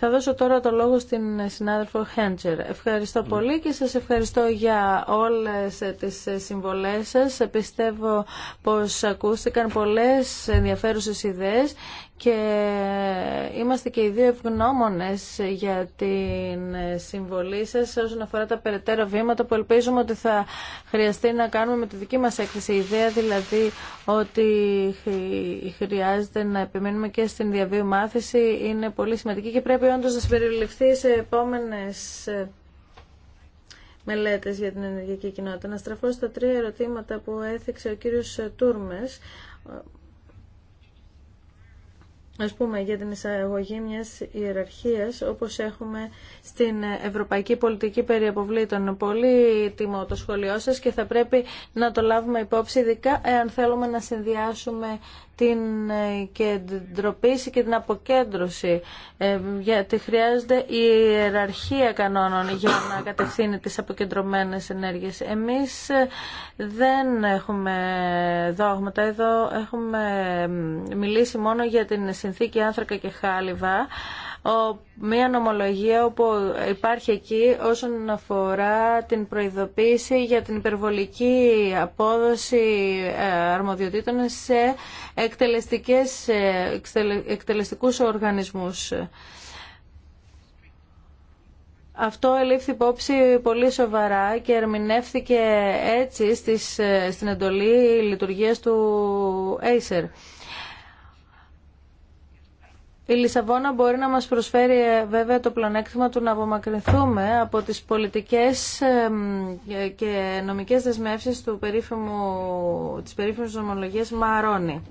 Θα δώσω τώρα το λόγο στην συνάδελφο Χέντζερ. Ευχαριστώ ναι. πολύ και σας ευχαριστώ για όλες τις συμβολές σας. Πιστεύω πως ακούστηκαν πολλές ενδιαφέρουσες ιδέες και είμαστε και οι δύο ευγνώμονες για την συμβολή σας όσον αφορά τα περαιτέρω βήματα που ελπίζουμε ότι θα χρειαστεί να κάνουμε με τη δική μας έκθεση. Η ιδέα δηλαδή ότι χρειάζεται να επιμένουμε και στην διαβίου μάθηση είναι πολύ σημαντική και πρέπει όντως να συμπεριληφθεί σε επόμενες ε, μελέτες για την ενεργειακή κοινότητα. Να στραφώ στα τρία ερωτήματα που έθιξε ο κύριος Τούρμες ας πούμε, για την εισαγωγή μιας ιεραρχίας όπως έχουμε στην Ευρωπαϊκή Πολιτική Είναι Πολύ τιμό το σχολείο σας και θα πρέπει να το λάβουμε υπόψη ειδικά εάν θέλουμε να συνδυάσουμε την ε, κεντροποίηση και την αποκέντρωση. Ε, γιατί χρειάζεται η ιεραρχία κανόνων για να κατευθύνει τις αποκεντρωμένες ενέργειες. Εμείς ε, δεν έχουμε δόγματα. Εδώ έχουμε μιλήσει μόνο για την συνθήκη άνθρακα και χάλιβα μια νομολογία όπου υπάρχει εκεί όσον αφορά την προειδοποίηση για την υπερβολική απόδοση ε, αρμοδιοτήτων σε εκτελεστικές, ε, εκτελεστικούς οργανισμούς. Αυτό ελήφθη υπόψη πολύ σοβαρά και ερμηνεύθηκε έτσι στις, ε, στην εντολή λειτουργίας του Acer. Η Λισαβόνα μπορεί να μας προσφέρει ε, βέβαια το πλονέκτημα του να απομακρυνθούμε από τις πολιτικές ε, και νομικές δεσμεύσεις του περίφημου, της περίφημης Μαρόνι.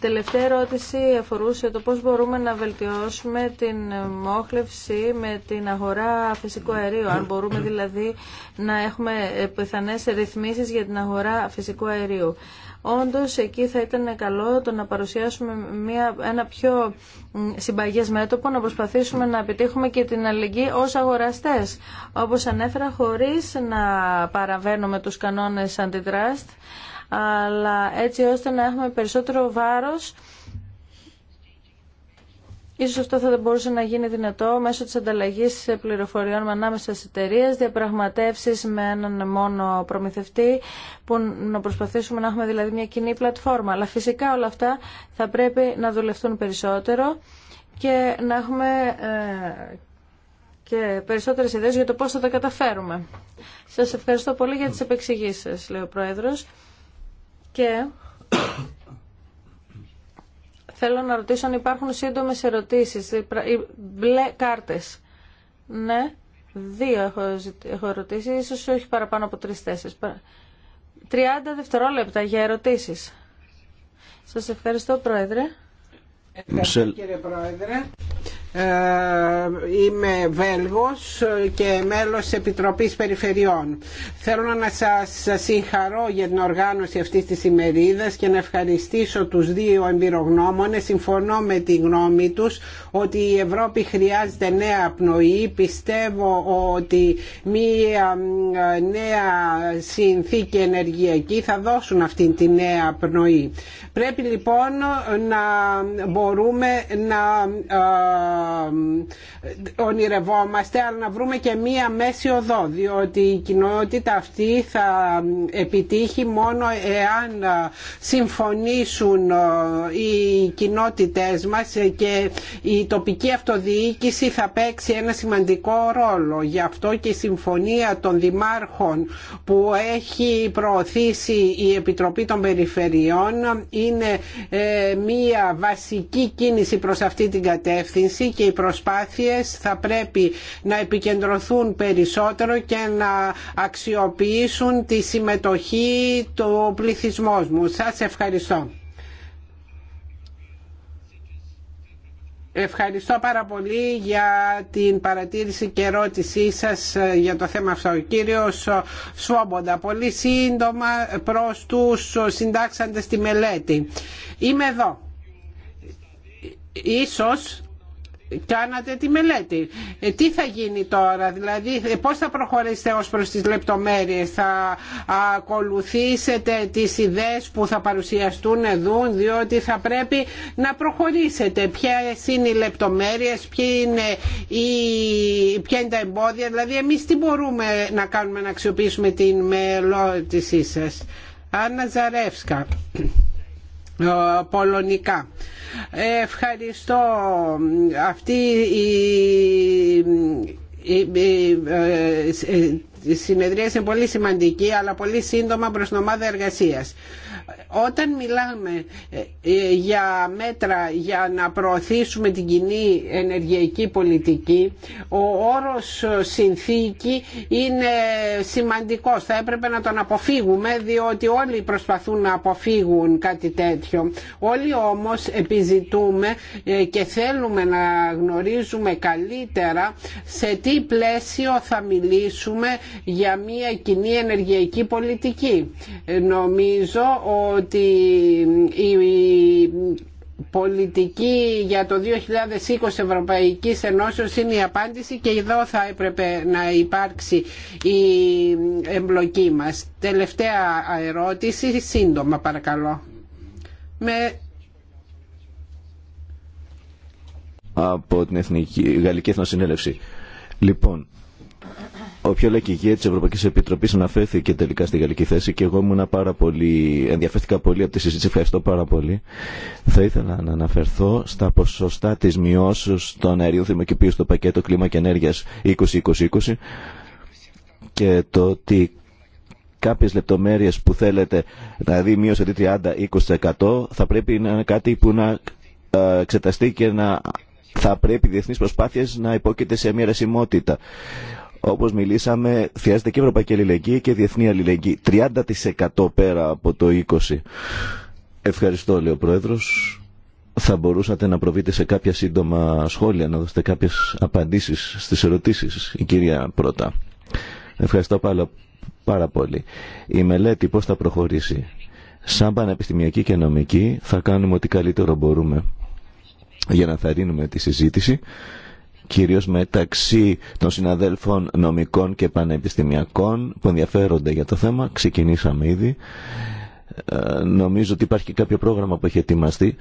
τελευταία ερώτηση αφορούσε το πώς μπορούμε να βελτιώσουμε την μόχλευση με την αγορά φυσικού αερίου. Αν μπορούμε δηλαδή να έχουμε ε, πιθανές ρυθμίσεις για την αγορά φυσικού αερίου. Όντως εκεί θα ήταν καλό το να παρουσιάσουμε μια, ένα πιο συμπαγές μέτωπο, να προσπαθήσουμε να επιτύχουμε και την αλληλεγγύη ως αγοραστές. Όπως ανέφερα, χωρίς να παραβαίνουμε τους κανόνες αντιτράστ, αλλά έτσι ώστε να έχουμε περισσότερο βάρος Ίσως αυτό θα μπορούσε να γίνει δυνατό μέσω της ανταλλαγής πληροφοριών με ανάμεσα στις εταιρείε, διαπραγματεύσεις με έναν μόνο προμηθευτή, που να προσπαθήσουμε να έχουμε δηλαδή μια κοινή πλατφόρμα. Αλλά φυσικά όλα αυτά θα πρέπει να δουλευτούν περισσότερο και να έχουμε ε, και περισσότερες ιδέες για το πώς θα τα καταφέρουμε. Σας ευχαριστώ πολύ για τις επεξηγήσεις, λέει ο Πρόεδρος. Και Θέλω να ρωτήσω αν υπάρχουν σύντομε ερωτήσει. μπλε κάρτε. Ναι, δύο έχω, έχω ερωτήσει, ίσως όχι παραπάνω από τρει-τέσσερι. Τριάντα δευτερόλεπτα για ερωτήσει. Σα ευχαριστώ, Πρόεδρε. Ευχαριστώ, κύριε Πρόεδρε. Ε, είμαι Βέλγος και μέλος της Επιτροπής Περιφερειών. Θέλω να σας συγχαρώ για την οργάνωση αυτής της ημερίδας και να ευχαριστήσω τους δύο εμπειρογνώμονες. Συμφωνώ με τη γνώμη τους ότι η Ευρώπη χρειάζεται νέα πνοή. Πιστεύω ότι μία ε, νέα συνθήκη ενεργειακή θα δώσουν αυτή τη νέα πνοή. Πρέπει λοιπόν να μπορούμε να ε, ε, ονειρευόμαστε αλλά να βρούμε και μία μέση οδό διότι η κοινότητα αυτή θα επιτύχει μόνο εάν συμφωνήσουν ε, οι κοινότητες μας και η τοπική αυτοδιοίκηση θα παίξει ένα σημαντικό ρόλο. Γι' αυτό και η συμφωνία των δημάρχων που έχει προωθήσει η Επιτροπή των Περιφερειών είναι ε, μία βασική κίνηση προς αυτή την κατεύθυνση και οι προσπάθειες θα πρέπει να επικεντρωθούν περισσότερο και να αξιοποιήσουν τη συμμετοχή του πληθυσμού μου. Σας ευχαριστώ. Ευχαριστώ πάρα πολύ για την παρατήρηση και ερώτησή σας για το θέμα αυτό. Ο κύριος Σφόμποντα, πολύ σύντομα προς τους συντάξαντες τη μελέτη. Είμαι εδώ. Ίσως κάνατε τη μελέτη. Ε, τι θα γίνει τώρα, δηλαδή ε, πώς θα προχωρήσετε ως προς τις λεπτομέρειες, θα ακολουθήσετε τις ιδέες που θα παρουσιαστούν εδώ, διότι θα πρέπει να προχωρήσετε. Ποιες είναι οι λεπτομέρειες, ποια είναι, η... ποια τα εμπόδια, δηλαδή εμείς τι μπορούμε να κάνουμε να αξιοποιήσουμε την μελότησή σας. Άννα Ζαρεύσκα. Ε, πολωνικά. Ευχαριστώ αυτή ε, ε, η συνεδρία είναι πολύ σημαντική αλλά πολύ σύντομα προς την ομάδα εργασίας όταν μιλάμε ε, ε, για μέτρα για να προωθήσουμε την κοινή ενεργειακή πολιτική, ο όρος ε, συνθήκη είναι σημαντικός. Θα έπρεπε να τον αποφύγουμε διότι όλοι προσπαθούν να αποφύγουν κάτι τέτοιο. Όλοι όμως επιζητούμε και θέλουμε να γνωρίζουμε καλύτερα σε τι πλαίσιο θα μιλήσουμε για μια κοινή ενεργειακή πολιτική. Νομίζω ότι η πολιτική για το 2020 Ευρωπαϊκής Ενώσεως είναι η απάντηση και εδώ θα έπρεπε να υπάρξει η εμπλοκή μας. Τελευταία ερώτηση, σύντομα παρακαλώ. Με... Από την Εθνική, Γαλλική Εθνοσυνέλευση. Λοιπόν, Όποιο λέει και ηγεία τη Ευρωπαϊκή Επιτροπή αναφέρθηκε τελικά στη γαλλική θέση και εγώ ήμουν πάρα πολύ, ενδιαφέρθηκα πολύ από τη συζήτηση. Ευχαριστώ πάρα πολύ. Θα ήθελα να αναφερθώ στα ποσοστά τη μειώσεω των αερίων θερμοκηπίου στο πακέτο κλίμα και ενεργεια 2020 2020-2020 και το ότι κάποιες λεπτομέρειες που θέλετε, δηλαδή μείωση 30-20% θα πρέπει να είναι κάτι που να ε, εξεταστεί και να θα πρέπει οι διεθνείς προσπάθειες να υπόκειται σε μια ρεσιμότητα. Όπως μιλήσαμε, χρειάζεται και ευρωπαϊκή αλληλεγγύη και διεθνή αλληλεγγύη. 30% πέρα από το 20%. Ευχαριστώ, λέει ο Πρόεδρος. Θα μπορούσατε να προβείτε σε κάποια σύντομα σχόλια, να δώσετε κάποιε απαντήσεις στις ερωτήσεις, η κυρία Πρώτα. Ευχαριστώ πάρα, πάρα πολύ. Η μελέτη πώς θα προχωρήσει. Σαν πανεπιστημιακή και νομική θα κάνουμε ό,τι καλύτερο μπορούμε για να θαρρύνουμε τη συζήτηση κυρίως μεταξύ των συναδέλφων νομικών και πανεπιστημιακών που ενδιαφέρονται για το θέμα. Ξεκινήσαμε ήδη. Ε, νομίζω ότι υπάρχει και κάποιο πρόγραμμα που έχει ετοιμαστεί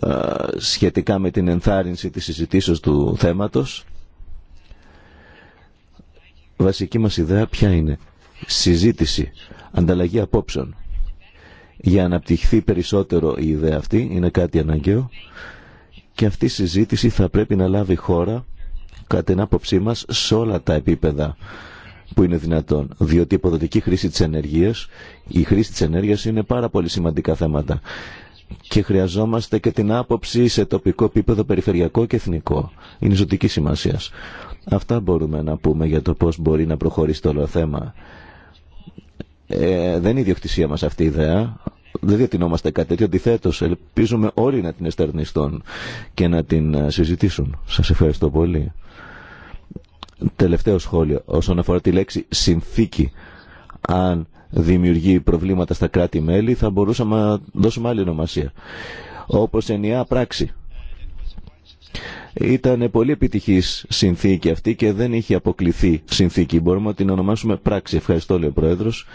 ε, σχετικά με την ενθάρρυνση της συζητήσεως του θέματος. Βασική μας ιδέα ποια είναι. Συζήτηση, ανταλλαγή απόψεων. Για να αναπτυχθεί περισσότερο η ιδέα αυτή είναι κάτι αναγκαίο και αυτή η συζήτηση θα πρέπει να λάβει χώρα, κατά την άποψή μας, σε όλα τα επίπεδα που είναι δυνατόν. Διότι η αποδοτική χρήση της ενέργειας, η χρήση της ενέργειας είναι πάρα πολύ σημαντικά θέματα. Και χρειαζόμαστε και την άποψη σε τοπικό επίπεδο, περιφερειακό και εθνικό. Είναι ζωτική σημασία. Αυτά μπορούμε να πούμε για το πώς μπορεί να προχωρήσει το όλο θέμα. Ε, δεν είναι ιδιοκτησία μας αυτή η ιδέα, δεν διατηνόμαστε κάτι τέτοιο. Αντιθέτω, ελπίζουμε όλοι να την εστερνιστούν και να την ε, συζητήσουν. Σας ευχαριστώ πολύ. Τελευταίο σχόλιο όσον αφορά τη λέξη συνθήκη. Αν δημιουργεί προβλήματα στα κράτη-μέλη θα μπορούσαμε να δώσουμε άλλη ονομασία. Όπως ενιαία πράξη. Ήταν πολύ επιτυχής συνθήκη αυτή και δεν είχε αποκληθεί συνθήκη. Μπορούμε να την ονομάσουμε πράξη. Ευχαριστώ λέει ο Πρόεδρος.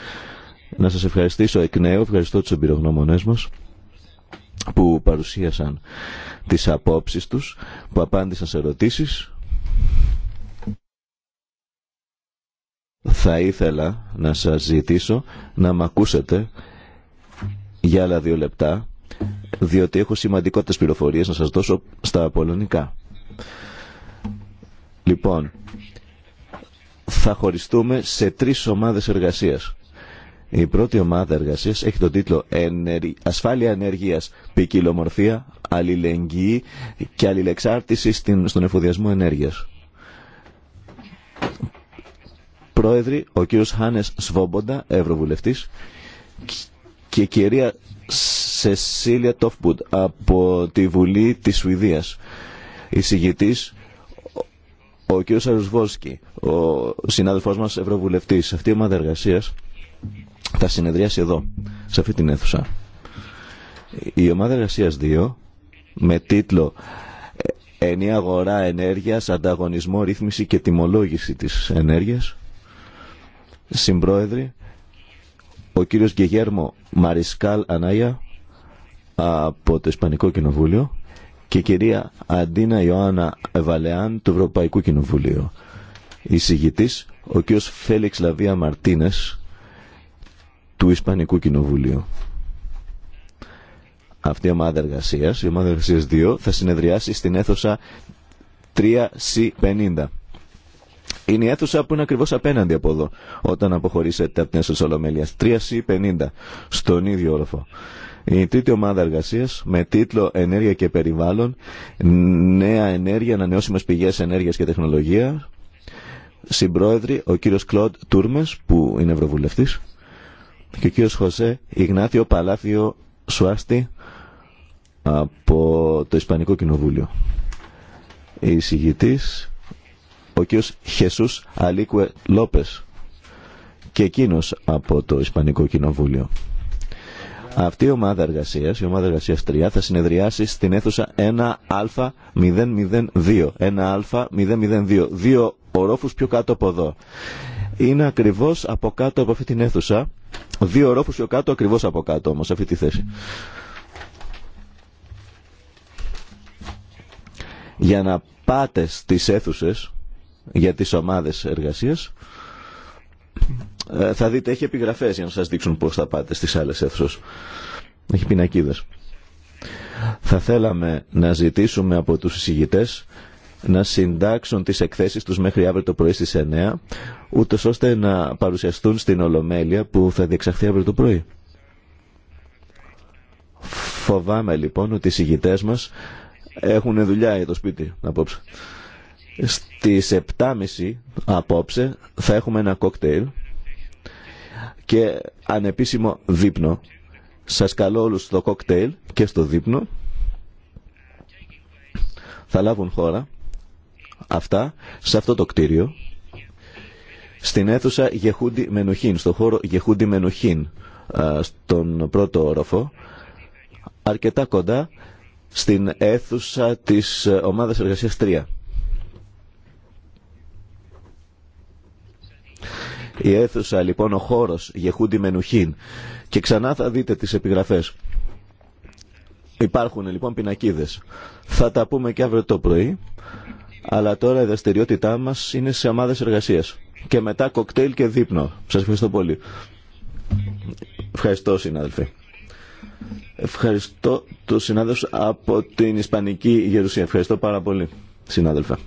Να σας ευχαριστήσω εκ νέου, ευχαριστώ τους εμπειρογνώμονές μας που παρουσίασαν τις απόψεις τους, που απάντησαν σε ερωτήσεις. Θα ήθελα να σας ζητήσω να με ακούσετε για άλλα δύο λεπτά, διότι έχω σημαντικότητες πληροφορίες να σας δώσω στα πολωνικά. Λοιπόν, θα χωριστούμε σε τρεις ομάδες εργασίας. Η πρώτη ομάδα εργασίας έχει τον τίτλο «Ασφάλεια ενέργειας, ποικιλομορφία, αλληλεγγύη και αλληλεξάρτηση στον εφοδιασμό ενέργειας». Πρόεδροι, ο κύριος Χάνες Σβόμποντα, Ευρωβουλευτής, και η κυρία Σεσίλια Τόφμπουντ από τη Βουλή της Σουηδίας. Εισηγητής ο κ. Σαρουσβόσκη, ο συνάδελφός μας Ευρωβουλευτής. Αυτή η ομάδα εργασίας τα συνεδριάσει εδώ, σε αυτή την αίθουσα. Η ομάδα εργασία 2 με τίτλο ε, Ενή αγορά ενέργειας, ανταγωνισμό, ρύθμιση και τιμολόγηση της ενέργειας. Συμπρόεδροι, ο κύριος Γεγέρμο Μαρισκάλ Ανάγια από το Ισπανικό Κοινοβούλιο και η κυρία Αντίνα Ιωάννα Βαλεάν του Ευρωπαϊκού Κοινοβουλίου. Η συγητής, ο κύριος Φέλιξ Λαβία Μαρτίνες του Ισπανικού Κοινοβουλίου. Αυτή η ομάδα εργασία, η ομάδα εργασία 2, θα συνεδριάσει στην αίθουσα 3C50. Είναι η αίθουσα που είναι ακριβώ απέναντι από εδώ, όταν αποχωρήσετε από την αίθουσα Ολομέλεια. 3C50, στον ίδιο όροφο. Η τρίτη ομάδα εργασία με τίτλο Ενέργεια και Περιβάλλον, Νέα Ενέργεια, Ανανεώσιμε Πηγέ Ενέργεια και Τεχνολογία. Συμπρόεδρη ο κύριο Κλοντ Τούρμε, που είναι Ευρωβουλευτή και ο κύριος Χωσέ Ιγνάθιο Παλάθιο Σουάστη από το Ισπανικό Κοινοβούλιο. Η εισηγητής, ο κύριος Χεσούς Αλίκουε Λόπες και εκείνο από το Ισπανικό Κοινοβούλιο. Αυτή η ομάδα εργασία, η ομάδα εργασία 3, θα συνεδριάσει στην αίθουσα 1α002. 1α002. Δύο ορόφου πιο κάτω από εδώ είναι ακριβώ από κάτω από αυτή την αίθουσα. Δύο και ο κάτω, ακριβώς από κάτω όμως, αυτή τη θέση. Για να πάτε στι αίθουσε για τις ομάδες εργασία. Ε, θα δείτε, έχει επιγραφές για να σας δείξουν πώ θα πάτε στι άλλες αίθουσε. Έχει πινακίδες. Θα θέλαμε να ζητήσουμε από τους εισηγητές να συντάξουν τις εκθέσεις τους μέχρι αύριο το πρωί στις 9, ούτως ώστε να παρουσιαστούν στην Ολομέλεια που θα διεξαχθεί αύριο το πρωί. Φοβάμαι λοιπόν ότι οι συγητές μας έχουν δουλειά για το σπίτι απόψε. Στις 7.30 απόψε θα έχουμε ένα κόκτέιλ και ανεπίσημο δείπνο. Σας καλώ όλους στο κόκτέιλ και στο δείπνο. Θα λάβουν χώρα αυτά σε αυτό το κτίριο στην αίθουσα Γεχούντι Μενουχίν, στον χώρο Γεχούντι Μενοχήν, στον πρώτο όροφο, αρκετά κοντά στην αίθουσα της ε, ομάδας εργασίας 3. Η αίθουσα λοιπόν ο χώρος Γεχούντι Μενουχίν και ξανά θα δείτε τις επιγραφές. Υπάρχουν λοιπόν πινακίδες. Θα τα πούμε και αύριο το πρωί αλλά τώρα η δραστηριότητά μα είναι σε ομάδε εργασία Και μετά κοκτέιλ και δείπνο. Σα ευχαριστώ πολύ. Ευχαριστώ συνάδελφοι. Ευχαριστώ του συνάδελφου από την Ισπανική Γερουσία. Ευχαριστώ πάρα πολύ, συνάδελφα.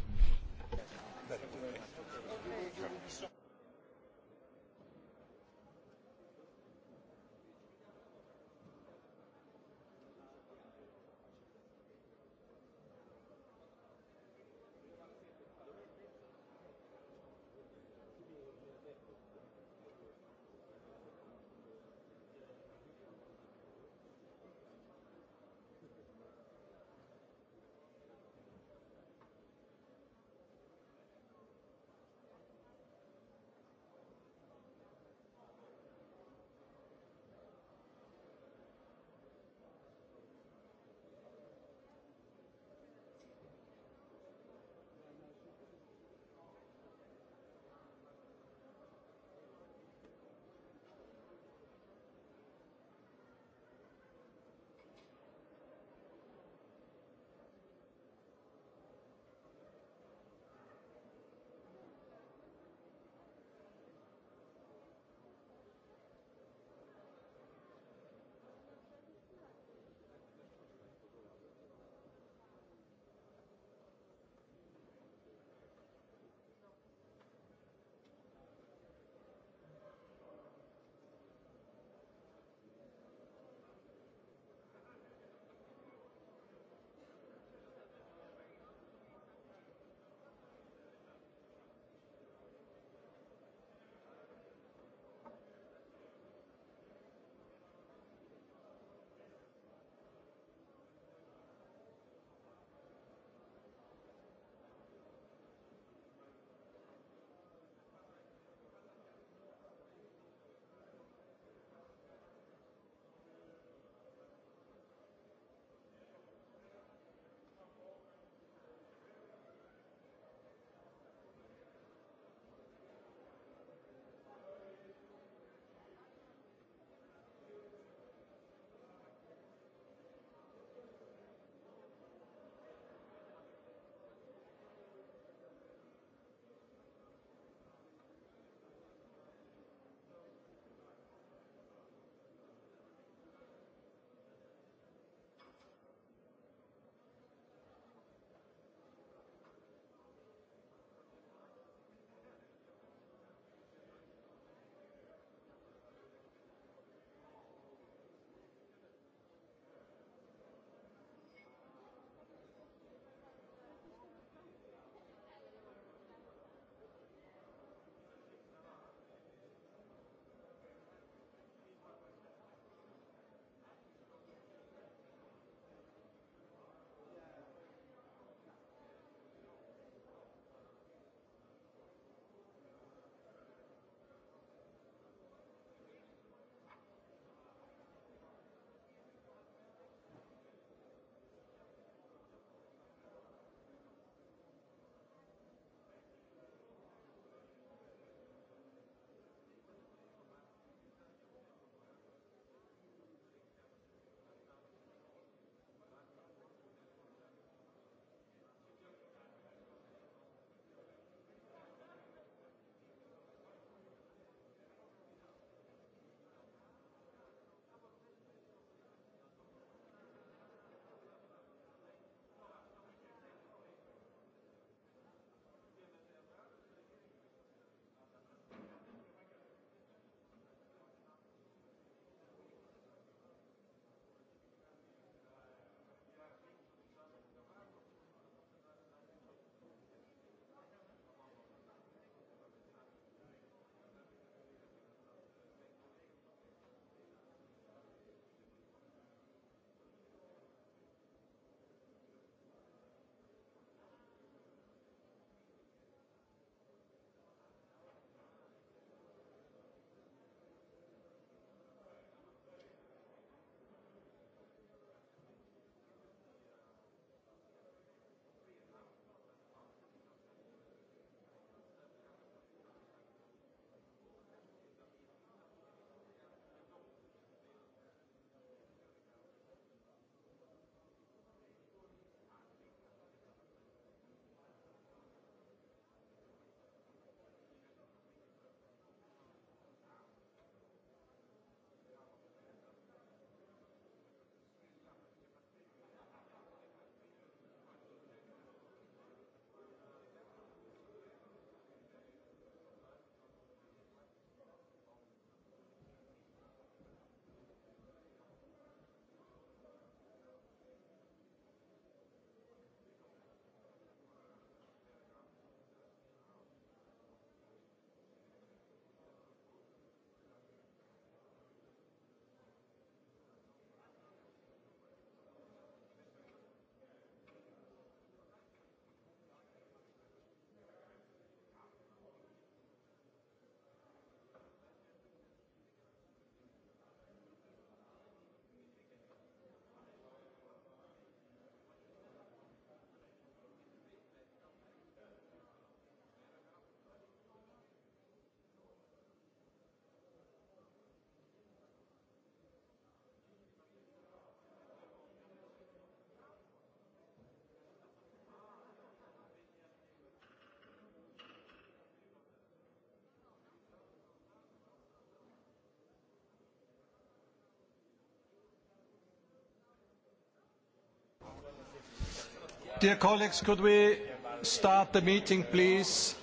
Dear colleagues, could we start the meeting, please?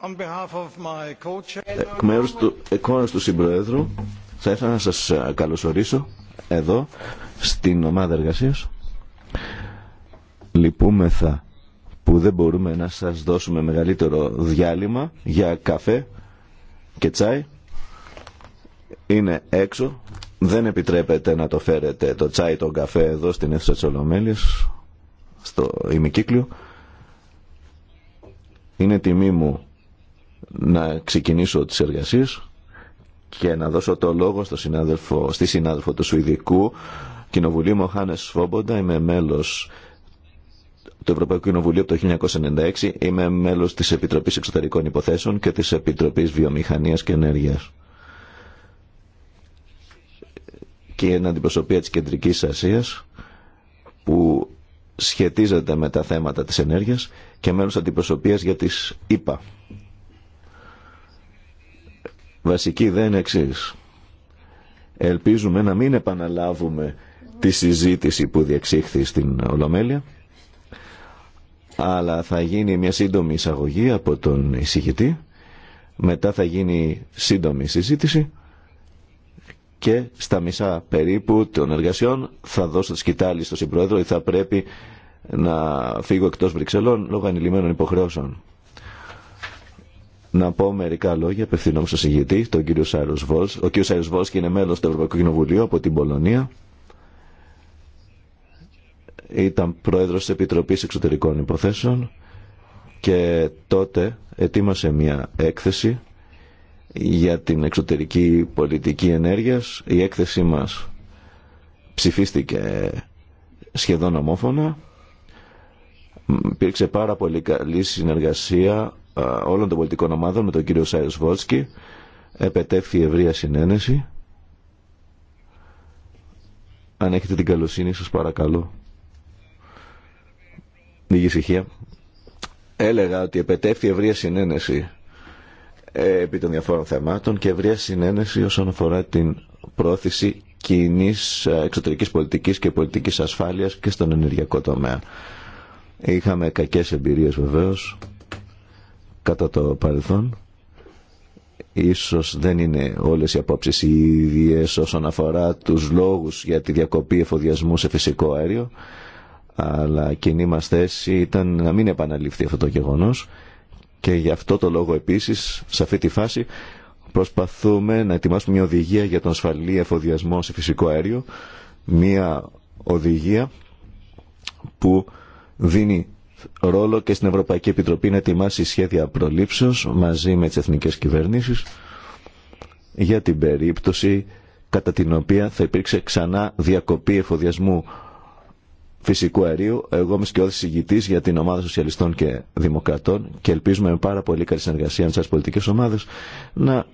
On Εκ μέρους του, εκ του Συμπροέδρου, θα ήθελα να σας καλωσορίσω εδώ στην ομάδα εργασίας που δεν μπορούμε να σας δώσουμε μεγαλύτερο διάλειμμα για καφέ και τσάι. Είναι έξω. Δεν επιτρέπεται να το φέρετε το τσάι, το καφέ εδώ στην αίθουσα της Ολομέλης, στο ημικύκλιο. Είναι τιμή μου να ξεκινήσω τις εργασίες και να δώσω το λόγο στο συνάδελφο, στη συνάδελφο του Σουηδικού Κοινοβουλίου Μοχάνες Σφόμποντα. Είμαι μέλος του Ευρωπαϊκού Κοινοβουλίου από το 1996. Είμαι μέλος της Επιτροπής Εξωτερικών Υποθέσεων και της Επιτροπής Βιομηχανίας και Ενέργειας. Και είναι αντιπροσωπεία της Κεντρικής Ασίας που σχετίζεται με τα θέματα της ενέργειας και μέλος αντιπροσωπείας για τις ΗΠΑ. Βασική ιδέα είναι εξή. Ελπίζουμε να μην επαναλάβουμε τη συζήτηση που διεξήχθη στην Ολομέλεια αλλά θα γίνει μια σύντομη εισαγωγή από τον εισηγητή, μετά θα γίνει σύντομη συζήτηση και στα μισά περίπου των εργασιών θα δώσω τη σκητάλη στον συμπρόεδρο ή θα πρέπει να φύγω εκτός Βρυξελών λόγω ανηλυμένων υποχρεώσεων. Να πω μερικά λόγια, απευθυνόμουν στον συγγητή, τον κύριο Σάιρος Βόλς. Ο κύριος Σάιρος Βόλς είναι μέλος του Ευρωπαϊκού Κοινοβουλίου από την Πολωνία ήταν πρόεδρος της Επιτροπής Εξωτερικών Υποθέσεων και τότε ετοίμασε μια έκθεση για την εξωτερική πολιτική ενέργειας. Η έκθεσή μας ψηφίστηκε σχεδόν ομόφωνα. Υπήρξε πάρα πολύ καλή συνεργασία όλων των πολιτικών ομάδων με τον κύριο Σάιος Βότσκι. η ευρεία συνένεση. Αν έχετε την καλοσύνη σας παρακαλώ λίγη ησυχία, έλεγα ότι επετεύχθη ευρεία συνένεση ε, επί των διαφόρων θεμάτων και ευρεία συνένεση όσον αφορά την πρόθεση κοινή ε, εξωτερικής πολιτικής και πολιτικής ασφάλειας και στον ενεργειακό τομέα. Είχαμε κακές εμπειρίες βεβαίως κατά το παρελθόν. Ίσως δεν είναι όλες οι απόψεις οι ίδιες όσον αφορά τους λόγους για τη διακοπή εφοδιασμού σε φυσικό αέριο αλλά κοινή μα θέση ήταν να μην επαναληφθεί αυτό το γεγονός και γι' αυτό το λόγο επίση, σε αυτή τη φάση προσπαθούμε να ετοιμάσουμε μια οδηγία για τον ασφαλή εφοδιασμό σε φυσικό αέριο μια οδηγία που δίνει ρόλο και στην Ευρωπαϊκή Επιτροπή να ετοιμάσει σχέδια προλήψεως μαζί με τις εθνικές κυβερνήσεις για την περίπτωση κατά την οποία θα υπήρξε ξανά διακοπή εφοδιασμού φυσικού αερίου. Εγώ είμαι σκιώδη ηγητής για την ομάδα Σοσιαλιστών και Δημοκρατών και ελπίζουμε με πάρα πολύ καλή συνεργασία με τι πολιτικέ ομάδες να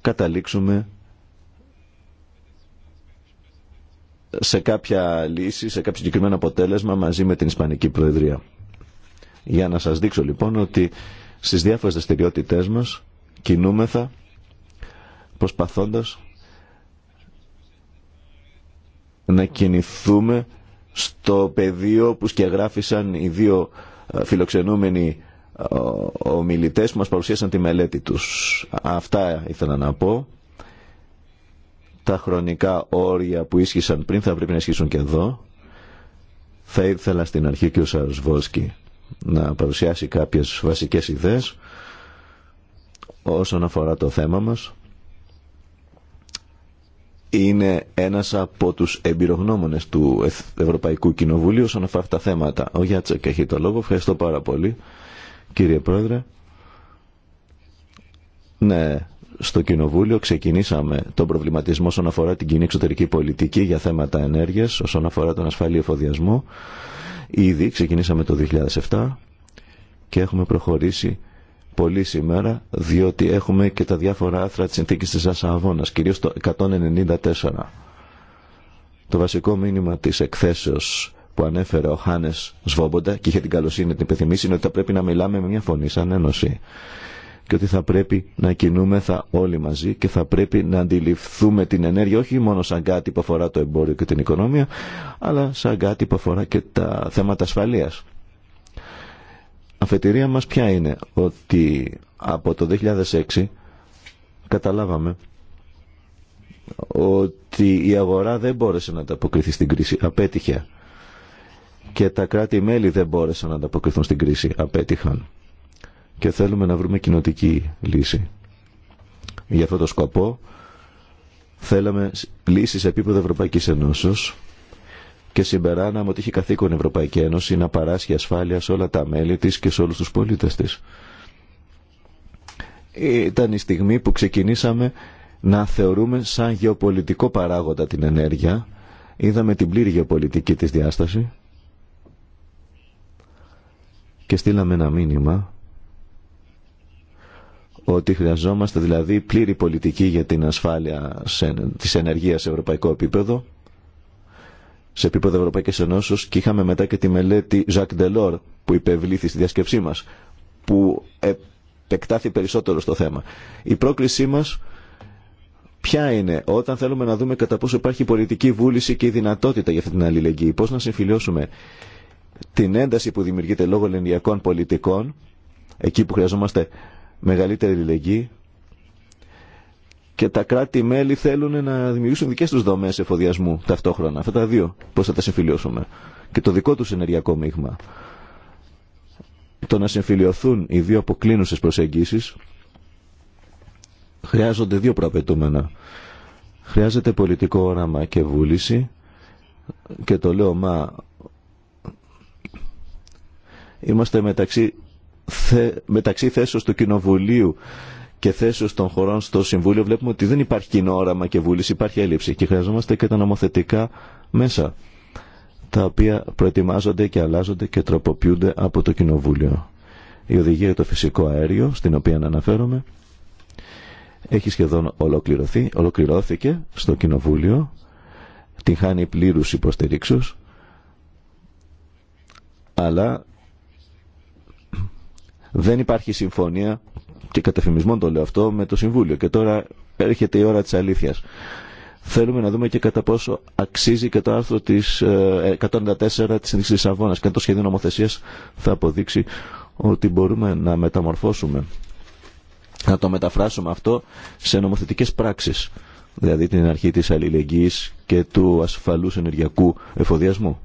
καταλήξουμε σε κάποια λύση, σε κάποιο συγκεκριμένο αποτέλεσμα μαζί με την Ισπανική Προεδρία. Για να σας δείξω λοιπόν ότι στις διάφορες δραστηριότητε μας κινούμεθα προσπαθώντας να κινηθούμε στο πεδίο που σκεγράφησαν οι δύο ε, φιλοξενούμενοι ε, ομιλητές που μας παρουσίασαν τη μελέτη τους. Αυτά ήθελα να πω. Τα χρονικά όρια που ίσχυσαν πριν θα πρέπει να ισχύσουν και εδώ. Θα ήθελα στην αρχή και ο Σαρσβόσκι να παρουσιάσει κάποιες βασικές ιδέες όσον αφορά το θέμα μας είναι ένας από τους εμπειρογνώμονες του Ευρωπαϊκού Κοινοβουλίου όσον αφορά αυτά τα θέματα. Ο Γιάτσακ έχει το λόγο. Ευχαριστώ πάρα πολύ, κύριε Πρόεδρε. Ναι, στο Κοινοβούλιο ξεκινήσαμε τον προβληματισμό όσον αφορά την κοινή εξωτερική πολιτική για θέματα ενέργειας, όσον αφορά τον ασφαλή εφοδιασμό. Ήδη ξεκινήσαμε το 2007 και έχουμε προχωρήσει πολύ σήμερα, διότι έχουμε και τα διάφορα άθρα της συνθήκης της Ασαβώνας, κυρίως το 194. Το βασικό μήνυμα της εκθέσεως που ανέφερε ο Χάνες Σβόμποντα και είχε την καλοσύνη να την υπενθυμίσει είναι ότι θα πρέπει να μιλάμε με μια φωνή σαν ένωση και ότι θα πρέπει να κινούμεθα όλοι μαζί και θα πρέπει να αντιληφθούμε την ενέργεια όχι μόνο σαν κάτι που αφορά το εμπόριο και την οικονομία αλλά σαν κάτι που αφορά και τα θέματα ασφαλείας αφετηρία μας ποια είναι ότι από το 2006 καταλάβαμε ότι η αγορά δεν μπόρεσε να ανταποκριθεί στην κρίση, απέτυχε. Και τα κράτη-μέλη δεν μπόρεσαν να ανταποκριθούν στην κρίση, απέτυχαν. Και θέλουμε να βρούμε κοινοτική λύση. Για αυτό το σκοπό θέλαμε λύσεις σε επίπεδο Ευρωπαϊκής Ενώσεως και συμπεράναμε ότι είχε καθήκον η Ευρωπαϊκή Ένωση να παράσχει ασφάλεια σε όλα τα μέλη της και σε όλους τους πολίτες της. Ήταν η στιγμή που ξεκινήσαμε να θεωρούμε σαν γεωπολιτικό παράγοντα την ενέργεια. Είδαμε την πλήρη γεωπολιτική της διάσταση και στείλαμε ένα μήνυμα ότι χρειαζόμαστε δηλαδή πλήρη πολιτική για την ασφάλεια της ενεργείας σε ευρωπαϊκό επίπεδο σε επίπεδο Ευρωπαϊκή Ενώσεω και είχαμε μετά και τη μελέτη Jacques Delors που υπευλήθη στη διασκεψή μα, που επεκτάθη περισσότερο στο θέμα. Η πρόκλησή μα ποια είναι όταν θέλουμε να δούμε κατά πόσο υπάρχει πολιτική βούληση και η δυνατότητα για αυτή την αλληλεγγύη, πώ να συμφιλιώσουμε την ένταση που δημιουργείται λόγω ελληνιακών πολιτικών, εκεί που χρειαζόμαστε μεγαλύτερη αλληλεγγύη, και τα κράτη-μέλη θέλουν να δημιουργήσουν δικές τους δομές εφοδιασμού ταυτόχρονα. Αυτά τα δύο, πώς θα τα συμφιλιώσουμε. Και το δικό τους ενεργειακό μείγμα. Το να συμφιλειωθούν οι δύο αποκλίνουσες προσεγγίσεις χρειάζονται δύο προαπαιτούμενα. Χρειάζεται πολιτικό όραμα και βούληση και το λέω μα είμαστε μεταξύ, θε, μεταξύ θέσεως του Κοινοβουλίου και θέσεω των χωρών στο Συμβούλιο βλέπουμε ότι δεν υπάρχει κοινό όραμα και βούληση, υπάρχει έλλειψη και χρειαζόμαστε και τα νομοθετικά μέσα τα οποία προετοιμάζονται και αλλάζονται και τροποποιούνται από το Κοινοβούλιο. Η οδηγία για το φυσικό αέριο, στην οποία αναφέρομαι, έχει σχεδόν ολοκληρωθεί, ολοκληρώθηκε στο Κοινοβούλιο, την χάνει πλήρους υποστηρίξους, αλλά δεν υπάρχει συμφωνία και κατεφημισμών το λέω αυτό με το Συμβούλιο και τώρα έρχεται η ώρα της αλήθειας. Θέλουμε να δούμε και κατά πόσο αξίζει και το άρθρο της 194 ε, της της Αβώνας και το σχέδιο νομοθεσίας θα αποδείξει ότι μπορούμε να μεταμορφώσουμε, να το μεταφράσουμε αυτό σε νομοθετικές πράξεις. Δηλαδή την αρχή της αλληλεγγύης και του ασφαλούς ενεργειακού εφοδιασμού.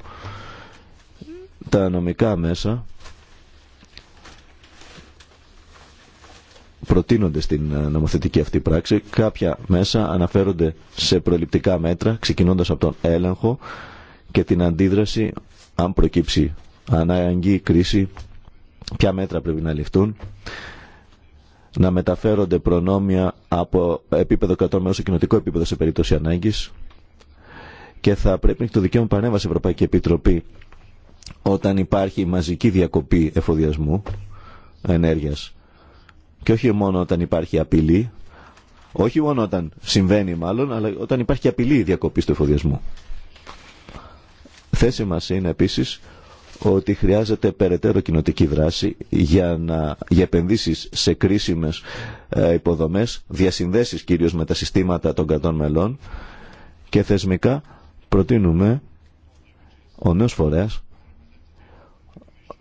Τα νομικά μέσα προτείνονται στην ε, νομοθετική αυτή πράξη. Κάποια μέσα αναφέρονται σε προληπτικά μέτρα, ξεκινώντας από τον έλεγχο και την αντίδραση, αν προκύψει ανάγκη, κρίση, ποια μέτρα πρέπει να ληφθούν, να μεταφέρονται προνόμια από επίπεδο κρατών μέρου σε κοινοτικό επίπεδο σε περίπτωση ανάγκης και θα πρέπει να το δικαίωμα παρέμβαση η Ευρωπαϊκή Επιτροπή όταν υπάρχει μαζική διακοπή εφοδιασμού ενέργειας και όχι μόνο όταν υπάρχει απειλή, όχι μόνο όταν συμβαίνει μάλλον, αλλά όταν υπάρχει απειλή η διακοπή του εφοδιασμού. Θέση μα είναι επίσης ότι χρειάζεται περαιτέρω κοινοτική δράση για, να, για επενδύσεις σε κρίσιμες ε, υποδομές, διασυνδέσεις κυρίως με τα συστήματα των κρατών μελών και θεσμικά προτείνουμε ο νέος φορέας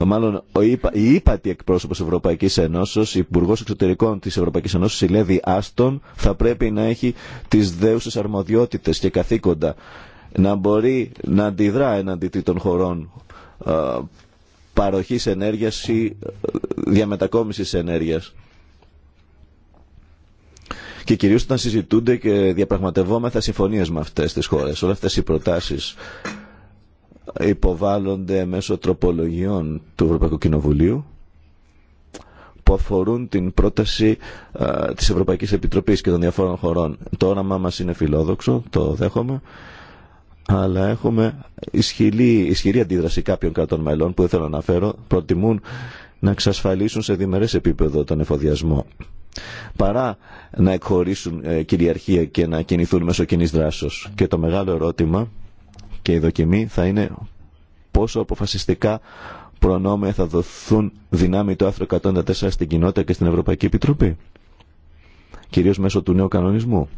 μάλλον ο είπα, η ύπατη εκπρόσωπο Ευρωπαϊκή Ενώση, η Υπουργό Εξωτερικών τη Ευρωπαϊκή Ένωση, η Λέβη Άστον, θα πρέπει να έχει τι δέουσε αρμοδιότητε και καθήκοντα. Να μπορεί να αντιδρά εναντί των χωρών παροχή παροχής ενέργειας ή ε, διαμετακόμισης ενέργειας. Και κυρίως όταν συζητούνται και διαπραγματευόμεθα συμφωνίες με αυτές τις χώρες. Όλες αυτές οι προτάσεις υποβάλλονται μέσω τροπολογιών του Ευρωπαϊκού Κοινοβουλίου που αφορούν την πρόταση α, της Ευρωπαϊκής Επιτροπής και των διαφόρων χωρών. Το όραμά μας είναι φιλόδοξο, το δέχομαι, αλλά έχουμε ισχυρή, ισχυρή αντίδραση κάποιων κρατών μελών που δεν θέλω να αναφέρω, προτιμούν να εξασφαλίσουν σε διμερές επίπεδο τον εφοδιασμό παρά να εκχωρήσουν ε, κυριαρχία και να κινηθούν μέσω κοινή δράσεως. Και το μεγάλο ερώτημα και η δοκιμή θα είναι πόσο αποφασιστικά προνόμια θα δοθούν δυνάμει το άρθρο 104 στην κοινότητα και στην Ευρωπαϊκή Επιτροπή. Κυρίως μέσω του νέου κανονισμού.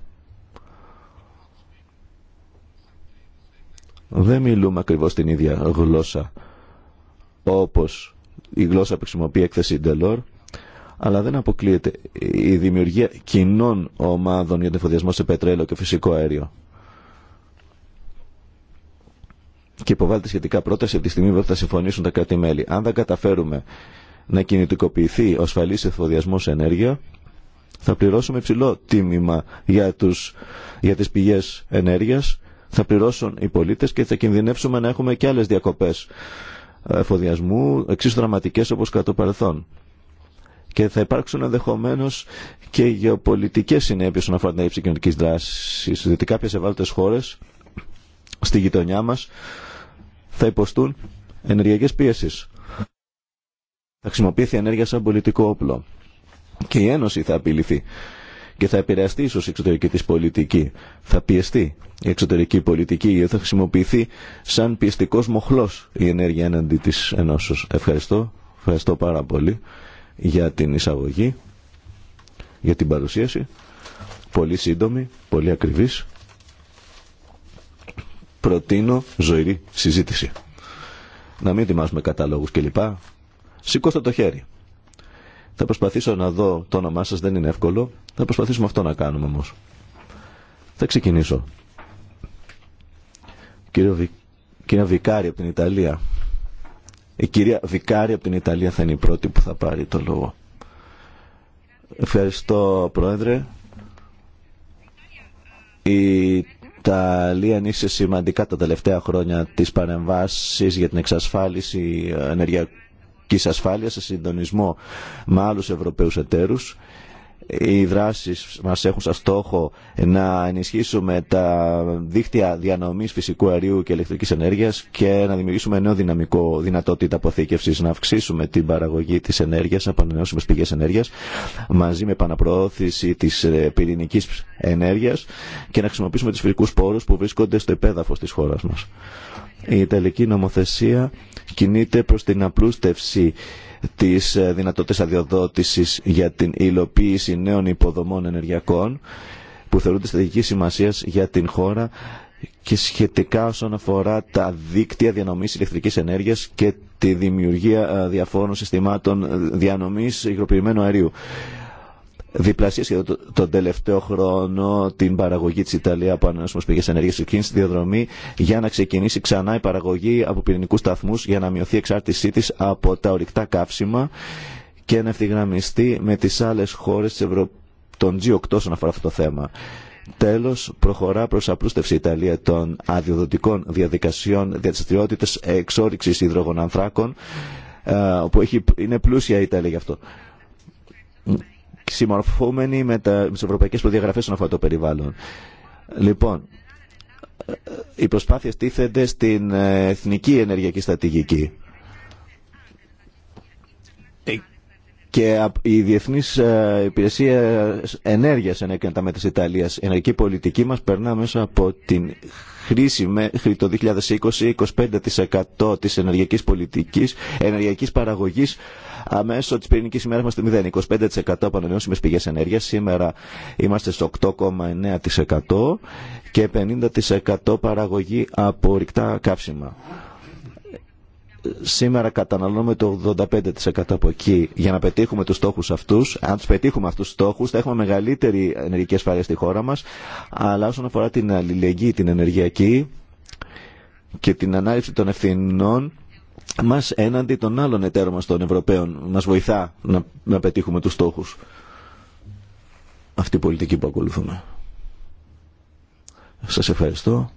Δεν μιλούμε ακριβώς την ίδια γλώσσα όπως η γλώσσα που χρησιμοποιεί έκθεση Delors, αλλά δεν αποκλείεται η δημιουργία κοινών ομάδων για τον εφοδιασμό σε πετρέλαιο και φυσικό αέριο. και υποβάλλεται σχετικά πρόταση από τη στιγμή που θα συμφωνήσουν τα κράτη-μέλη. Αν δεν καταφέρουμε να κινητικοποιηθεί ο ασφαλή εφοδιασμός ενέργεια, θα πληρώσουμε υψηλό τίμημα για, τους, για τις πηγές ενέργειας, θα πληρώσουν οι πολίτες και θα κινδυνεύσουμε να έχουμε και άλλες διακοπές εφοδιασμού, εξίσου δραματικές όπως κατά το παρελθόν. Και θα υπάρξουν ενδεχομένω και γεωπολιτικές συνέπειες όσον αφορά την έλλειψη κοινωνικής δράσης, διότι κάποιες ευάλωτες χώρες στη γειτονιά μας θα υποστούν ενεργειακές πίεσεις. Θα χρησιμοποιηθεί η ενέργεια σαν πολιτικό όπλο. Και η Ένωση θα απειληθεί και θα επηρεαστεί ίσως η εξωτερική της πολιτική. Θα πιεστεί η εξωτερική πολιτική ή θα χρησιμοποιηθεί σαν πιεστικός μοχλός η ενέργεια έναντι της ενώσεως. Ευχαριστώ. Ευχαριστώ πάρα πολύ για την εισαγωγή, για την παρουσίαση. Πολύ σύντομη, πολύ ακριβής προτείνω ζωηρή συζήτηση. Να μην ετοιμάσουμε καταλόγους κλπ. Σηκώστε το χέρι. Θα προσπαθήσω να δω το όνομά σας, δεν είναι εύκολο. Θα προσπαθήσουμε αυτό να κάνουμε όμως. Θα ξεκινήσω. Κύριο Βι... Βικάρη από την Ιταλία. Η κυρία Βικάρη από την Ιταλία θα είναι η πρώτη που θα πάρει το λόγο. Ευχαριστώ Πρόεδρε. Η τα ΛΙΑΝ είσαι σημαντικά τα τελευταία χρόνια της παρεμβάσεις για την εξασφάλιση ενεργειακής ασφάλειας σε συντονισμό με άλλους ευρωπαίους εταίρους οι δράσεις μας έχουν σαν στόχο να ενισχύσουμε τα δίκτυα διανομής φυσικού αερίου και ηλεκτρικής ενέργειας και να δημιουργήσουμε νέο δυναμικό δυνατότητα αποθήκευσης, να αυξήσουμε την παραγωγή της ενέργειας, να ανανεώσιμες πηγές ενέργειας, μαζί με επαναπροώθηση της ε, πυρηνικής ενέργειας και να χρησιμοποιήσουμε τους φυσικούς πόρους που βρίσκονται στο επέδαφος της χώρας μας. Η τελική νομοθεσία κινείται προς την απλούστευση τις ε, δυνατότητες αδειοδότησης για την υλοποίηση νέων υποδομών ενεργειακών που θεωρούνται στρατηγική σημασία για την χώρα και σχετικά όσον αφορά τα δίκτυα διανομής ηλεκτρικής ενέργειας και τη δημιουργία ε, διαφόρων συστημάτων ε, διανομής υγροποιημένου αερίου διπλασίασε τον τελευταίο χρόνο την παραγωγή τη Ιταλία από ανανεώσιμε πηγέ ενέργεια και στη διαδρομή για να ξεκινήσει ξανά η παραγωγή από πυρηνικού σταθμού για να μειωθεί η εξάρτησή τη από τα ορυκτά καύσιμα και να ευθυγραμμιστεί με τι άλλε χώρε Ευρω... των G8 όσον αφορά αυτό το θέμα. Τέλο, προχωρά προ απλούστευση η Ιταλία των αδειοδοτικών διαδικασιών διαδικασιότητες εξόριξη υδρογονανθράκων, ε, όπου είναι πλούσια η Ιταλία γι' αυτό συμμορφούμενοι με, τα, με τις στον αφορά το περιβάλλον. Λοιπόν, οι προσπάθειε τίθενται στην ε, εθνική ενεργειακή στρατηγική. Ε, και η Διεθνή ε, Υπηρεσία Ενέργεια ενέκρινε τα μέτρα τη Ιταλία. Η ενεργική πολιτική μα περνά μέσα από την χρήση μέχρι το 2020 25% τη ενεργειακή πολιτική, ενεργειακή παραγωγή Αμέσω τη πυρηνική ημέρα είμαστε 0,25% από ανανεώσιμε πηγέ ενέργεια. Σήμερα είμαστε στο 8,9% και 50% παραγωγή από ρηκτά καύσιμα. Σήμερα καταναλώνουμε το 85% από εκεί. Για να πετύχουμε τους στόχους αυτούς, αν του πετύχουμε αυτούς του στόχους, θα έχουμε μεγαλύτερη ενεργειακή ασφάλεια στη χώρα μα, αλλά όσον αφορά την αλληλεγγύη, την ενεργειακή και την ανάληψη των ευθυνών, μας έναντι των άλλων εταίρων μας των Ευρωπαίων. Μας βοηθά να, να πετύχουμε τους στόχους. Αυτή η πολιτική που ακολουθούμε. Σας ευχαριστώ.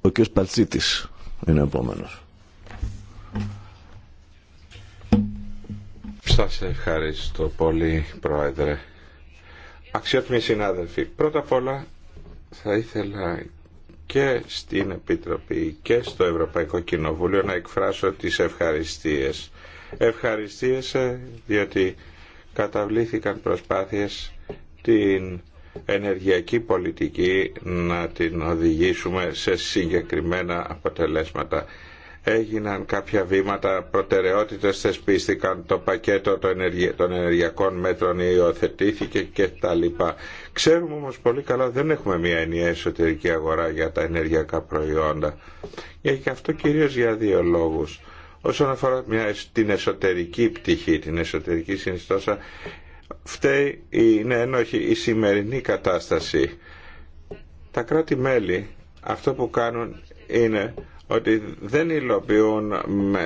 Ο κ. Παλτσίτης είναι ο επόμενος. Σας ευχαριστώ πολύ, Πρόεδρε. Αξιότιμοι συνάδελφοι, πρώτα απ' όλα θα ήθελα και στην Επιτροπή και στο Ευρωπαϊκό Κοινοβούλιο να εκφράσω τις ευχαριστίες. Ευχαριστίες ε, διότι καταβλήθηκαν προσπάθειες την ενεργειακή πολιτική να την οδηγήσουμε σε συγκεκριμένα αποτελέσματα. Έγιναν κάποια βήματα, προτεραιότητες θεσπίστηκαν, το πακέτο των ενεργειακών μέτρων υιοθετήθηκε και τα λοιπά. Ξέρουμε όμως πολύ καλά δεν έχουμε μια ενιαία εσωτερική αγορά για τα ενεργειακά προϊόντα. Και αυτό κυρίως για δύο λόγους. Όσον αφορά μια, την εσωτερική πτυχή, την εσωτερική συνιστόσα, φταίει, είναι η σημερινή κατάσταση. Τα κράτη-μέλη αυτό που κάνουν είναι ότι δεν υλοποιούν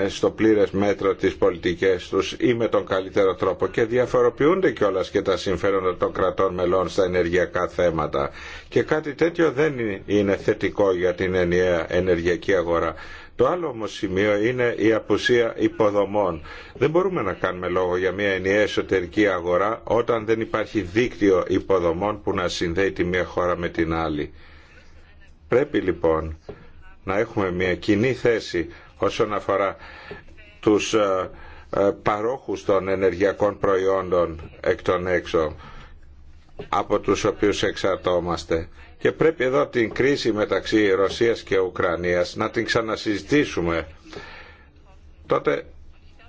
στο πλήρες μέτρο τις πολιτικές τους ή με τον καλύτερο τρόπο και διαφοροποιούνται κιόλας και τα συμφέροντα των κρατών μελών στα ενεργειακά θέματα και κάτι τέτοιο δεν είναι θετικό για την ενιαία ενεργειακή αγορά. Το άλλο όμω σημείο είναι η απουσία υποδομών. Δεν μπορούμε να κάνουμε λόγο για μια ενιαία εσωτερική αγορά όταν δεν υπάρχει δίκτυο υποδομών που να συνδέει τη μία χώρα με την άλλη. Πρέπει λοιπόν να έχουμε μια κοινή θέση όσον αφορά τους ε, ε, παρόχους των ενεργειακών προϊόντων εκ των έξω από τους οποίους εξαρτώμαστε. Και πρέπει εδώ την κρίση μεταξύ Ρωσίας και Ουκρανίας να την ξανασυζητήσουμε. Τότε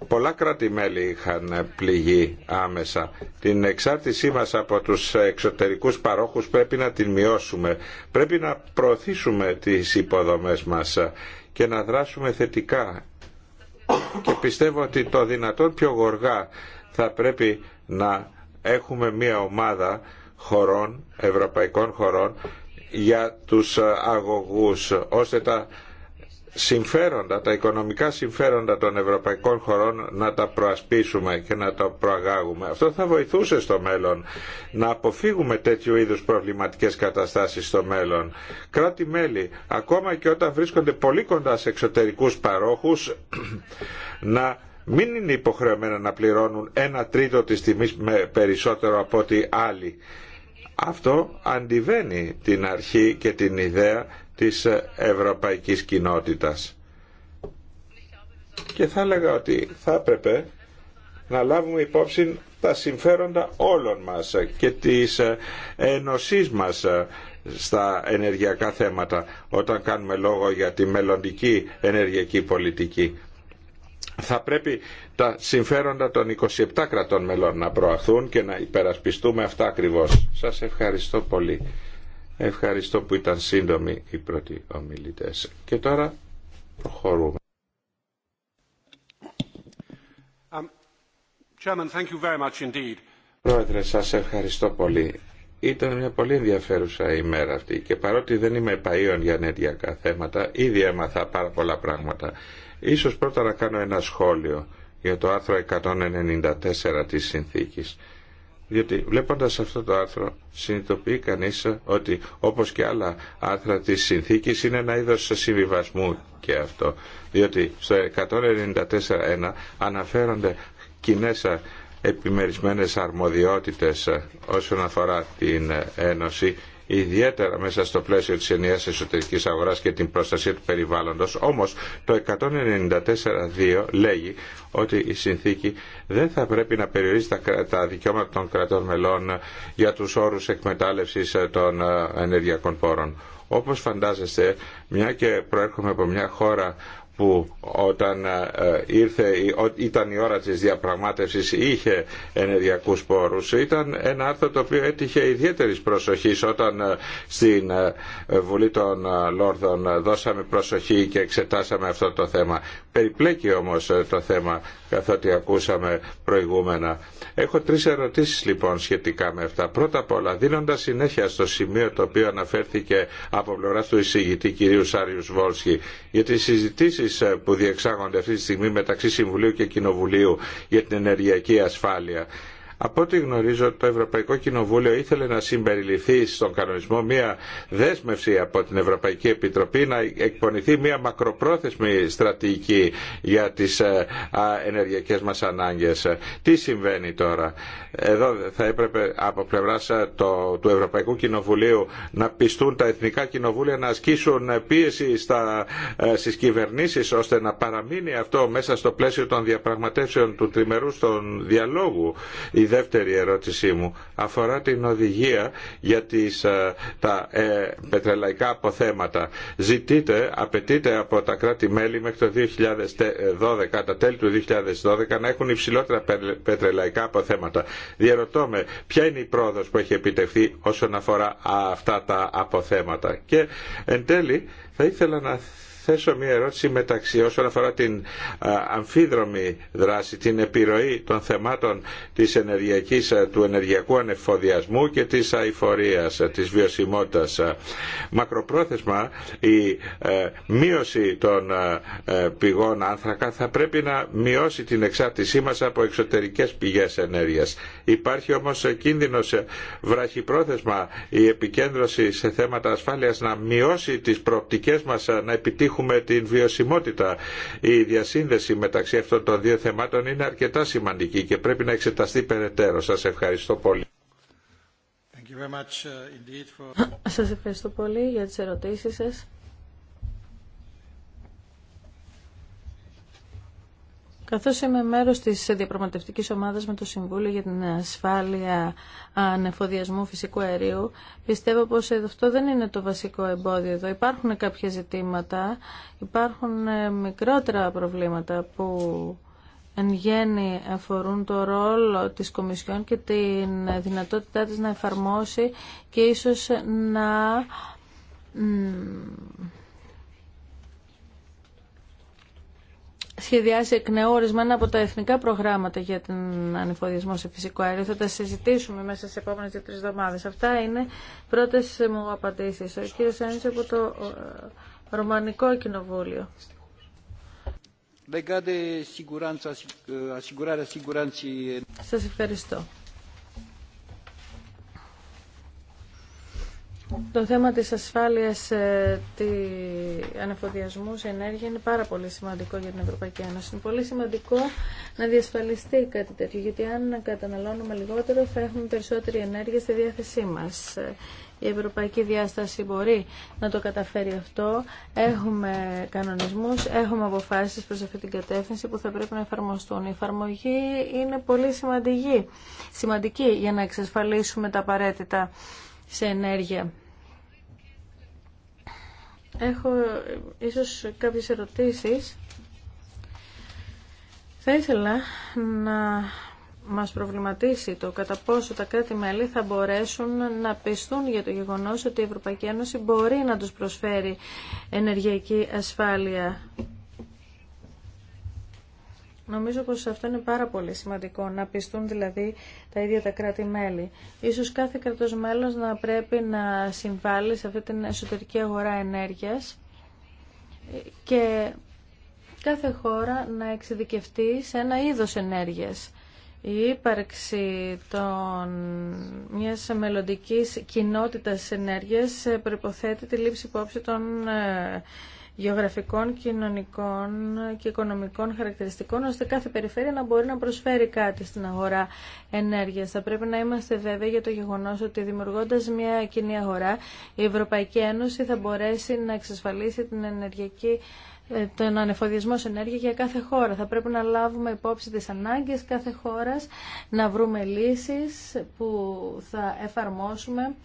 Πολλά κράτη-μέλη είχαν πληγεί άμεσα. Την εξάρτησή μας από τους εξωτερικούς παρόχους πρέπει να την μειώσουμε. Πρέπει να προωθήσουμε τις υποδομές μας και να δράσουμε θετικά. Και πιστεύω ότι το δυνατόν πιο γοργά θα πρέπει να έχουμε μια ομάδα χωρών, ευρωπαϊκών χωρών, για τους αγωγούς, ώστε συμφέροντα, τα οικονομικά συμφέροντα των ευρωπαϊκών χωρών να τα προασπίσουμε και να τα προαγάγουμε. Αυτό θα βοηθούσε στο μέλλον να αποφύγουμε τέτοιου είδους προβληματικές καταστάσεις στο μέλλον. Κράτη-μέλη, ακόμα και όταν βρίσκονται πολύ κοντά σε εξωτερικούς παρόχους, να μην είναι υποχρεωμένα να πληρώνουν ένα τρίτο της τιμής με περισσότερο από ότι άλλοι. Αυτό αντιβαίνει την αρχή και την ιδέα της ευρωπαϊκής κοινότητας. Και θα έλεγα ότι θα έπρεπε να λάβουμε υπόψη τα συμφέροντα όλων μας και της ενωσής μας στα ενεργειακά θέματα όταν κάνουμε λόγο για τη μελλοντική ενεργειακή πολιτική. Θα πρέπει τα συμφέροντα των 27 κρατών μελών να προαχθούν και να υπερασπιστούμε αυτά ακριβώς. Σας ευχαριστώ πολύ. Ευχαριστώ που ήταν σύντομοι οι πρώτοι ομιλητές. Και τώρα προχωρούμε. Um, Πρόεδρε, σας ευχαριστώ πολύ. Ήταν μια πολύ ενδιαφέρουσα ημέρα αυτή και παρότι δεν είμαι παίων για ενεργειακά θέματα, ήδη έμαθα πάρα πολλά πράγματα. Ίσως πρώτα να κάνω ένα σχόλιο για το άρθρο 194 της συνθήκης διότι βλέποντας αυτό το άρθρο συνειδητοποιεί κανείς ότι όπως και άλλα άρθρα της συνθήκης είναι ένα είδος συμβιβασμού και αυτό. Διότι στο 194.1 αναφέρονται κοινέ επιμερισμένες αρμοδιότητες ε, όσον αφορά την ε, Ένωση ιδιαίτερα μέσα στο πλαίσιο της ενιαίας εσωτερικής αγοράς και την προστασία του περιβάλλοντος. Όμως το 194.2 λέγει ότι η συνθήκη δεν θα πρέπει να περιορίζει τα δικαιώματα των κρατών μελών για τους όρους εκμετάλλευσης των ε, ενεργειακών πόρων. Όπως φαντάζεστε, μια και προέρχομαι από μια χώρα που όταν ε, ε, ήρθε, ήταν η ώρα της διαπραγμάτευσης είχε ενεργειακού πόρους. Ήταν ένα άρθρο το οποίο έτυχε ιδιαίτερης προσοχής όταν ε, στην Βουλή των Λόρδων δώσαμε προσοχή και εξετάσαμε αυτό το θέμα. Περιπλέκει όμως το θέμα καθότι ακούσαμε προηγούμενα. Έχω τρεις ερωτήσεις λοιπόν σχετικά με αυτά. Πρώτα απ' όλα, δίνοντας συνέχεια στο σημείο το οποίο αναφέρθηκε από πλευρά του εισηγητή κυρίου Σάριους Βόλσκι για τις συζητήσεις ε, που διεξάγονται αυτή τη στιγμή μεταξύ Συμβουλίου και Κοινοβουλίου για την ενεργειακή ασφάλεια από ό,τι γνωρίζω το Ευρωπαϊκό Κοινοβούλιο ήθελε να συμπεριληφθεί στον κανονισμό μια δέσμευση από την Ευρωπαϊκή Επιτροπή να εκπονηθεί μια μακροπρόθεσμη στρατηγική για τις ε, ενεργειακές μας ανάγκες. Τι συμβαίνει τώρα. Εδώ θα έπρεπε από πλευρά ε, του Ευρωπαϊκού Κοινοβουλίου να πιστούν τα εθνικά κοινοβούλια να ασκήσουν πίεση στα, ε, στις κυβερνήσεις ώστε να παραμείνει αυτό μέσα στο πλαίσιο των διαπραγματεύσεων του τριμερού στον διαλόγου δεύτερη ερώτησή μου αφορά την οδηγία για τις, ε, τα ε, πετρελαϊκά αποθέματα. Ζητείτε, απαιτείτε από τα κράτη-μέλη μέχρι το 2012, ε, τα τέλη του 2012, να έχουν υψηλότερα πετρελαϊκά αποθέματα. Διερωτώ με, ποια είναι η πρόοδος που έχει επιτευχθεί όσον αφορά αυτά τα αποθέματα. Και εν τέλει θα ήθελα να θέσω μια ερώτηση μεταξύ όσον αφορά την αμφίδρομη δράση, την επιρροή των θεμάτων της ενεργειακής, του ενεργειακού ανεφοδιασμού και της αηφορίας, της βιωσιμότητας. Μακροπρόθεσμα η ε, μείωση των ε, πηγών άνθρακα θα πρέπει να μειώσει την εξάρτησή μας από εξωτερικές πηγές ενέργειας. Υπάρχει όμως κίνδυνος ε, βραχυπρόθεσμα η επικέντρωση σε θέματα ασφάλειας να μειώσει τις προοπτικές μας να επιτύχουμε Έχουμε την βιωσιμότητα. Η διασύνδεση μεταξύ αυτών των δύο θεμάτων είναι αρκετά σημαντική και πρέπει να εξεταστεί περαιτέρω. Σας ευχαριστώ πολύ. Σα uh, Σας ευχαριστώ πολύ για τις ερωτήσεις σας. Καθώς είμαι μέρος της διαπραγματευτικής ομάδας με το Συμβούλιο για την Ασφάλεια Ανεφοδιασμού Φυσικού Αερίου, πιστεύω πως αυτό δεν είναι το βασικό εμπόδιο εδώ. Υπάρχουν κάποια ζητήματα, υπάρχουν ε, μικρότερα προβλήματα που εν γέννη αφορούν το ρόλο της Κομισιόν και τη δυνατότητά της να εφαρμόσει και ίσως να σχεδιάσει εκ από τα εθνικά προγράμματα για τον ανεφοδιασμό σε φυσικό αέριο. Θα τα συζητήσουμε μέσα στι επόμενε δύο-τρει εβδομάδε. Αυτά είναι πρώτε μου απαντήσει. Ο κύριο Ένση από το ε, Ρωμανικό Κοινοβούλιο. Σα ευχαριστώ. Το θέμα της ασφάλειας ε, τη ανεφοδιασμού σε ενέργεια είναι πάρα πολύ σημαντικό για την Ευρωπαϊκή Ένωση. Είναι πολύ σημαντικό να διασφαλιστεί κάτι τέτοιο, γιατί αν καταναλώνουμε λιγότερο θα έχουμε περισσότερη ενέργεια στη διάθεσή μας. Η ευρωπαϊκή διάσταση μπορεί να το καταφέρει αυτό. Έχουμε κανονισμούς, έχουμε αποφάσεις προς αυτή την κατεύθυνση που θα πρέπει να εφαρμοστούν. Η εφαρμογή είναι πολύ σημαντική, σημαντική για να εξασφαλίσουμε τα απαραίτητα σε ενέργεια. Έχω ίσως κάποιες ερωτήσεις. Θα ήθελα να μας προβληματίσει το κατά πόσο τα κράτη-μέλη θα μπορέσουν να πιστούν για το γεγονός ότι η Ευρωπαϊκή Ένωση μπορεί να τους προσφέρει ενεργειακή ασφάλεια Νομίζω πως αυτό είναι πάρα πολύ σημαντικό, να πιστούν δηλαδή τα ίδια τα κράτη-μέλη. Ίσως κάθε κρατός μέλος να πρέπει να συμβάλλει σε αυτή την εσωτερική αγορά ενέργειας και κάθε χώρα να εξειδικευτεί σε ένα είδος ενέργειας. Η ύπαρξη των μιας μελλοντικής κοινότητας ενέργειας ε, προϋποθέτει τη λήψη υπόψη των ε, γεωγραφικών, κοινωνικών και οικονομικών χαρακτηριστικών, ώστε κάθε περιφέρεια να μπορεί να προσφέρει κάτι στην αγορά ενέργειας. Θα πρέπει να είμαστε βέβαιοι για το γεγονό ότι δημιουργώντα μια κοινή αγορά, η Ευρωπαϊκή Ένωση θα μπορέσει να εξασφαλίσει την ενεργειακή ε, τον ανεφοδιασμό σε ενέργεια για κάθε χώρα. Θα πρέπει να λάβουμε υπόψη τις ανάγκες κάθε χώρας, να βρούμε λύσεις που θα εφαρμόσουμε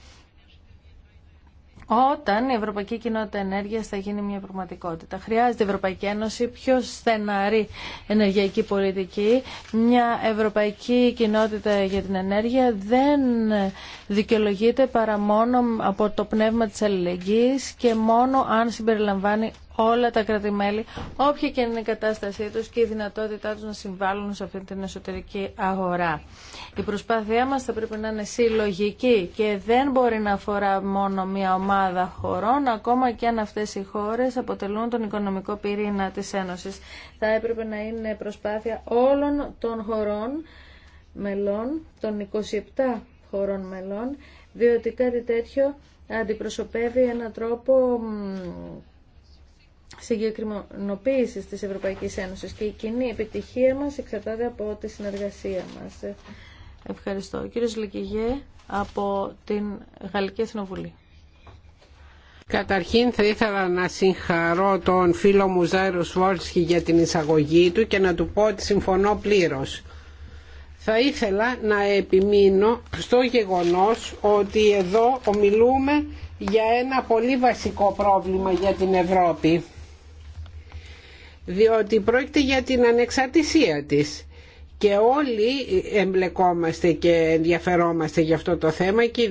όταν η Ευρωπαϊκή Κοινότητα Ενέργεια θα γίνει μια πραγματικότητα. Χρειάζεται η Ευρωπαϊκή Ένωση πιο στεναρή ενεργειακή πολιτική. Μια Ευρωπαϊκή Κοινότητα για την Ενέργεια δεν δικαιολογείται παρά μόνο από το πνεύμα της αλληλεγγύης και μόνο αν συμπεριλαμβάνει όλα τα κρατημέλη, όποια και είναι η κατάστασή τους και η δυνατότητά τους να συμβάλλουν σε αυτή την εσωτερική αγορά. Η προσπάθειά μας θα πρέπει να είναι συλλογική και δεν μπορεί να αφορά μόνο μια ομάδα χωρών, ακόμα και αν αυτές οι χώρες αποτελούν τον οικονομικό πυρήνα της Ένωσης. Θα έπρεπε να είναι προσπάθεια όλων των χωρών μελών, των 27 χωρών μελών, διότι κάτι τέτοιο αντιπροσωπεύει έναν τρόπο Συγκεκριμένοποίηση της Ευρωπαϊκής Ένωσης και η κοινή επιτυχία μας εξαρτάται από τη συνεργασία μας. Ευχαριστώ. κύριος Λικηγέ από την Γαλλική Εθνοβουλή. Καταρχήν θα ήθελα να συγχαρώ τον φίλο μου Ζάιρο Σβόρσκι για την εισαγωγή του και να του πω ότι συμφωνώ πλήρως. Θα ήθελα να επιμείνω στο γεγονός ότι εδώ ομιλούμε για ένα πολύ βασικό πρόβλημα για την Ευρώπη διότι πρόκειται για την ανεξαρτησία της και όλοι εμπλεκόμαστε και ενδιαφερόμαστε για αυτό το θέμα και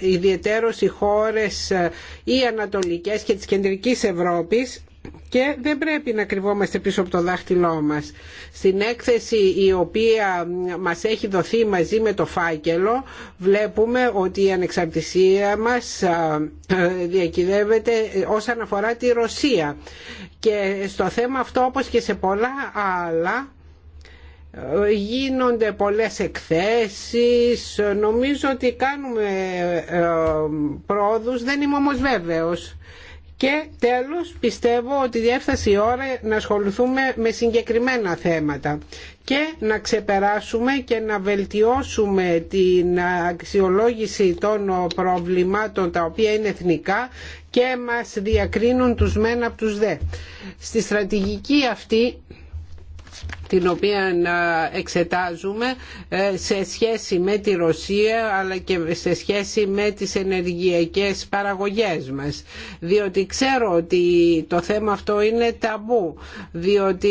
ιδιαίτερως οι χώρες ε, οι ανατολικές και της κεντρικής Ευρώπης και δεν πρέπει να κρυβόμαστε πίσω από το δάχτυλό μας. Στην έκθεση η οποία μας έχει δοθεί μαζί με το φάκελο βλέπουμε ότι η ανεξαρτησία μας διακυδεύεται όσον αφορά τη Ρωσία. Και στο θέμα αυτό όπως και σε πολλά άλλα γίνονται πολλές εκθέσεις, νομίζω ότι κάνουμε ε, ε, πρόοδους, δεν είμαι όμως βέβαιος. Και τέλος πιστεύω ότι διέφτασε η ώρα να ασχοληθούμε με συγκεκριμένα θέματα και να ξεπεράσουμε και να βελτιώσουμε την αξιολόγηση των προβλημάτων τα οποία είναι εθνικά και μας διακρίνουν τους μεν από τους δε. Στη στρατηγική αυτή την οποία εξετάζουμε ε, σε σχέση με τη Ρωσία αλλά και σε σχέση με τις ενεργειακές παραγωγές μας διότι ξέρω ότι το θέμα αυτό είναι ταμπού διότι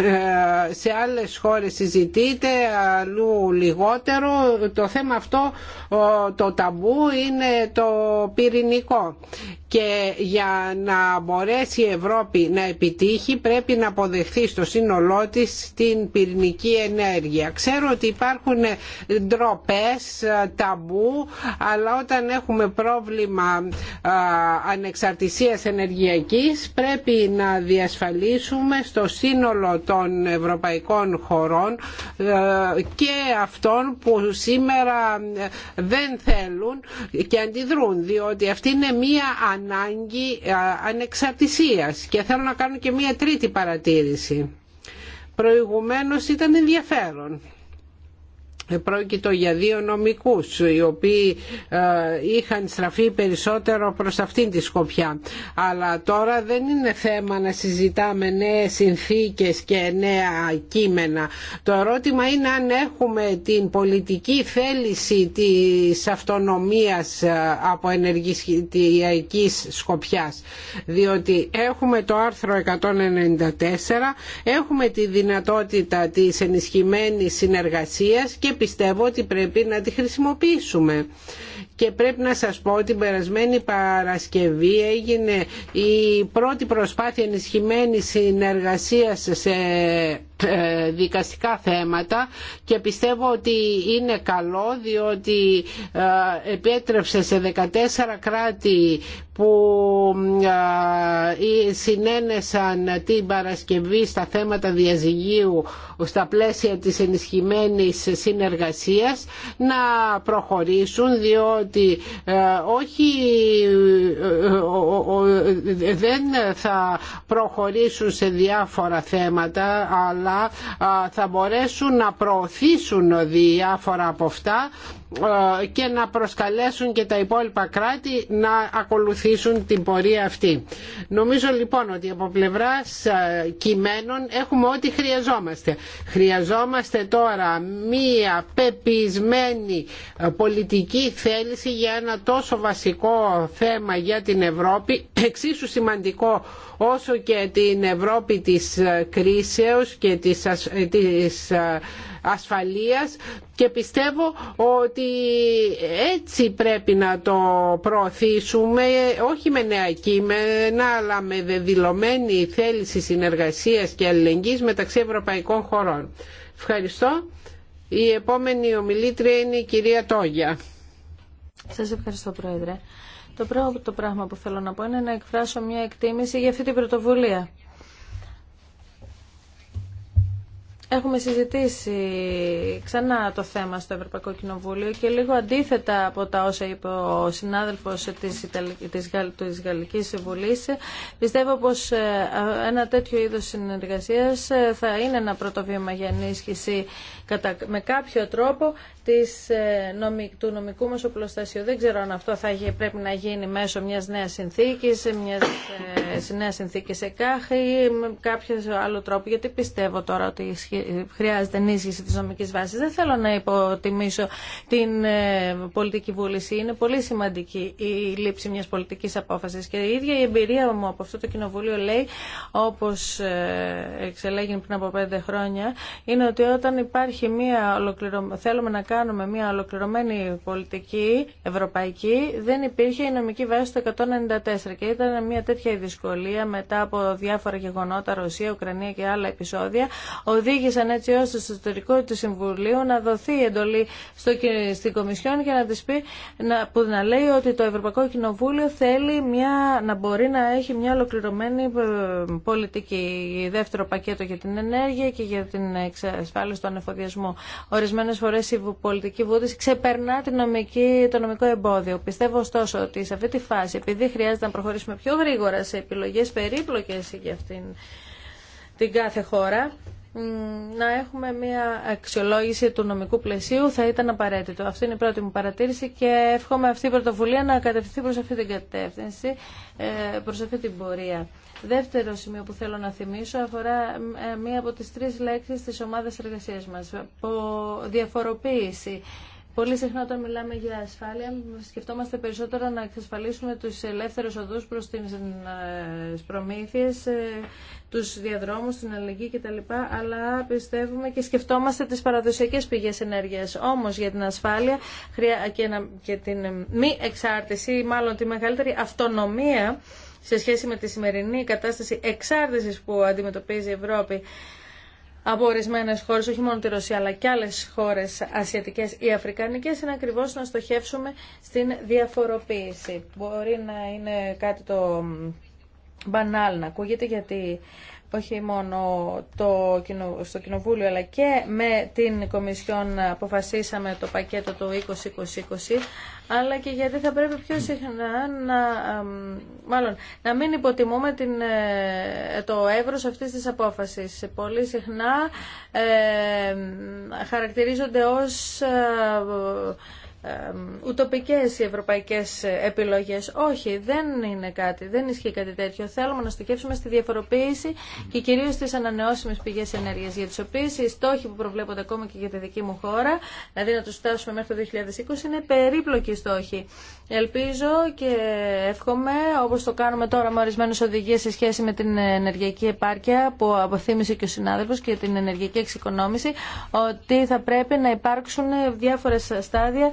ε, σε άλλες χώρες συζητείται αλλού λιγότερο το θέμα αυτό το ταμπού είναι το πυρηνικό και για να μπορέσει η Ευρώπη να επιτύχει πρέπει να αποδεχθεί στο σύνολό της την πυρηνική ενέργεια. Ξέρω ότι υπάρχουν ντροπέ ταμπού, αλλά όταν έχουμε πρόβλημα ανεξαρτησίας ενεργειακής πρέπει να διασφαλίσουμε στο σύνολο των ευρωπαϊκών χωρών ε, και αυτών που σήμερα δεν θέλουν και αντιδρούν, διότι αυτή είναι μία ανάγκη ε, ανεξαρτησίας. Και θέλω να κάνω και μία τρίτη παρατήρηση. Προηγουμένως ήταν ενδιαφέρον Πρόκειτο για δύο νομικούς οι οποίοι ε, είχαν στραφεί περισσότερο προς αυτήν τη σκοπιά. Αλλά τώρα δεν είναι θέμα να συζητάμε νέες συνθήκες και νέα κείμενα. Το ερώτημα είναι αν έχουμε την πολιτική θέληση της αυτονομίας ε, από ενεργητικής σκοπιάς. Διότι έχουμε το άρθρο 194, έχουμε τη δυνατότητα της ενισχυμένης συνεργασίας και πιστεύω ότι πρέπει να τη χρησιμοποιήσουμε. Και πρέπει να σας πω ότι την περασμένη Παρασκευή έγινε η πρώτη προσπάθεια ενισχυμένης συνεργασίας σε ε, δικαστικά θέματα και πιστεύω ότι είναι καλό διότι ε, επέτρεψε σε 14 κράτη που ε, συνένεσαν την Παρασκευή στα θέματα διαζυγίου στα πλαίσια της ενισχυμένης συνεργασίας να προχωρήσουν διότι όχι δεν θα προχωρήσουν σε διάφορα θέματα αλλά θα μπορέσουν να προωθήσουν διάφορα από αυτά και να προσκαλέσουν και τα υπόλοιπα κράτη να ακολουθήσουν την πορεία αυτή. Νομίζω λοιπόν ότι από πλευρά κειμένων έχουμε ό,τι χρειαζόμαστε. Χρειαζόμαστε τώρα μία πεπισμένη πολιτική θέληση για ένα τόσο βασικό θέμα για την Ευρώπη, εξίσου σημαντικό όσο και την Ευρώπη της κρίσεως και της, ε, της ασφαλείας και πιστεύω ότι έτσι πρέπει να το προωθήσουμε όχι με νέα κείμενα αλλά με δεδηλωμένη θέληση συνεργασίας και αλληλεγγύης μεταξύ ευρωπαϊκών χωρών. Ευχαριστώ. Η επόμενη ομιλήτρια είναι η κυρία Τόγια. Σας ευχαριστώ Πρόεδρε. Το πρώτο πράγμα που θέλω να πω είναι να εκφράσω μια εκτίμηση για αυτή την πρωτοβουλία. Έχουμε συζητήσει ξανά το θέμα στο Ευρωπαϊκό Κοινοβούλιο και λίγο αντίθετα από τα όσα είπε ο συνάδελφος της, της, της Γαλλικής Βουλής πιστεύω πως ε, ένα τέτοιο είδος συνεργασίας ε, θα είναι ένα πρώτο βήμα για ενίσχυση με κάποιο τρόπο της, ε, του νομικού μας οπλοστασίου. Δεν ξέρω αν αυτό θα πρέπει να γίνει μέσω μιας νέας συνθήκης, μιας ε, νέας συνθήκης ΕΚΑΧ ή με κάποιο άλλο τρόπο, γιατί πιστεύω τώρα ότι χρειάζεται ενίσχυση της νομικής βάσης. Δεν θέλω να υποτιμήσω την ε, πολιτική βούληση. Είναι πολύ σημαντική η λήψη μιας πολιτικής απόφασης και η ίδια η εμπειρία μου από αυτό το κοινοβούλιο λέει, όπως ε, εξελέγει πριν από πέντε χρόνια, είναι ότι όταν υπάρχει μια θέλουμε να κάνουμε μια ολοκληρωμένη πολιτική ευρωπαϊκή, δεν υπήρχε η νομική βάση του 194 και ήταν μια τέτοια δυσκολία μετά από διάφορα γεγονότα, Ρωσία, Ουκρανία και άλλα επεισόδια, οδήγησαν έτσι ώστε στο εσωτερικό του Συμβουλίου να δοθεί εντολή στο... στην Κομισιόν για να τη πει να... που να λέει ότι το Ευρωπαϊκό Κοινοβούλιο θέλει μια... να μπορεί να έχει μια ολοκληρωμένη ε, πολιτική. Δεύτερο πακέτο για την ενέργεια και για την εξασφάλιση των εφοδιασμών Ορισμένες Ορισμένε φορέ η πολιτική βούληση ξεπερνά την νομική, το νομικό εμπόδιο. Πιστεύω ωστόσο ότι σε αυτή τη φάση, επειδή χρειάζεται να προχωρήσουμε πιο γρήγορα σε επιλογέ περίπλοκε για αυτήν την κάθε χώρα, να έχουμε μια αξιολόγηση του νομικού πλαισίου θα ήταν απαραίτητο. Αυτή είναι η πρώτη μου παρατήρηση και εύχομαι αυτή η πρωτοβουλία να κατευθυνθεί προς αυτή την κατεύθυνση, ε, προς αυτή την πορεία. Δεύτερο σημείο που θέλω να θυμίσω αφορά ε, μία από τις τρεις λέξεις της ομάδας εργασίας μας. Διαφοροποίηση. Πολύ συχνά όταν μιλάμε για ασφάλεια σκεφτόμαστε περισσότερο να εξασφαλίσουμε τους ελεύθερους οδούς προς τις ε, προμήθειε, ε, του διαδρόμου, την αλληλεγγύη κτλ. Αλλά πιστεύουμε και σκεφτόμαστε τις παραδοσιακές πηγές ενέργειας. Όμως για την ασφάλεια και την ε, μη εξάρτηση ή μάλλον τη μεγαλύτερη αυτονομία σε σχέση με τη σημερινή κατάσταση εξάρτησης που αντιμετωπίζει η Ευρώπη από ορισμένε χώρε, όχι μόνο τη Ρωσία, αλλά και άλλε χώρε ασιατικέ ή αφρικανικέ, είναι ακριβώ να στοχεύσουμε στην διαφοροποίηση. Μπορεί να είναι κάτι το μπανάλ να ακούγεται, γιατί όχι μόνο το, στο Κοινοβούλιο αλλά και με την Κομισιόν αποφασίσαμε το πακέτο το 2020-2020 αλλά και γιατί θα πρέπει πιο συχνά να, μάλλον, να μην υποτιμούμε την, ε, το εύρος αυτής της απόφασης. Πολύ συχνά ε, χαρακτηρίζονται ως ε, ουτοπικές οι ευρωπαϊκές επιλογές. Όχι, δεν είναι κάτι, δεν ισχύει κάτι τέτοιο. Θέλουμε να στοχεύσουμε στη διαφοροποίηση και κυρίως στις ανανεώσιμες πηγές ενέργειας, για τις οποίες οι στόχοι που προβλέπονται ακόμα και για τη δική μου χώρα, δηλαδή να τους φτάσουμε μέχρι το 2020, είναι περίπλοκοι στόχοι. Ελπίζω και εύχομαι, όπως το κάνουμε τώρα με ορισμένε οδηγίες σε σχέση με την ενεργειακή επάρκεια που αποθύμησε και ο συνάδελφος και την ενεργειακή εξοικονόμηση, ότι θα πρέπει να υπάρξουν διάφορες στάδια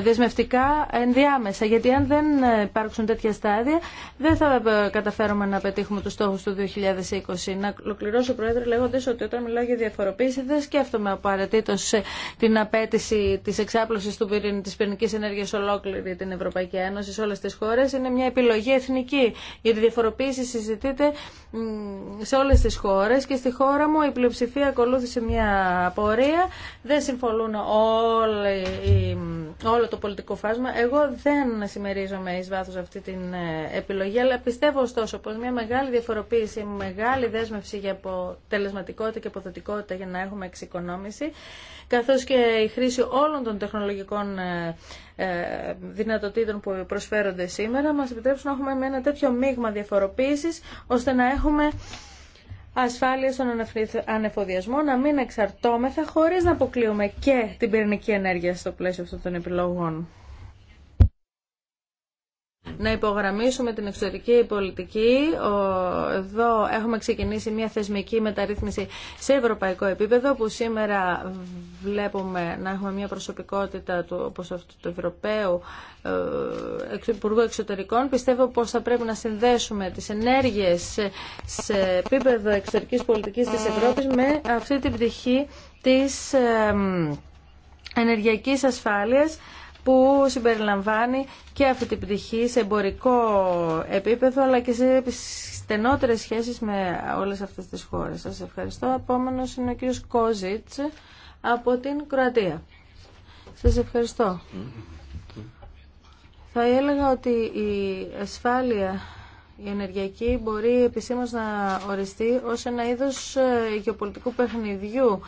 δεσμευτικά ενδιάμεσα. Γιατί αν δεν υπάρξουν τέτοια στάδια, δεν θα ε, καταφέρουμε να πετύχουμε του στόχου του 2020. Να ολοκληρώσω, Πρόεδρε, λέγοντα ότι όταν μιλάω για διαφοροποίηση, δεν σκέφτομαι απαραίτητο ε, την απέτηση τη εξάπλωση τη πυρηνική ενέργεια ολόκληρη την Ευρωπαϊκή Ένωση, σε όλε τι χώρε. Είναι μια επιλογή εθνική. Γιατί διαφοροποίηση συζητείται σε όλε τι χώρε και στη χώρα μου η πλειοψηφία ακολούθησε μια πορεία. Δεν συμφωνούν όλοι οι το πολιτικό φάσμα. Εγώ δεν συμμερίζομαι εις βάθος αυτή την ε, επιλογή, αλλά πιστεύω ωστόσο πως μια μεγάλη διαφοροποίηση, μεγάλη δέσμευση για αποτελεσματικότητα και αποδοτικότητα για να έχουμε εξοικονόμηση, καθώς και η χρήση όλων των τεχνολογικών ε, ε, δυνατοτήτων που προσφέρονται σήμερα, μας επιτρέψουν να έχουμε ένα τέτοιο μείγμα διαφοροποίησης, ώστε να έχουμε ασφάλεια στον ανεφοδιασμό, να μην εξαρτώμεθα χωρίς να αποκλείουμε και την πυρηνική ενέργεια στο πλαίσιο αυτών των επιλογών να υπογραμμίσουμε την εξωτερική πολιτική. Εδώ έχουμε ξεκινήσει μια θεσμική μεταρρύθμιση σε ευρωπαϊκό επίπεδο που σήμερα βλέπουμε να έχουμε μια προσωπικότητα του, όπως αυτού του Ευρωπαίου ε, Υπουργού Εξωτερικών. Πιστεύω πως θα πρέπει να συνδέσουμε τις ενέργειες σε επίπεδο εξωτερικής πολιτικής της Ευρώπης με αυτή την πτυχή της ε, ενεργειακής ασφάλειας που συμπεριλαμβάνει και αυτή την πτυχή σε εμπορικό επίπεδο αλλά και σε στενότερες σχέσεις με όλες αυτές τις χώρες. Σας ευχαριστώ. Επόμενο είναι ο κ. Κόζιτς από την Κροατία. Σας ευχαριστώ. Θα έλεγα ότι η ασφάλεια η ενεργειακή μπορεί επισήμως να οριστεί ως ένα είδος γεωπολιτικού παιχνιδιού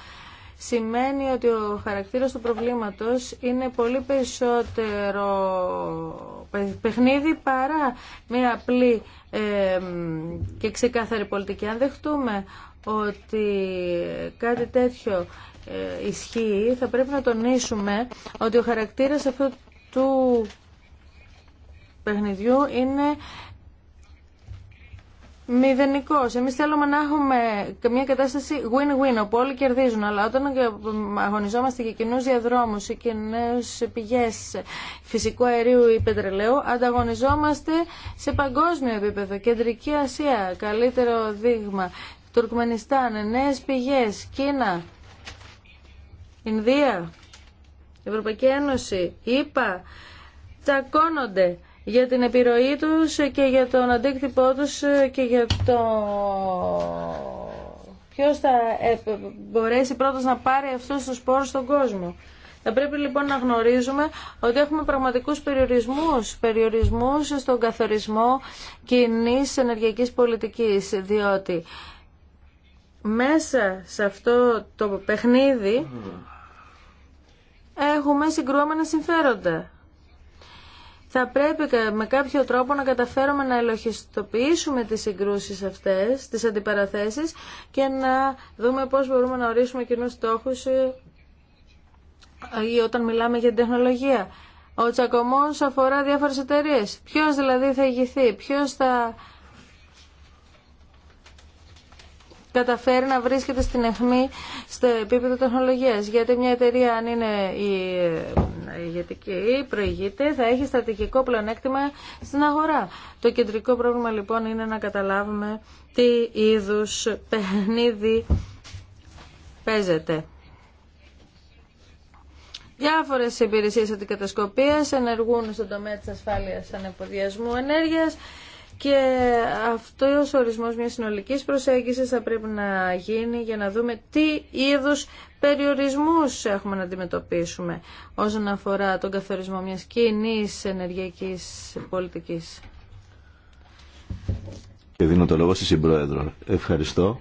σημαίνει ότι ο χαρακτήρας του προβλήματος είναι πολύ περισσότερο παιχνίδι παρά μια απλή και ξεκάθαρη πολιτική. Αν δεχτούμε ότι κάτι τέτοιο ε, ισχύει, θα πρέπει να τονίσουμε ότι ο χαρακτήρας αυτού του παιχνιδιού είναι μηδενικός. Εμείς θέλουμε να έχουμε μια κατάσταση win-win, όπου όλοι κερδίζουν. Αλλά όταν αγωνιζόμαστε για κοινού διαδρόμου ή κοινέ πηγέ φυσικού αερίου ή πετρελαίου, ανταγωνιζόμαστε σε παγκόσμιο επίπεδο. Κεντρική Ασία, καλύτερο δείγμα. Τουρκμενιστάν, νέε πηγέ, Κίνα, Ινδία, Ευρωπαϊκή Ένωση, ΗΠΑ, τσακώνονται για την επιρροή τους και για τον αντίκτυπό τους και για το ποιος θα μπορέσει πρώτος να πάρει αυτούς τους πόρους στον κόσμο. Θα πρέπει λοιπόν να γνωρίζουμε ότι έχουμε πραγματικούς περιορισμούς, περιορισμούς στον καθορισμό κοινή ενεργειακής πολιτικής, διότι μέσα σε αυτό το παιχνίδι έχουμε συγκρούμενα συμφέροντα θα πρέπει με κάποιο τρόπο να καταφέρουμε να ελοχιστοποιήσουμε τις συγκρούσεις αυτές, τις αντιπαραθέσεις και να δούμε πώς μπορούμε να ορίσουμε κοινούς στόχους ε, ή όταν μιλάμε για την τεχνολογία. Ο τσακωμός αφορά διάφορες εταιρείε. Ποιος δηλαδή θα ηγηθεί, ποιος θα καταφέρει να βρίσκεται στην αιχμή στο επίπεδο τεχνολογίας. Γιατί μια εταιρεία αν είναι η ε, ηγετική, προηγείται, θα έχει στρατηγικό πλεονέκτημα στην αγορά. Το κεντρικό πρόβλημα λοιπόν είναι να καταλάβουμε τι είδους παιχνίδι παίζεται. Διάφορε υπηρεσίε αντικατασκοπία ενεργούν στον τομέα τη ασφάλεια ανεποδιασμού ενέργεια και αυτό ο ορισμός μιας συνολικής προσέγγισης θα πρέπει να γίνει για να δούμε τι είδους περιορισμούς έχουμε να αντιμετωπίσουμε όσον αφορά τον καθορισμό μιας κοινή ενεργειακής πολιτικής. Και δίνω το λόγο στη Συμπρόεδρο. Ευχαριστώ.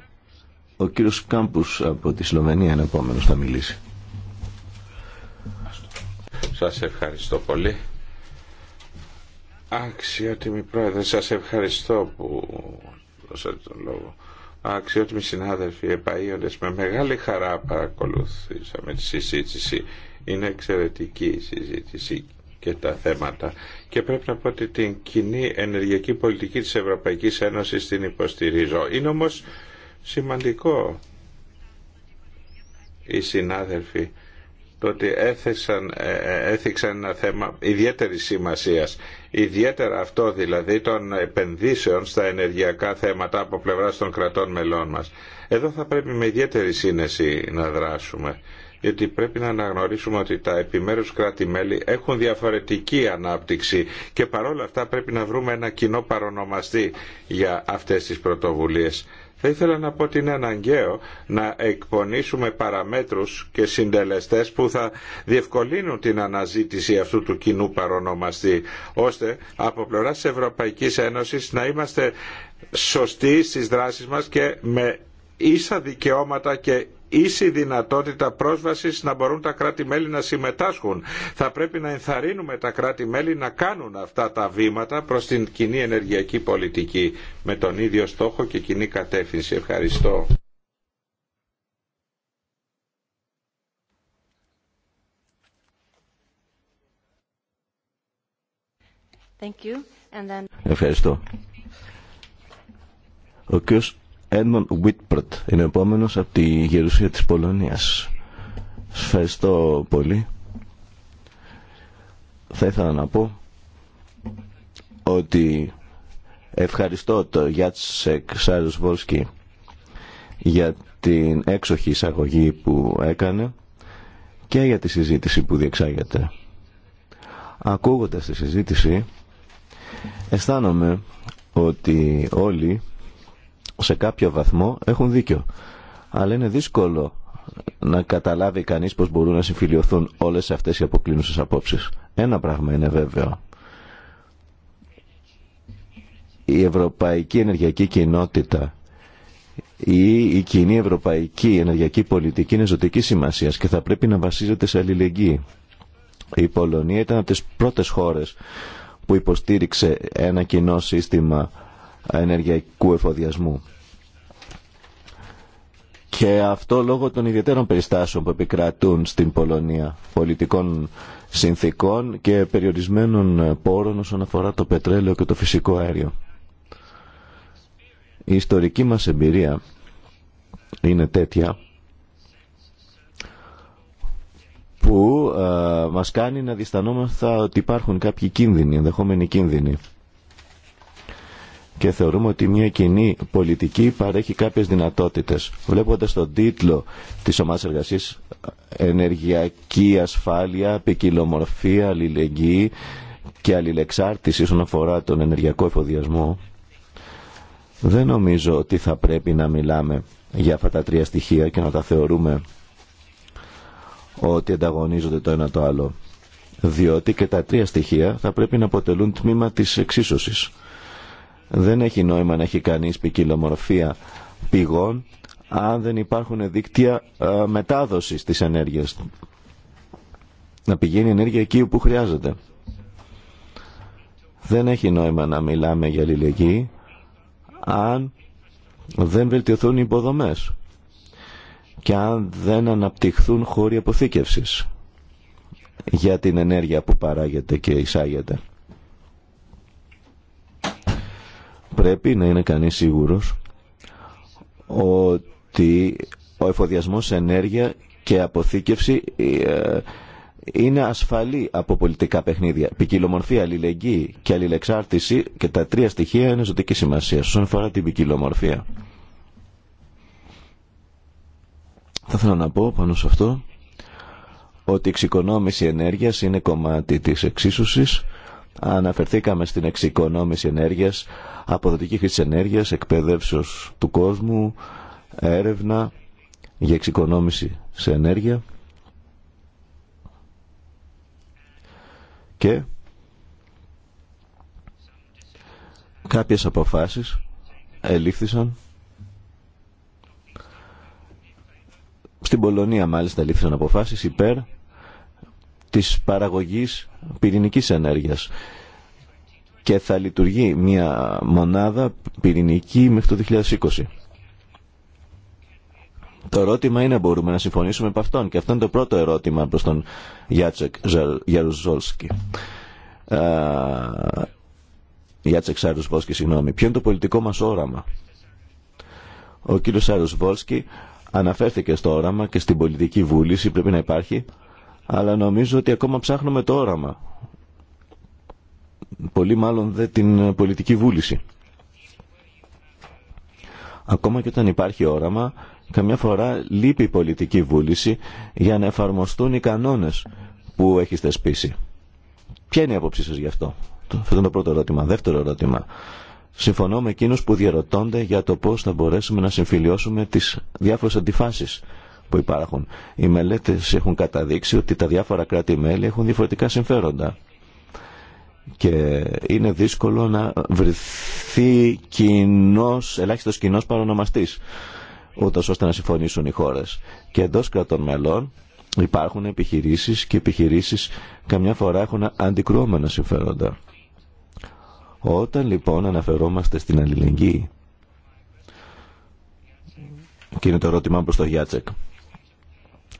Ο κύριος Κάμπους από τη Σλοβενία είναι επόμενος θα μιλήσει. Σας ευχαριστώ πολύ. Αξιότιμη Πρόεδρε, σας ευχαριστώ που δώσατε τον λόγο. Αξιότιμοι συνάδελφοι, επαΐοντες, με μεγάλη χαρά παρακολουθήσαμε τη συζήτηση. Είναι εξαιρετική η συζήτηση και τα θέματα. Και πρέπει να πω ότι την κοινή ενεργειακή πολιτική της Ευρωπαϊκής Ένωσης την υποστηρίζω. Είναι όμως σημαντικό οι συνάδελφοι το ότι έθεσαν, ε, ε, έθιξαν ένα θέμα ιδιαίτερη σημασίας. Ιδιαίτερα αυτό δηλαδή των επενδύσεων στα ενεργειακά θέματα από πλευρά των κρατών μελών μας. Εδώ θα πρέπει με ιδιαίτερη σύνεση να δράσουμε γιατί πρέπει να αναγνωρίσουμε ότι τα επιμέρους κράτη-μέλη έχουν διαφορετική ανάπτυξη και παρόλα αυτά πρέπει να βρούμε ένα κοινό παρονομαστή για αυτές τις πρωτοβουλίες. Θα ήθελα να πω ότι είναι αναγκαίο να εκπονήσουμε παραμέτρους και συντελεστές που θα διευκολύνουν την αναζήτηση αυτού του κοινού παρονομαστή, ώστε από πλευράς Ευρωπαϊκής Ένωσης να είμαστε σωστοί στις δράσεις μας και με ίσα δικαιώματα και ίση δυνατότητα πρόσβασης να μπορούν τα κράτη-μέλη να συμμετάσχουν. Θα πρέπει να ενθαρρύνουμε τα κράτη-μέλη να κάνουν αυτά τα βήματα προς την κοινή ενεργειακή πολιτική με τον ίδιο στόχο και κοινή κατεύθυνση. Ευχαριστώ. Thank Ευχαριστώ. Ο Έντμον Βίτπρετ είναι επόμενος από τη Γερουσία της Πολωνίας. Σας ευχαριστώ πολύ. Θα ήθελα να πω ότι ευχαριστώ το Γιάτσεκ Σάρους Βόλσκι για την έξοχη εισαγωγή που έκανε και για τη συζήτηση που διεξάγεται. Ακούγοντας τη συζήτηση αισθάνομαι ότι όλοι σε κάποιο βαθμό έχουν δίκιο. Αλλά είναι δύσκολο να καταλάβει κανείς πώς μπορούν να συμφιλειωθούν όλες αυτές οι αποκλίνουσες απόψεις. Ένα πράγμα είναι βέβαιο. Η Ευρωπαϊκή Ενεργειακή Κοινότητα ή η κοινή ευρωπαϊκή ενεργειακή πολιτική είναι ζωτική σημασία και θα πρέπει να βασίζεται σε αλληλεγγύη. Η Πολωνία ήταν από τι πρώτε χώρε που υποστήριξε ένα κοινό σύστημα ενεργειακού εφοδιασμού. Και αυτό λόγω των ιδιαίτερων περιστάσεων που επικρατούν στην Πολωνία, πολιτικών συνθήκων και περιορισμένων πόρων όσον αφορά το πετρέλαιο και το φυσικό αέριο. Η ιστορική μας εμπειρία είναι τέτοια που ε, μας κάνει να διστανόμαστε ότι υπάρχουν κάποιοι κίνδυνοι, ενδεχόμενοι κίνδυνοι και θεωρούμε ότι μια κοινή πολιτική παρέχει κάποιες δυνατότητες. Βλέποντας τον τίτλο της ομάδας εργασίας «Ενεργειακή ασφάλεια, ποικιλομορφία, αλληλεγγύη και αλληλεξάρτηση όσον αφορά τον ενεργειακό εφοδιασμό» δεν νομίζω ότι θα πρέπει να μιλάμε για αυτά τα τρία στοιχεία και να τα θεωρούμε ότι ανταγωνίζονται το ένα το άλλο. Διότι και τα τρία στοιχεία θα πρέπει να αποτελούν τμήμα της εξίσωσης δεν έχει νόημα να έχει κανείς ποικιλομορφία πηγών αν δεν υπάρχουν δίκτυα ε, μετάδοσης της ενέργειας. Να πηγαίνει η ενέργεια εκεί που χρειάζεται. Δεν έχει νόημα να μιλάμε για αλληλεγγύη αν δεν βελτιωθούν οι υποδομές και αν δεν αναπτυχθούν χώροι αποθήκευσης για την ενέργεια που παράγεται και εισάγεται. Πρέπει να είναι κανείς σίγουρος ότι ο εφοδιασμός ενέργεια και αποθήκευση ε, είναι ασφαλή από πολιτικά παιχνίδια. Ποικιλομορφία, αλληλεγγύη και αλληλεξάρτηση και τα τρία στοιχεία είναι ζωτική σημασία όσον αφορά την ποικιλομορφία. Θα ήθελα να πω πάνω σε αυτό ότι η εξοικονόμηση ενέργειας είναι κομμάτι της εξίσωσης Αναφερθήκαμε στην εξοικονόμηση ενέργειας, αποδοτική χρήση ενέργειας, εκπαιδεύσεως του κόσμου, έρευνα για εξοικονόμηση σε ενέργεια και κάποιες αποφάσεις ελήφθησαν στην Πολωνία μάλιστα ελήφθησαν αποφάσεις υπέρ της παραγωγής πυρηνικής ενέργειας και θα λειτουργεί μια μονάδα πυρηνική μέχρι το 2020. Το ερώτημα είναι μπορούμε να συμφωνήσουμε με αυτόν και αυτό είναι το πρώτο ερώτημα προς τον Γιάτσεκ Ζαρουζόλσκι. Γιάτσεκ Σαρουσβόλσκι, συγγνώμη. Ποιο είναι το πολιτικό μας όραμα. Ο κύριος Σαρουσβόλσκι αναφέρθηκε στο όραμα και στην πολιτική βούληση πρέπει να υπάρχει αλλά νομίζω ότι ακόμα ψάχνουμε το όραμα. Πολύ μάλλον δεν την πολιτική βούληση. Ακόμα και όταν υπάρχει όραμα, καμιά φορά λείπει η πολιτική βούληση για να εφαρμοστούν οι κανόνες που έχει θεσπίσει. Ποια είναι η άποψή σας γι' αυτό. Αυτό είναι το πρώτο ερώτημα. Δεύτερο ερώτημα. Συμφωνώ με εκείνους που διαρωτώνται για το πώς θα μπορέσουμε να συμφιλιώσουμε τις διάφορες αντιφάσεις που υπάρχουν. Οι μελέτες έχουν καταδείξει ότι τα διάφορα κράτη-μέλη έχουν διαφορετικά συμφέροντα και είναι δύσκολο να βρεθεί κοινός, ελάχιστος κοινό παρονομαστής ούτως ώστε να συμφωνήσουν οι χώρες. Και εντός κρατών μελών υπάρχουν επιχειρήσεις και επιχειρήσεις καμιά φορά έχουν αντικρουόμενα συμφέροντα. Όταν λοιπόν αναφερόμαστε στην αλληλεγγύη και είναι το ερώτημά προς το Γιάτσεκ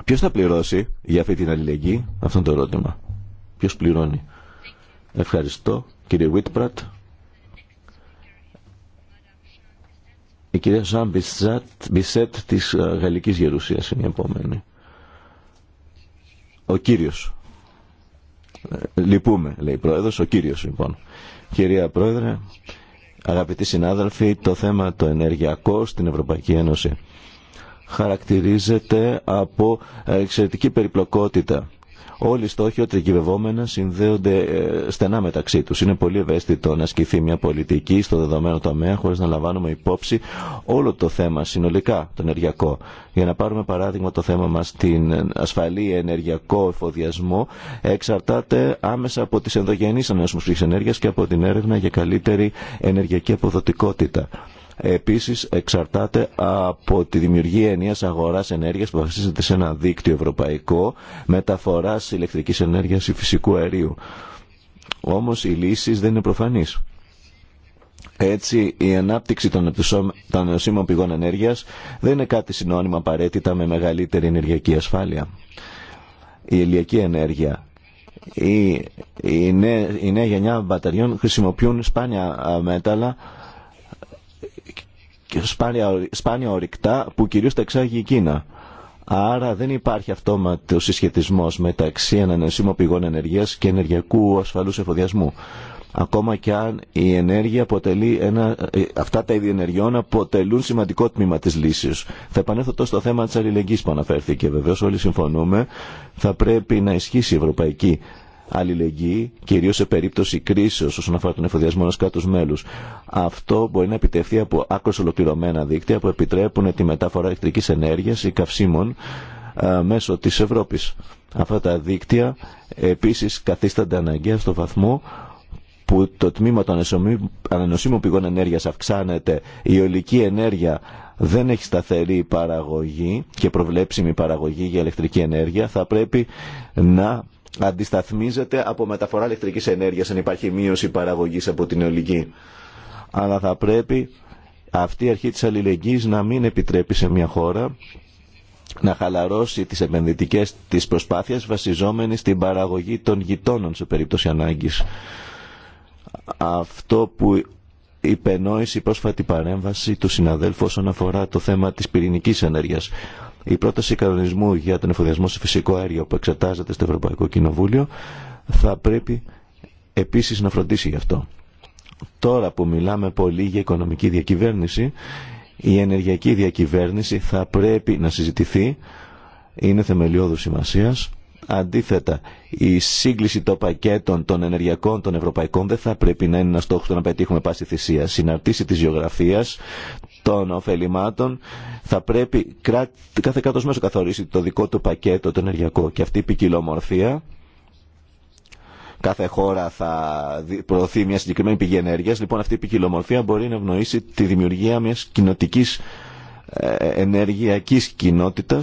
Ποιο θα πληρώσει για αυτή την αλληλεγγύη, αυτό το ερώτημα. ποιο πληρώνει. Ευχαριστώ κύριε Βίτπρατ. Η κυρία Ζαν Μπισέτ της ε, Γαλλικής Γερουσία είναι η επόμενη. Ο κύριος. Ε, λυπούμε, λέει η Πρόεδρος, ο κύριος λοιπόν. Κυρία Πρόεδρε, αγαπητοί συνάδελφοι, το θέμα το ενεργειακό στην Ευρωπαϊκή Ένωση χαρακτηρίζεται από ε, εξαιρετική περιπλοκότητα. Όλοι οι στόχοι, ό,τι συνδέονται ε, στενά μεταξύ του. Είναι πολύ ευαίσθητο να ασκηθεί μια πολιτική στο δεδομένο τομέα, χωρί να λαμβάνουμε υπόψη όλο το θέμα συνολικά, το ενεργειακό. Για να πάρουμε παράδειγμα το θέμα μα, την ασφαλή ενεργειακό εφοδιασμό, εξαρτάται άμεσα από τι ενδογενεί ανανεώσιμε πηγέ ενέργεια και από την έρευνα για καλύτερη ενεργειακή αποδοτικότητα επίσης εξαρτάται από τη δημιουργία ενίας αγοράς ενέργειας που βασίζεται σε ένα δίκτυο ευρωπαϊκό μεταφοράς ηλεκτρικής ενέργειας ή φυσικού αερίου. Όμως οι λύσεις δεν είναι προφανείς. Έτσι, η ανάπτυξη των νεωσίμων πηγών λύσει δεν είναι κάτι συνώνυμα απαραίτητα με μεγαλύτερη ενεργειακή ασφάλεια. Η αναπτυξη των νεοσυμων πηγων ενεργειας δεν ειναι κατι συνωνυμα ενέργεια η, η νέα γενιά μπαταριών χρησιμοποιούν σπάνια μέταλλα σπάνια, σπάνια ορυκτά που κυρίως τα εξάγει η Κίνα. Άρα δεν υπάρχει αυτόματο συσχετισμό μεταξύ ανανεωσίμων πηγών ενεργεία και ενεργειακού ασφαλού εφοδιασμού. Ακόμα και αν η ενέργεια αποτελεί ένα, ε, αυτά τα είδη ενεργειών αποτελούν σημαντικό τμήμα τη λύση. Θα επανέλθω τώρα στο θέμα τη αλληλεγγύη που αναφέρθηκε. Βεβαίω όλοι συμφωνούμε. Θα πρέπει να ισχύσει η ευρωπαϊκή αλληλεγγύη, κυρίως σε περίπτωση κρίσεως όσον αφορά τον εφοδιασμό ενός κράτους μέλους. Αυτό μπορεί να επιτευχθεί από άκρως ολοκληρωμένα δίκτυα που επιτρέπουν τη μετάφορα ηλεκτρικής ενέργειας ή καυσίμων ε, μέσω της Ευρώπης. Αυτά τα δίκτυα επίσης καθίστανται αναγκαία στο βαθμό που το τμήμα των ανανοσίμων πηγών ενέργειας αυξάνεται, η ολική ενέργεια δεν έχει σταθερή παραγωγή και προβλέψιμη παραγωγή για ηλεκτρική ενέργεια, θα πρέπει να αντισταθμίζεται από μεταφορά ηλεκτρικής ενέργειας αν υπάρχει μείωση παραγωγής από την αιωλική. Αλλά θα πρέπει αυτή η αρχή της αλληλεγγύης να μην επιτρέπει σε μια χώρα να χαλαρώσει τις επενδυτικές της προσπάθειες βασιζόμενη στην παραγωγή των γειτόνων σε περίπτωση ανάγκης. Αυτό που υπενόησε η πρόσφατη παρέμβαση του συναδέλφου όσον αφορά το θέμα της πυρηνικής ενέργειας. Η πρόταση κανονισμού για τον εφοδιασμό σε φυσικό αέριο που εξετάζεται στο Ευρωπαϊκό Κοινοβούλιο θα πρέπει επίσης να φροντίσει γι' αυτό. Τώρα που μιλάμε πολύ για οικονομική διακυβέρνηση, η ενεργειακή διακυβέρνηση θα πρέπει να συζητηθεί, είναι θεμελιώδου σημασίας Αντίθετα, η σύγκληση των πακέτων των ενεργειακών των ευρωπαϊκών δεν θα πρέπει να είναι ένα στόχο το να πετύχουμε πάση θυσία. Συναρτήση τη γεωγραφία, των ωφελημάτων, θα πρέπει κάθε κράτο μέσο καθορίσει το δικό του πακέτο το ενεργειακό. Και αυτή η ποικιλομορφία, κάθε χώρα θα προωθεί μια συγκεκριμένη πηγή ενέργεια. Λοιπόν, αυτή η ποικιλομορφία μπορεί να ευνοήσει τη δημιουργία μια κοινοτική ε, ενεργειακή κοινότητα.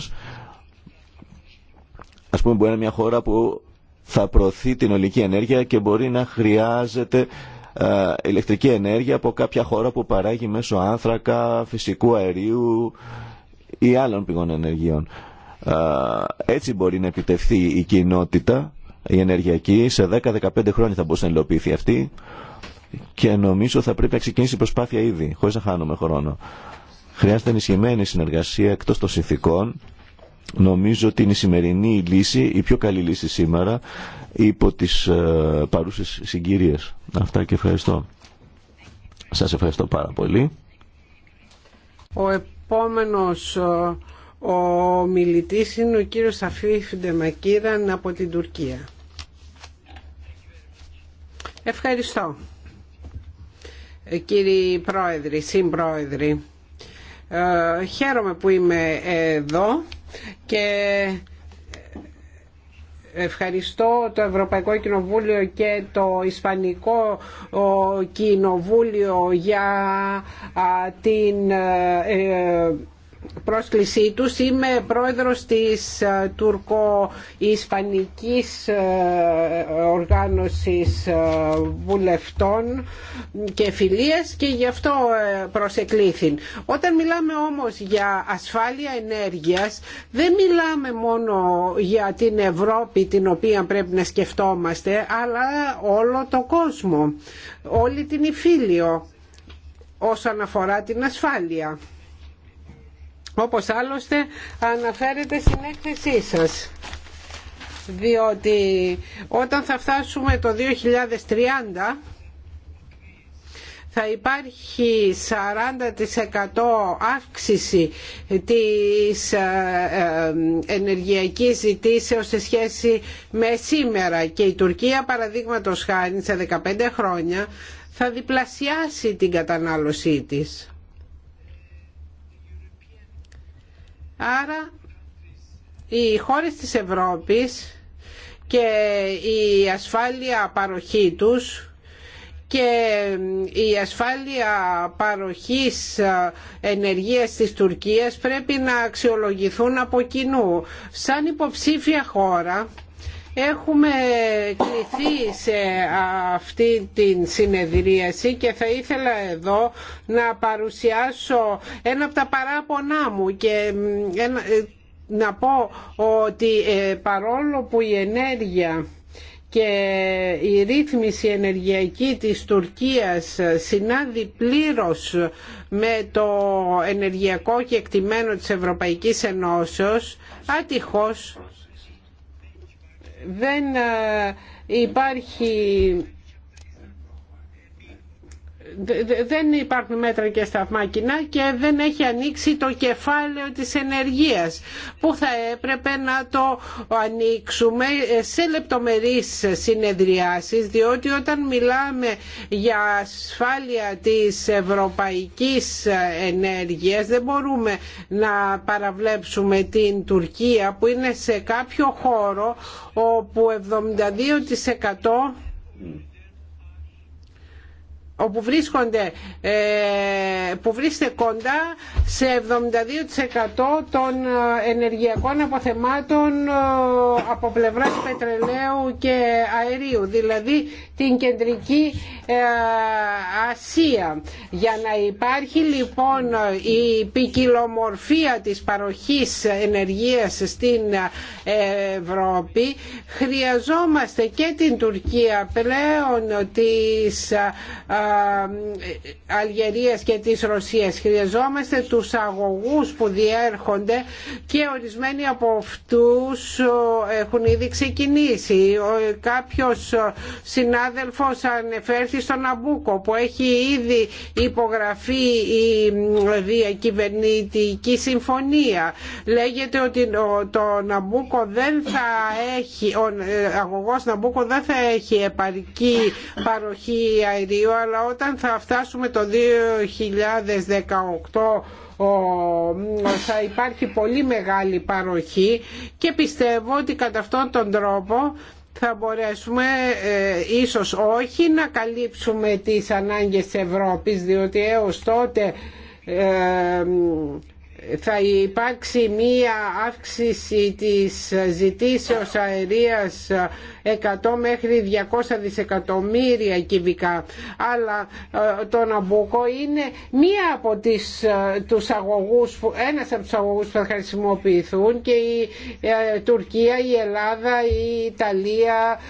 Ας πούμε μπορεί να είναι μια χώρα που θα προωθεί την ολική ενέργεια και μπορεί να χρειάζεται ε, ηλεκτρική ενέργεια από κάποια χώρα που παράγει μέσω άνθρακα, φυσικού αερίου ή άλλων πηγών ενεργειών. Ε, έτσι μπορεί να επιτευχθεί η κοινότητα, η ενεργειακή. Σε χρόνια θα μπορούσε να υλοποιηθεί αυτή και νομίζω θα πρέπει να ξεκινήσει η προσπάθεια ήδη, χωρίς να χάνουμε χρόνο. Χρειάζεται ενισχυμένη συνεργασία εκτός των συνθήκων Νομίζω ότι είναι η σημερινή λύση, η πιο καλή λύση σήμερα, υπό τις ε, παρούσες συγκυρίες. Αυτά και ευχαριστώ. Σας ευχαριστώ πάρα πολύ. Ο επόμενος ε, ο μιλητής είναι ο κύριος Σαφίφ Ντεμακίδαν από την Τουρκία. Ευχαριστώ. Ε, κύριοι Πρόεδροι, Συμπρόεδροι, ε, χαίρομαι που είμαι εδώ και ευχαριστώ το Ευρωπαϊκό Κοινοβούλιο και το Ισπανικό Κοινοβούλιο για την ε, ε, πρόσκλησή τους. Είμαι πρόεδρος της ε, τουρκο-ισπανικής ε, οργάνωσης ε, βουλευτών και φιλίας και γι' αυτό προσεκλήθη. Όταν μιλάμε όμως για ασφάλεια ενέργειας δεν μιλάμε μόνο για την Ευρώπη την οποία πρέπει να σκεφτόμαστε αλλά όλο το κόσμο, όλη την Ιφίλιο όσον αφορά την ασφάλεια όπως άλλωστε αναφέρετε στην έκθεσή σας διότι όταν θα φτάσουμε το 2030 θα υπάρχει 40% αύξηση της ε, ε, ενεργειακής ζητήσεως σε σχέση με σήμερα και η Τουρκία παραδείγματος χάρη σε 15 χρόνια θα διπλασιάσει την κατανάλωσή της. Άρα οι χώρες της Ευρώπης και η ασφάλεια παροχή τους και η ασφάλεια παροχής ε, ενεργείας της Τουρκίας πρέπει να αξιολογηθούν από κοινού. Σαν υποψήφια χώρα Έχουμε κληθεί σε αυτή την συνεδρίαση και θα ήθελα εδώ να παρουσιάσω ένα από τα παράπονά μου και ε, να πω ότι ε, παρόλο που η ενέργεια και η ρύθμιση ενεργειακή της Τουρκίας συνάδει πλήρως με το ενεργειακό κεκτημένο της Ευρωπαϊκής Ενώσεως, ατυχώς δεν ε, υπάρχει δεν υπάρχουν μέτρα και στα κοινά και δεν έχει ανοίξει το κεφάλαιο της ενεργείας που θα έπρεπε να το ανοίξουμε σε λεπτομερείς συνεδριάσεις διότι όταν μιλάμε για ασφάλεια της ευρωπαϊκής ενέργειας δεν μπορούμε να παραβλέψουμε την Τουρκία που είναι σε κάποιο χώρο όπου 72% όπου βρίσκονται, ε, που βρίσκεται κοντά σε 72% των ε, ενεργειακών αποθεμάτων ε, από πλευράς πετρελαίου και αερίου, δηλαδή την κεντρική Ασία. Για να υπάρχει λοιπόν η ποικιλομορφία της παροχής ενεργείας στην Ευρώπη, χρειαζόμαστε και την Τουρκία πλέον της ε, Αλγερίας και της Ρωσίας. Χρειαζόμαστε τους αγωγούς που διέρχονται και ορισμένοι από αυτούς έχουν ήδη ξεκινήσει. Κάποιος συνάδελφος ανεφέρθη στον Ναμπούκο που έχει ήδη υπογραφεί η διακυβερνητική συμφωνία. Λέγεται ότι το Ναμπούκο δεν θα έχει, ο ε, αγωγός Ναμπούκο δεν θα έχει επαρκή παροχή αερίου όταν θα φτάσουμε το 2018 θα υπάρχει πολύ μεγάλη παροχή και πιστεύω ότι κατά αυτόν τον τρόπο θα μπορέσουμε ε, ίσως όχι να καλύψουμε τις ανάγκες της Ευρώπης διότι έως τότε ε, θα υπάρξει μία αύξηση της ζητήσεως αερίας 100 μέχρι 200 δισεκατομμύρια κυβικά αλλά ε, το Ναμπούκο είναι μία από τις, ε, τους αγωγούς, ένας από τους αγωγούς που θα χρησιμοποιηθούν και η ε, Τουρκία, η Ελλάδα, η Ιταλία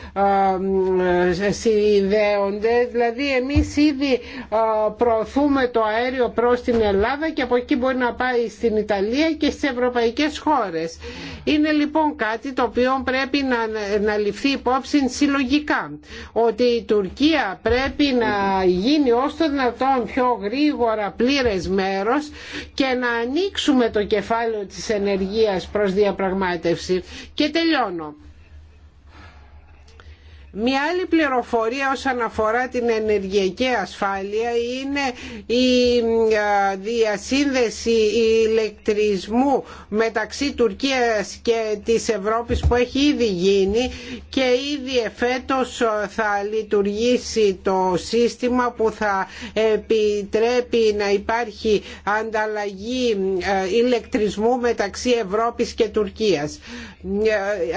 συνδέονται δηλαδή εμείς ήδη προωθούμε το αέριο προς την Ελλάδα και από εκεί μπορεί να πάει στην Ιταλία και στις ευρωπαϊκές χώρες. Είναι λοιπόν κάτι το οποίο πρέπει να, να ληφθεί υπόψη συλλογικά ότι η Τουρκία πρέπει να γίνει όσο το δυνατόν πιο γρήγορα πλήρες μέρος και να ανοίξουμε το κεφάλαιο της ενεργείας προς διαπραγμάτευση. Και τελειώνω. Μια άλλη πληροφορία όσον αφορά την ενεργειακή ασφάλεια είναι η διασύνδεση ηλεκτρισμού μεταξύ Τουρκίας και της Ευρώπης που έχει ήδη γίνει και ήδη εφέτος θα λειτουργήσει το σύστημα που θα επιτρέπει να υπάρχει ανταλλαγή ηλεκτρισμού μεταξύ Ευρώπης και Τουρκίας.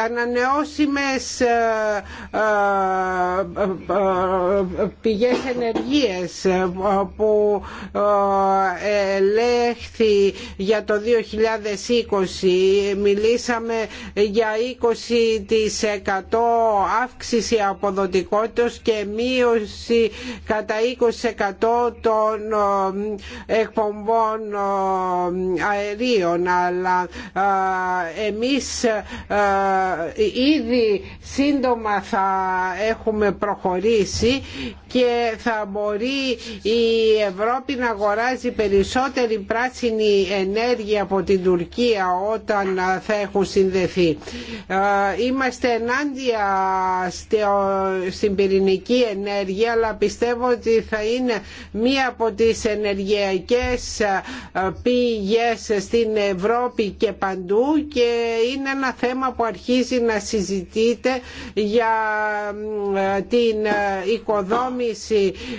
Ανανεώσιμες πηγές ενεργείας που ε, ελέγχθη για το 2020 μιλήσαμε για 20% αύξηση αποδοτικότητας και μείωση κατά 20% των ε, εκπομπών ε, αερίων αλλά εμείς ήδη σύντομα θα έχουμε προχωρήσει και θα μπορεί η Ευρώπη να αγοράζει περισσότερη πράσινη ενέργεια από την Τουρκία όταν θα έχουν συνδεθεί. Ε, είμαστε ενάντια στην πυρηνική ενέργεια αλλά πιστεύω ότι θα είναι μία από τις ενεργειακές ε, πηγές στην Ευρώπη και παντού και είναι ένα θέμα που αρχίζει να συζητείται για ε, την οικοδόμηση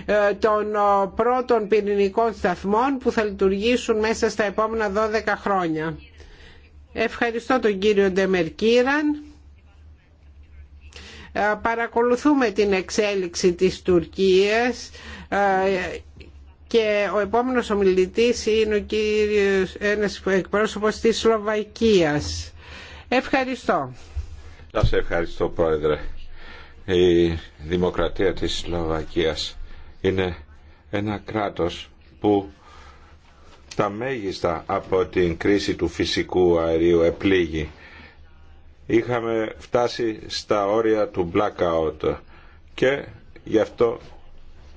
ε, των ε, πρώτων πυρηνικών σταθμών που θα λειτουργήσουν μέσα στα επόμενα 12 χρόνια. Ευχαριστώ τον κύριο Ντεμερκύραν. Ε, παρακολουθούμε την εξέλιξη της Τουρκίας και ο επόμενος ομιλητής είναι ο κύριος, ένας εκπρόσωπος της Σλοβακίας. Ευχαριστώ. Σας ευχαριστώ πρόεδρε η δημοκρατία της Σλοβακίας είναι ένα κράτος που τα μέγιστα από την κρίση του φυσικού αερίου επλήγει. Είχαμε φτάσει στα όρια του blackout και γι' αυτό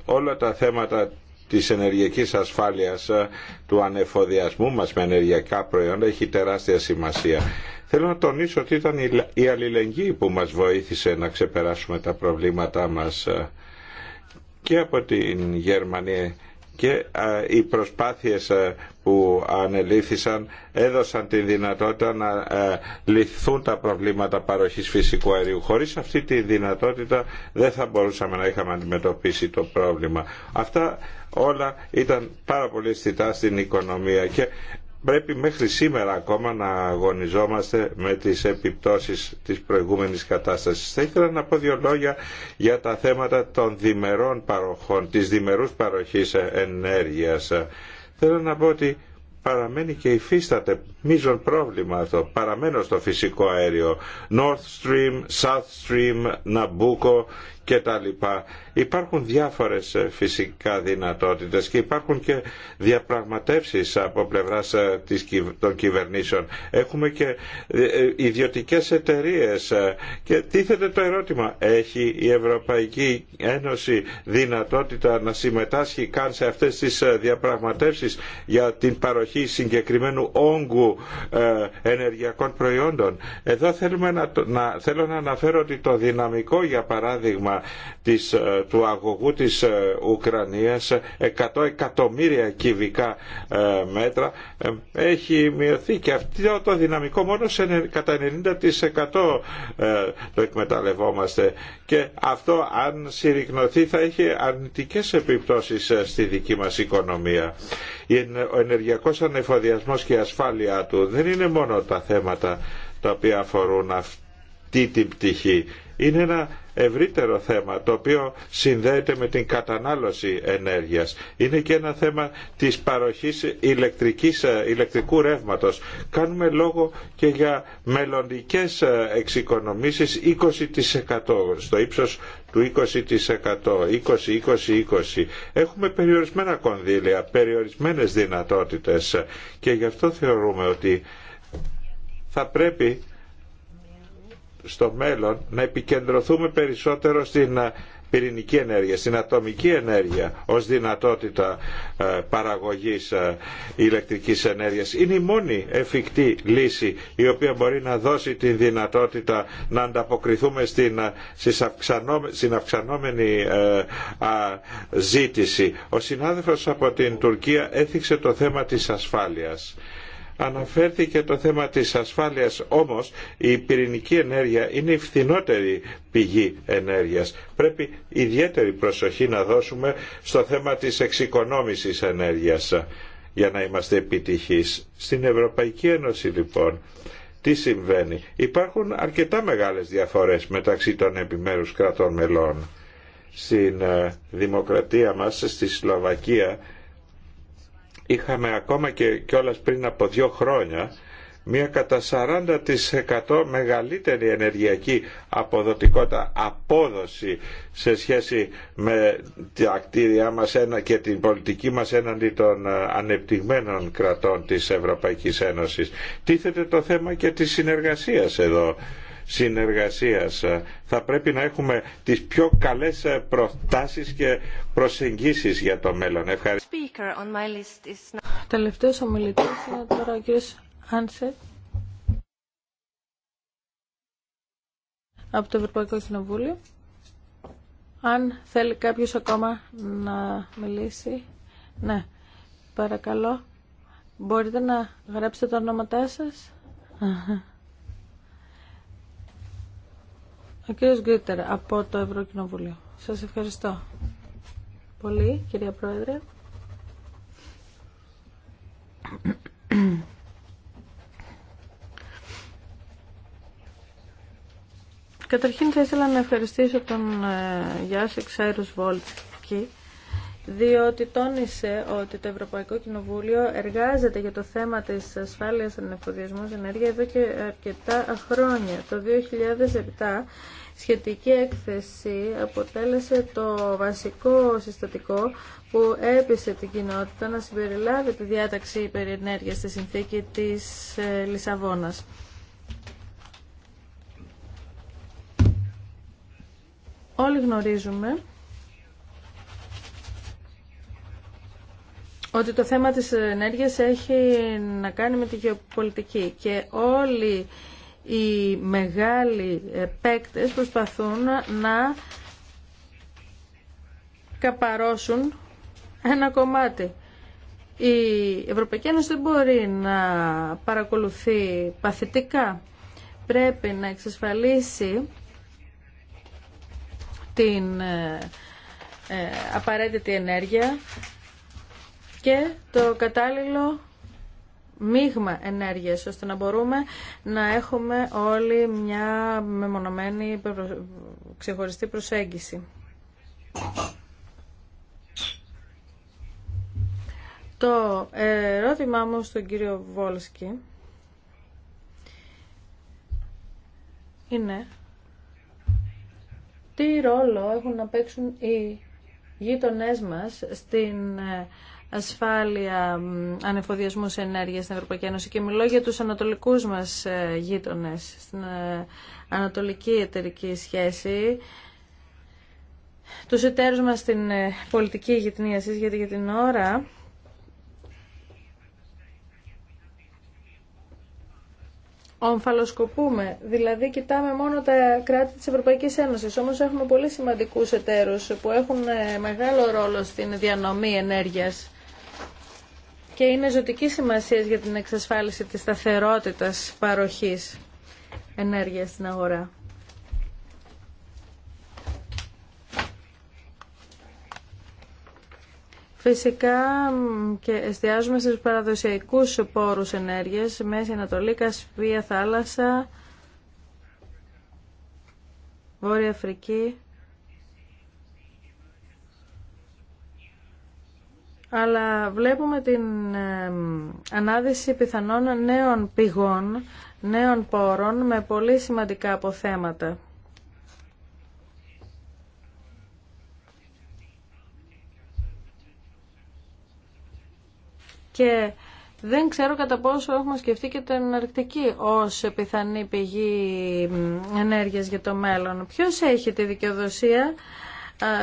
όλα τα θέματα της ενεργειακής ασφάλειας του ανεφοδιασμού μας με ενεργειακά προϊόντα έχει τεράστια σημασία. Θέλω να τονίσω ότι ήταν η αλληλεγγύη που μας βοήθησε να ξεπεράσουμε τα προβλήματά μας ε, και από την Γερμανία και ε, οι προσπάθειες ε, που ανελήφθησαν έδωσαν τη δυνατότητα να λυθούν τα προβλήματα παροχής φυσικού αερίου. Χωρίς αυτή τη δυνατότητα δεν θα μπορούσαμε να είχαμε αντιμετωπίσει το πρόβλημα. Αυτά όλα ήταν πάρα πολύ αισθητά στην οικονομία και πρέπει μέχρι σήμερα ακόμα να αγωνιζόμαστε με τις επιπτώσεις της προηγούμενης κατάστασης. Θα ήθελα να πω δύο λόγια για τα θέματα των διμερών παροχών, της διμερούς παροχής ενέργειας. Θέλω να πω ότι παραμένει και υφίσταται μείζον πρόβλημα αυτό. Παραμένω στο φυσικό αέριο. North Stream, South Stream, Nabucco λοιπά Υπάρχουν διάφορες ε, φυσικά δυνατότητες και υπάρχουν και διαπραγματεύσεις από πλευράς ε, των κυβερνήσεων. Έχουμε και ε, ιδιωτικές εταιρείες και τίθεται το ερώτημα έχει η Ευρωπαϊκή Ένωση δυνατότητα να συμμετάσχει καν σε αυτές τις διαπραγματεύσεις για την παροχή συγκεκριμένου όγκου ενεργειακών προϊόντων. Εδώ θέλουμε να, θέλω να αναφέρω ότι το δυναμικό για παράδειγμα της, ε, του αγωγού της ε, Ουκρανίας 100 εκατομμύρια κυβικά ε, μέτρα έχει μειωθεί και αυτό το δυναμικό μόνο σε, κατά 90% το εκμεταλλευόμαστε και αυτό αν συρρυκνωθεί θα έχει αρνητικές επιπτώσεις στη δική μας οικονομία. Ο ενεργειακός ανεφοδιασμός και η ασφάλειά του δεν είναι μόνο τα θέματα τα οποία αφορούν αυτή την πτυχή. Είναι ένα ευρύτερο θέμα το οποίο συνδέεται με την κατανάλωση ενέργειας. Είναι και ένα θέμα της παροχής ηλεκτρικής, ε, ηλεκτρικού ρεύματος. Κάνουμε λόγο και για μελλοντικές ε, εξοικονομήσεις 20% στο ύψος του 20%, 20-20-20. Έχουμε περιορισμένα κονδύλια, περιορισμένες δυνατότητες και γι' αυτό θεωρούμε ότι θα πρέπει στο μέλλον να επικεντρωθούμε περισσότερο στην ε, πυρηνική ενέργεια, στην ατομική ενέργεια ως δυνατότητα ε, παραγωγής ε, ηλεκτρικής ενέργειας. Είναι η μόνη εφικτή λύση η οποία μπορεί να δώσει τη δυνατότητα να ανταποκριθούμε στην, στην αυξανόμενη ζήτηση. Ο συνάδελφος από την Τουρκία έθιξε το θέμα της ασφάλειας Αναφέρθηκε το θέμα της ασφάλειας, όμως η πυρηνική ενέργεια είναι η φθηνότερη πηγή ενέργειας. Πρέπει ιδιαίτερη προσοχή να δώσουμε στο θέμα της εξοικονόμησης ενέργειας για να είμαστε επιτυχείς. Στην Ευρωπαϊκή Ένωση λοιπόν τι συμβαίνει. Υπάρχουν αρκετά μεγάλες διαφορές μεταξύ των επιμέρους κρατών μελών. Στην ε, δημοκρατία μας, στη Σλοβακία, είχαμε ακόμα και κιόλας πριν από δύο χρόνια μια κατά 40% μεγαλύτερη ενεργειακή αποδοτικότητα, απόδοση σε σχέση με τα κτίρια μας και την πολιτική μας έναντι των ε, ανεπτυγμένων κρατών της Ευρωπαϊκής Ένωσης. Τίθεται το θέμα και της συνεργασίας εδώ συνεργασίας. Θα πρέπει να έχουμε τις πιο καλές προτάσεις και προσεγγίσεις για το μέλλον. Ευχαριστώ. Τελευταίος ομιλητής είναι τώρα ο κ. Άνσετ. από το Ευρωπαϊκό Κοινοβούλιο. Αν θέλει κάποιος ακόμα να μιλήσει, ναι, παρακαλώ, μπορείτε να γράψετε τα ονόματά σας. Ο κύριος Γκρίτερ από το Ευρωκοινοβούλιο. Σας ευχαριστώ πολύ, κυρία Πρόεδρε. Καταρχήν θα ήθελα να ευχαριστήσω τον ε, Γιάννη Σάιρους Βόλτ διότι τόνισε ότι το Ευρωπαϊκό Κοινοβούλιο εργάζεται για το θέμα της ασφάλειας των ενέργεια εδώ και αρκετά χρόνια. Το 2007 σχετική έκθεση αποτέλεσε το βασικό συστατικό που έπεισε την κοινότητα να συμπεριλάβει τη διάταξη περί ενέργειας στη συνθήκη της ε, Λισαβόνας. Όλοι γνωρίζουμε ότι το θέμα της ενέργειας έχει να κάνει με τη γεωπολιτική και όλοι οι μεγάλοι παίκτες προσπαθούν να καπαρώσουν ένα κομμάτι. Η Ευρωπαϊκή Ένωση δεν μπορεί να παρακολουθεί παθητικά. Πρέπει να εξασφαλίσει την ε, απαραίτητη ενέργεια και το κατάλληλο μείγμα ενέργειας ώστε να μπορούμε να έχουμε όλοι μια μεμονωμένη ξεχωριστή προσέγγιση. Το ερώτημά μου στον κύριο Βόλσκι είναι τι ρόλο έχουν να παίξουν οι γείτονές μας στην ασφάλεια ανεφοδιασμού ενέργειας στην Ευρωπαϊκή Ένωση και μιλώ για τους ανατολικούς μας ε, γείτονες στην ε, ανατολική εταιρική σχέση τους εταίρους μας στην ε, πολιτική γειτνίασης γιατί για την ώρα ομφαλοσκοπούμε, δηλαδή κοιτάμε μόνο τα κράτη της Ευρωπαϊκής Ένωσης, όμως έχουμε πολύ σημαντικούς εταίρους που έχουν μεγάλο ρόλο στην διανομή ενέργειας και είναι ζωτική σημασία για την εξασφάλιση της σταθερότητας παροχής ενέργειας στην αγορά. Φυσικά και εστιάζουμε στους παραδοσιακούς πόρους ενέργειας, Μέση Ανατολή, Κασπία, Θάλασσα, Βόρεια Αφρική. αλλά βλέπουμε την ε, ανάδυση πιθανών νέων πηγών, νέων πόρων με πολύ σημαντικά αποθέματα. Και δεν ξέρω κατά πόσο έχουμε σκεφτεί και την Αρκτική ως πιθανή πηγή ενέργειας για το μέλλον. Ποιος έχει τη δικαιοδοσία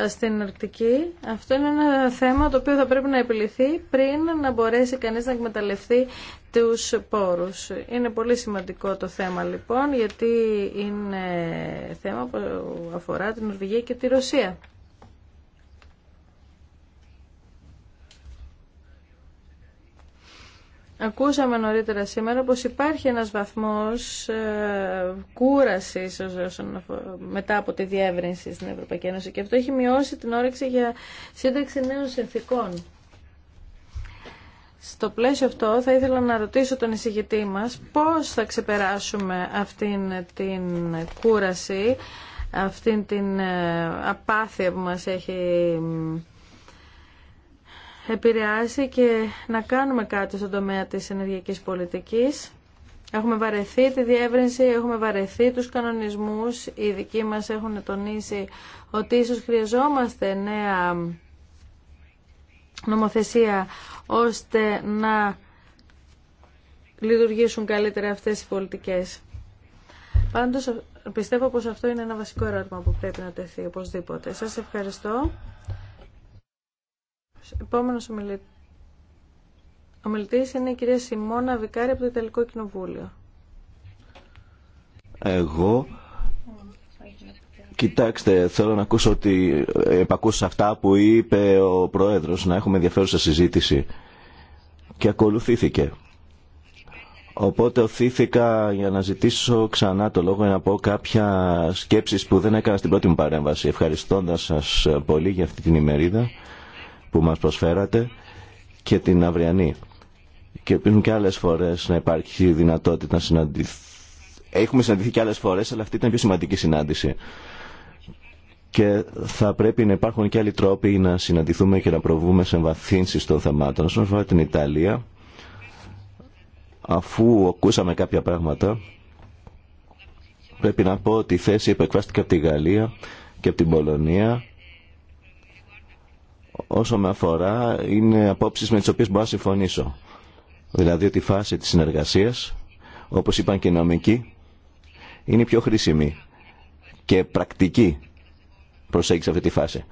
στην Αρκτική. Αυτό είναι ένα θέμα το οποίο θα πρέπει να επιληθεί πριν να μπορέσει κανείς να εκμεταλλευτεί τους πόρους. Είναι πολύ σημαντικό το θέμα λοιπόν γιατί είναι θέμα που αφορά την Ορβηγία και τη Ρωσία. Ακούσαμε νωρίτερα σήμερα πως υπάρχει ένας βαθμός ε, κούρασης μετά από τη διεύρυνση στην Ευρωπαϊκή Ένωση και αυτό έχει μειώσει την όρεξη για σύνταξη νέων συνθήκων. Στο πλαίσιο αυτό θα ήθελα να ρωτήσω τον εισηγητή μας πώς θα ξεπεράσουμε αυτήν την κούραση, αυτήν την ε, απάθεια που μας έχει επηρεάσει και να κάνουμε κάτι στον τομέα της ενεργειακής πολιτικής. Έχουμε βαρεθεί τη διεύρυνση, έχουμε βαρεθεί τους κανονισμούς. Οι δικοί μας έχουν τονίσει ότι ίσως χρειαζόμαστε νέα νομοθεσία ώστε να λειτουργήσουν καλύτερα αυτές οι πολιτικές. Πάντως πιστεύω πως αυτό είναι ένα βασικό ερώτημα που πρέπει να τεθεί οπωσδήποτε. Σας ευχαριστώ. Επόμενος ομιλητή... είναι η κυρία Σιμώνα Βικάρη από το Ιταλικό Κοινοβούλιο. Εγώ Κοιτάξτε, θέλω να ακούσω ότι επακούσα αυτά που είπε ο Πρόεδρος, να έχουμε ενδιαφέρουσα συζήτηση και ακολουθήθηκε. Οπότε οθήθηκα για να ζητήσω ξανά το λόγο για να πω κάποια σκέψεις που δεν έκανα στην πρώτη μου παρέμβαση. Ευχαριστώντας σας πολύ για αυτή την ημερίδα που μας προσφέρατε και την αυριανή. Και πριν και άλλες φορές να υπάρχει δυνατότητα να συναντηθεί. Έχουμε συναντηθεί και άλλες φορές, αλλά αυτή ήταν η πιο σημαντική συνάντηση. Και θα πρέπει να υπάρχουν και άλλοι τρόποι να συναντηθούμε και να προβούμε σε εμβαθύνσεις των θεμάτων. Όσον αφορά την Ιταλία, αφού ακούσαμε κάποια πράγματα, πρέπει να πω ότι η θέση επεκφράστηκε από τη Γαλλία και από την Πολωνία όσο με αφορά είναι απόψεις με τις οποίες μπορώ να συμφωνήσω. Δηλαδή ότι η φάση της συνεργασίας, όπως είπαν και οι νομικοί, είναι πιο χρήσιμη και πρακτική προσέγγιση αυτή τη φάση.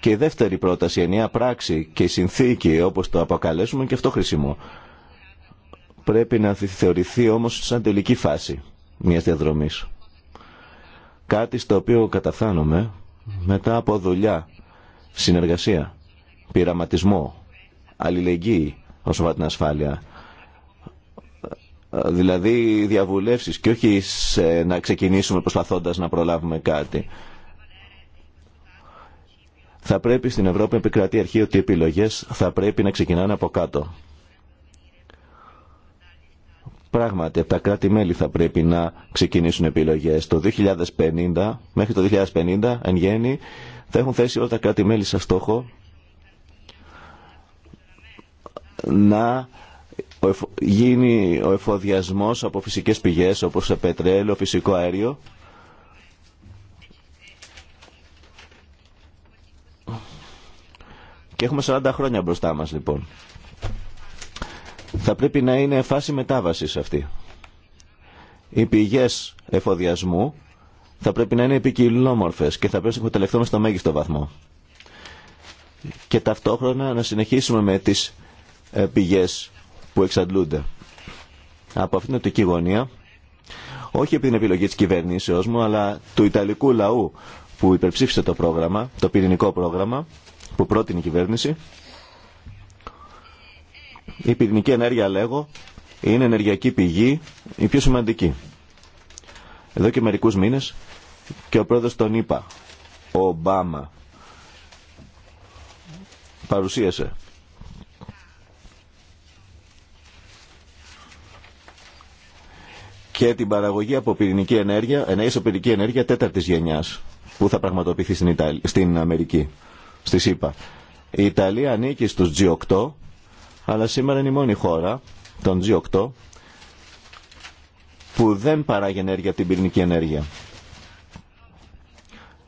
Και η δεύτερη πρόταση, η ενιαία πράξη και η συνθήκη όπως το αποκαλέσουμε και αυτό χρήσιμο. Πρέπει να θεωρηθεί όμως σαν τελική φάση μιας διαδρομής. Κάτι στο οποίο καταφθάνομαι μετά από δουλειά, συνεργασία, πειραματισμό, αλληλεγγύη όσο την ασφάλεια. Ε, δηλαδή διαβουλεύσεις και όχι να ξεκινήσουμε προσπαθώντας να προλάβουμε κάτι. Θα πρέπει στην Ευρώπη επικρατεί αρχή ότι οι επιλογές θα πρέπει να ξεκινάνε από κάτω. Πράγματι, από τα κράτη-μέλη θα πρέπει να ξεκινήσουν επιλογές. Το 2050, μέχρι το 2050, εν γέννη, θα έχουν θέσει όλα τα κράτη-μέλη σε στόχο να γίνει ο εφοδιασμός από φυσικές πηγές όπως σε πετρέλαιο, φυσικό αέριο και έχουμε 40 χρόνια μπροστά μας λοιπόν. Θα πρέπει να είναι φάση μετάβασης αυτή. Οι πηγές εφοδιασμού θα πρέπει να είναι επικοινωνόμορφες και θα πρέπει να εκμεταλλευτούμε στο μέγιστο βαθμό. Και ταυτόχρονα να συνεχίσουμε με τις ε, πηγές που εξαντλούνται. Από αυτήν την οπτική γωνία, όχι επί την επιλογή της κυβερνήσεώς μου, αλλά του Ιταλικού λαού που υπερψήφισε το πρόγραμμα, το πυρηνικό πρόγραμμα που πρότεινε η κυβέρνηση, η πυρηνική ενέργεια, λέγω, είναι ενεργειακή πηγή η πιο σημαντική. Εδώ και μερικού μήνε και ο πρόεδρος τον είπα, ο Ομπάμα, παρουσίασε. Και την παραγωγή από πυρηνική ενέργεια, ενέργεια πυρηνική ενέργεια τέταρτης γενιάς, που θα πραγματοποιηθεί στην, στην Αμερική, στη ΣΥΠΑ. Η Ιταλία ανήκει στου G8 αλλά σήμερα είναι η μόνη χώρα τον G8 που δεν παράγει ενέργεια από την πυρηνική ενέργεια.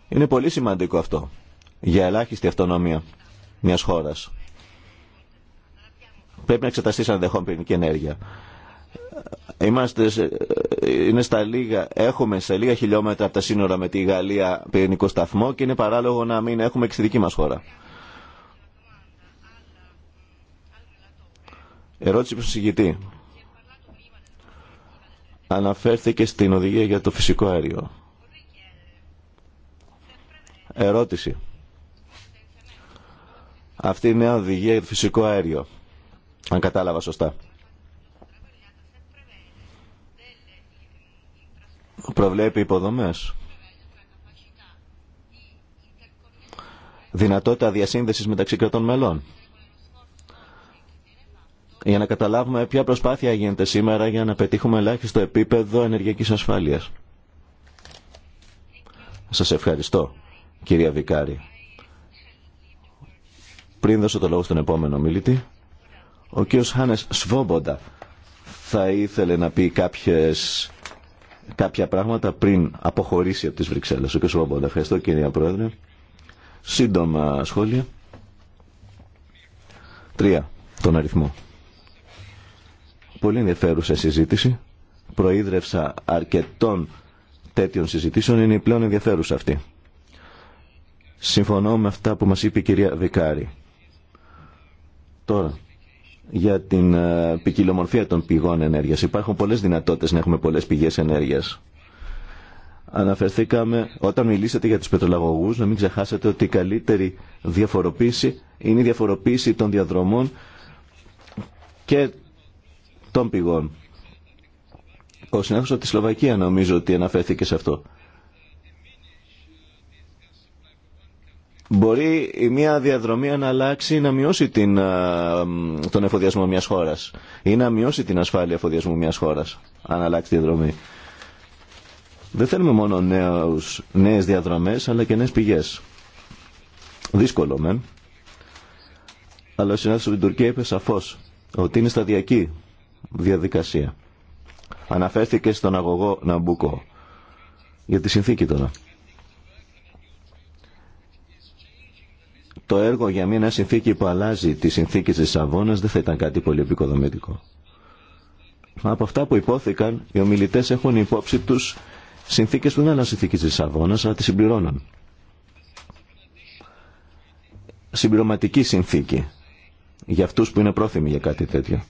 Είναι πολύ σημαντικό αυτό για ελάχιστη αυτονομία μιας χώρας. Πρέπει να εξεταστεί σαν δεχόν πυρηνική ενέργεια. Είμαστε, είναι στα λίγα, έχουμε σε λίγα χιλιόμετρα από τα σύνορα με τη Γαλλία πυρηνικό σταθμό και είναι παράλογο να μην έχουμε και στη μας χώρα. Ερώτηση προς συγκητή. Αναφέρθηκε στην οδηγία για το φυσικό αέριο. Ερώτηση. Αυτή είναι η νέα οδηγία για το φυσικό αέριο. Αν κατάλαβα σωστά. Προβλέπει υποδομές. Δυνατότητα διασύνδεσης μεταξύ κρατών μελών για να καταλάβουμε ποια προσπάθεια γίνεται σήμερα για να πετύχουμε ελάχιστο επίπεδο ενεργειακής ασφάλειας. Σας ευχαριστώ, κυρία Βικάρη. Πριν δώσω το λόγο στον επόμενο μιλητή, ο κύριος Χάνες Σβόμποντα θα ήθελε να πει κάποιες, κάποια πράγματα πριν αποχωρήσει από τις Βρυξέλλες. Ο κύριος Σβόμποντα, ευχαριστώ κυρία Πρόεδρε. Σύντομα σχόλια. Τρία, τον αριθμό. Πολύ ενδιαφέρουσα συζήτηση. Προείδρευσα αρκετών τέτοιων συζητήσεων. Είναι η πλέον ενδιαφέρουσα αυτή. Συμφωνώ με αυτά που μας είπε η κυρία Βικάρη. Τώρα, για την ε, ποικιλομορφία των πηγών ενέργειας. Υπάρχουν πολλές δυνατότητες να έχουμε πολλές πηγές ενέργειας. Αναφερθήκαμε, όταν μιλήσατε για τους πετρολαγωγούς, να μην ξεχάσετε ότι η καλύτερη διαφοροποίηση είναι η διαφοροποίηση των διαδρομών και των πηγών. Ο συνάδελφος από τη Σλοβακία νομίζω ότι αναφέρθηκε σε αυτό. Μπορεί η μία διαδρομή να αλλάξει να μειώσει την, τον εφοδιασμό μιας χώρας ή να μειώσει την ασφάλεια εφοδιασμού μιας χώρας αν αλλάξει τη διαδρομή. Δεν θέλουμε μόνο νέους, νέες διαδρομές αλλά και νέες πηγές. Δύσκολο μεν. Αλλά ο συνάδελφος από την Τουρκία είπε σαφώς ότι είναι σταδιακή διαδικασία. Αναφέρθηκε στον αγωγό Ναμπούκο για τη συνθήκη τώρα. Το έργο για μια συνθήκη που αλλάζει τη συνθήκη της Σαββόνας δεν θα ήταν κάτι πολύ επικοδομητικό. Από αυτά που υπόθηκαν, οι ομιλητές έχουν υπόψη τους συνθήκες που δεν είναι συνθήκες της Σαββόνας, αλλά τις συμπληρώνουν. Συμπληρωματική συνθήκη για αυτούς που είναι πρόθυμοι για κάτι τέτοιο.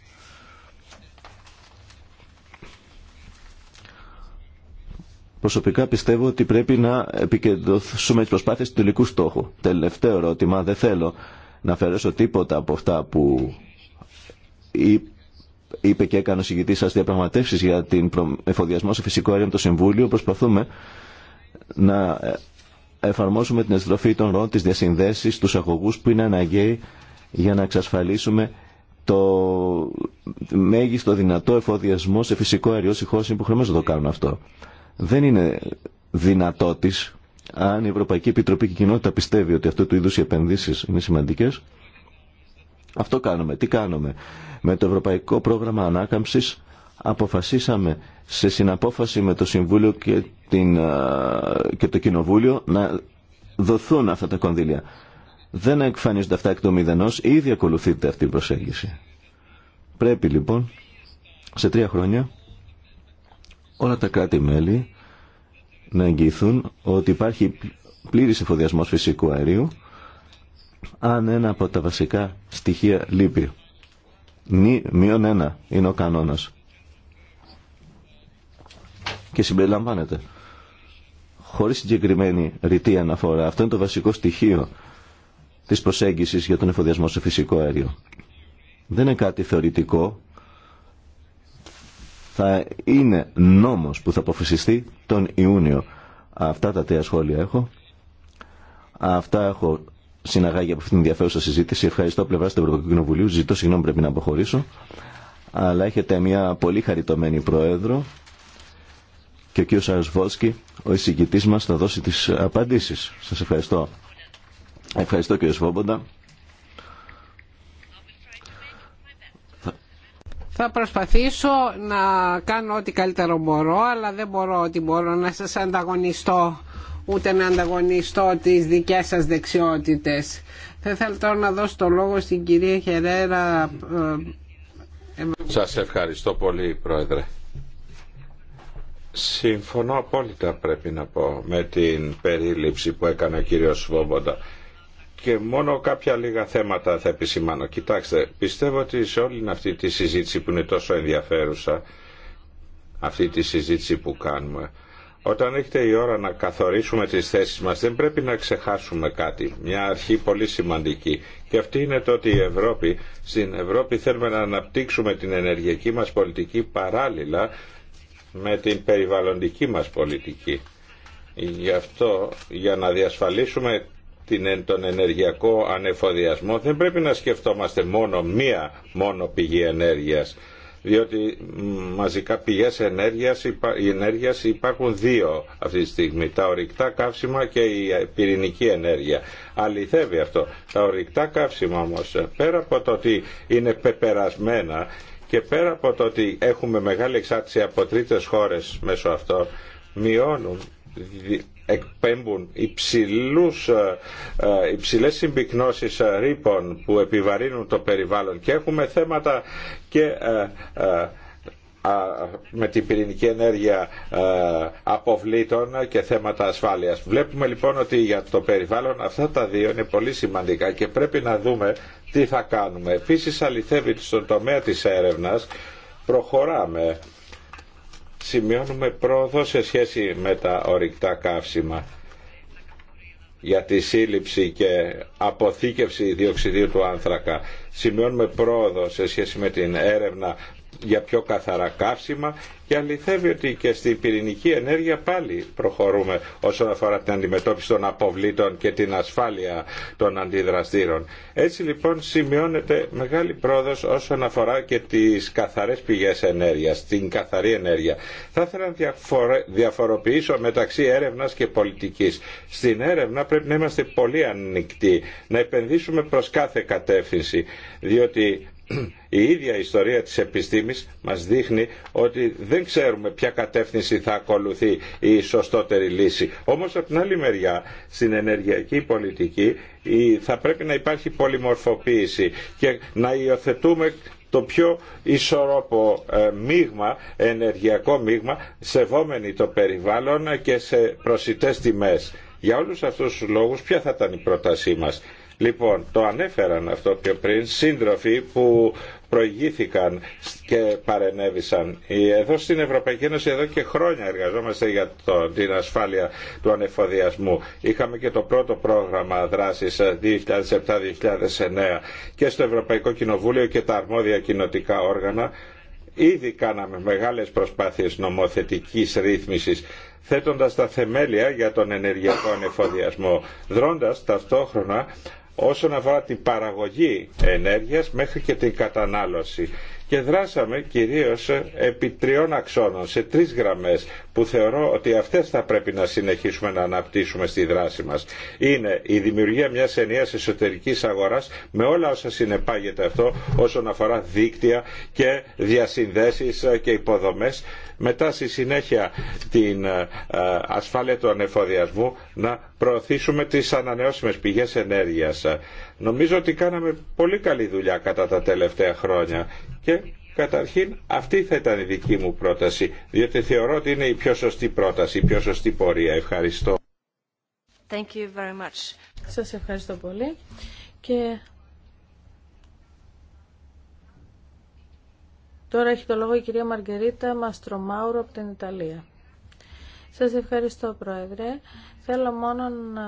Προσωπικά πιστεύω ότι πρέπει να επικεντρωθούμε τις προσπάθειες του τελικού στόχου. Τελευταίο ερώτημα, δεν θέλω να αφαιρέσω τίποτα από αυτά που είπε και έκανε ο συγκητή σα διαπραγματεύσει για την εφοδιασμό σε φυσικό αέριο με το Συμβούλιο. Προσπαθούμε να ε, εφαρμόσουμε την εστροφή των ροών, τι διασυνδέσει, του αγωγού που είναι αναγκαίοι για να εξασφαλίσουμε το μέγιστο δυνατό εφοδιασμό σε φυσικό αέριο. Συγχώρηση που χρειάζεται να το κάνουν αυτό δεν είναι δυνατό αν η Ευρωπαϊκή Επιτροπή και η κοινότητα πιστεύει ότι αυτού του είδου οι επενδύσει είναι σημαντικέ. Αυτό κάνουμε. Τι κάνουμε. Με το Ευρωπαϊκό Πρόγραμμα Ανάκαμψης αποφασίσαμε σε συναπόφαση με το Συμβούλιο και, την, και το Κοινοβούλιο να δοθούν αυτά τα κονδύλια. Δεν εκφανίζονται αυτά εκ το μηδενός, ήδη ακολουθείται αυτή η προσέγγιση. Πρέπει λοιπόν σε τρία χρόνια όλα τα κράτη-μέλη να εγγυηθούν ότι υπάρχει πλήρης εφοδιασμός φυσικού αερίου αν ένα από τα βασικά στοιχεία λείπει. Νι, μείον ένα είναι ο κανόνας. Και συμπεριλαμβάνεται. Χωρίς συγκεκριμένη ρητή αναφορά. Αυτό είναι το βασικό στοιχείο της προσέγγισης για τον εφοδιασμό σε φυσικό αέριο. Δεν είναι κάτι θεωρητικό θα είναι νόμος που θα αποφασιστεί τον Ιούνιο. Αυτά τα τρία σχόλια έχω. Αυτά έχω συναγάγει από αυτήν την ενδιαφέρουσα συζήτηση. Ευχαριστώ πλευρά του Ευρωπαϊκού Κοινοβουλίου. Ζητώ συγγνώμη πρέπει να αποχωρήσω. Αλλά έχετε μια πολύ χαριτωμένη πρόεδρο και ο κ. Σαρσβόσκι, ο εισηγητής μας, θα δώσει τις απαντήσεις. Σας ευχαριστώ. Ευχαριστώ κ. Σβόμποντα. Θα προσπαθήσω να κάνω ό,τι καλύτερο μπορώ, αλλά δεν μπορώ ότι μπορώ να σας ανταγωνιστώ ούτε να ανταγωνιστώ τις δικές σας δεξιότητες. Θα ήθελα τώρα να δώσω το λόγο στην κυρία Χερέρα. Ε, ε, σας ευχαριστώ πολύ, Πρόεδρε. Συμφωνώ απόλυτα πρέπει να πω με την περίληψη που έκανε ο κύριος και μόνο κάποια λίγα θέματα θα επισημάνω. Κοιτάξτε, πιστεύω ότι σε όλη αυτή τη συζήτηση που είναι τόσο ενδιαφέρουσα, αυτή τη συζήτηση που κάνουμε, όταν έχετε η ώρα να καθορίσουμε τις θέσεις μας δεν πρέπει να ξεχάσουμε κάτι, μια αρχή πολύ σημαντική και αυτή είναι το ότι η Ευρώπη, στην Ευρώπη θέλουμε να αναπτύξουμε την ενεργειακή μας πολιτική παράλληλα με την περιβαλλοντική μας πολιτική. Γι' αυτό για να διασφαλίσουμε τον ενεργειακό ανεφοδιασμό δεν πρέπει να σκεφτόμαστε μόνο μία μόνο πηγή ενέργειας διότι μαζικά πηγές ενέργειας, ενέργειας υπάρχουν δύο αυτή τη στιγμή, τα ορυκτά καύσιμα και η πυρηνική ενέργεια. Αληθεύει αυτό. Τα ορυκτά καύσιμα όμως, πέρα από το ότι είναι πεπερασμένα και πέρα από το ότι έχουμε μεγάλη εξάρτηση από τρίτες χώρες μέσω αυτό, μειώνουν εκπέμπουν υψηλούς, ε, ε, υψηλές συμπυκνώσεις ε, ρήπων που επιβαρύνουν το περιβάλλον και έχουμε θέματα και με την πυρηνική ενέργεια αποβλήτων και θέματα ασφάλειας. Βλέπουμε λοιπόν ότι για το περιβάλλον αυτά τα δύο είναι πολύ σημαντικά και πρέπει να δούμε τι θα κάνουμε. Επίσης αληθεύει στον τομέα της έρευνας προχωράμε σημειώνουμε πρόοδο σε σχέση με τα ορυκτά καύσιμα για τη σύλληψη και αποθήκευση διοξιδίου του άνθρακα. Σημειώνουμε πρόοδο σε σχέση με την έρευνα για πιο καθαρά καύσιμα και αληθεύει ότι και στην πυρηνική ενέργεια πάλι προχωρούμε όσον αφορά την αντιμετώπιση των αποβλήτων και την ασφάλεια των αντιδραστήρων. Έτσι λοιπόν σημειώνεται μεγάλη πρόοδος όσον αφορά και τις καθαρές πηγές ενέργειας, την καθαρή ενέργεια. Θα ήθελα να διαφοροποιήσω μεταξύ έρευνας και πολιτικής. Στην έρευνα πρέπει να είμαστε πολύ ανοιχτοί, να επενδύσουμε προς κάθε κατεύθυνση, διότι η ίδια ιστορία της επιστήμης μας δείχνει ότι δεν ξέρουμε ποια κατεύθυνση θα ακολουθεί η σωστότερη λύση. Όμως από την άλλη μεριά στην ενεργειακή πολιτική θα πρέπει να υπάρχει πολυμορφοποίηση και να υιοθετούμε το πιο ισορροπό ε, μείγμα, ενεργειακό μείγμα, σεβόμενοι το περιβάλλον και σε προσιτές τιμές. Για όλους αυτούς τους λόγους ποια θα ήταν η πρότασή μας. Λοιπόν, το ανέφεραν αυτό πιο πριν σύντροφοι που προηγήθηκαν και παρενέβησαν. Εδώ στην Ευρωπαϊκή Ένωση εδώ και χρόνια εργαζόμαστε για την ασφάλεια του ανεφοδιασμού. Είχαμε και το πρώτο πρόγραμμα δράσης 2007-2009 ε, και στο Ευρωπαϊκό Κοινοβούλιο και τα αρμόδια κοινοτικά όργανα ήδη κάναμε μεγάλες προσπάθειες νομοθετικής ρύθμισης θέτοντας τα θεμέλια για τον ενεργειακό ανεφοδιασμό δρώντας ταυτόχρονα όσον αφορά την παραγωγή ενέργειας μέχρι και την κατανάλωση. Και δράσαμε κυρίως επί τριών αξώνων, σε τρεις γραμμές, που θεωρώ ότι αυτές θα πρέπει να συνεχίσουμε να αναπτύσσουμε στη δράση μας. Είναι η δημιουργία μιας ενιαίας εσωτερικής αγοράς με όλα όσα συνεπάγεται αυτό όσον αφορά δίκτυα και διασυνδέσεις και υποδομές μετά στη συνέχεια την ε, ε, ασφάλεια του ανεφοδιασμού να προωθήσουμε τις ανανεώσιμες πηγές ενέργειας. Νομίζω ότι κάναμε πολύ καλή δουλειά κατά τα τελευταία χρόνια και Καταρχήν αυτή θα ήταν η δική μου πρόταση, διότι θεωρώ ότι είναι η πιο σωστή πρόταση, η πιο σωστή πορεία. Ευχαριστώ. Thank you very much. Σας ευχαριστώ πολύ. Τώρα έχει το λόγο η κυρία Μαργκερίτα Μαστρομάουρο από την Ιταλία. Σας ευχαριστώ Πρόεδρε. Θέλω μόνο να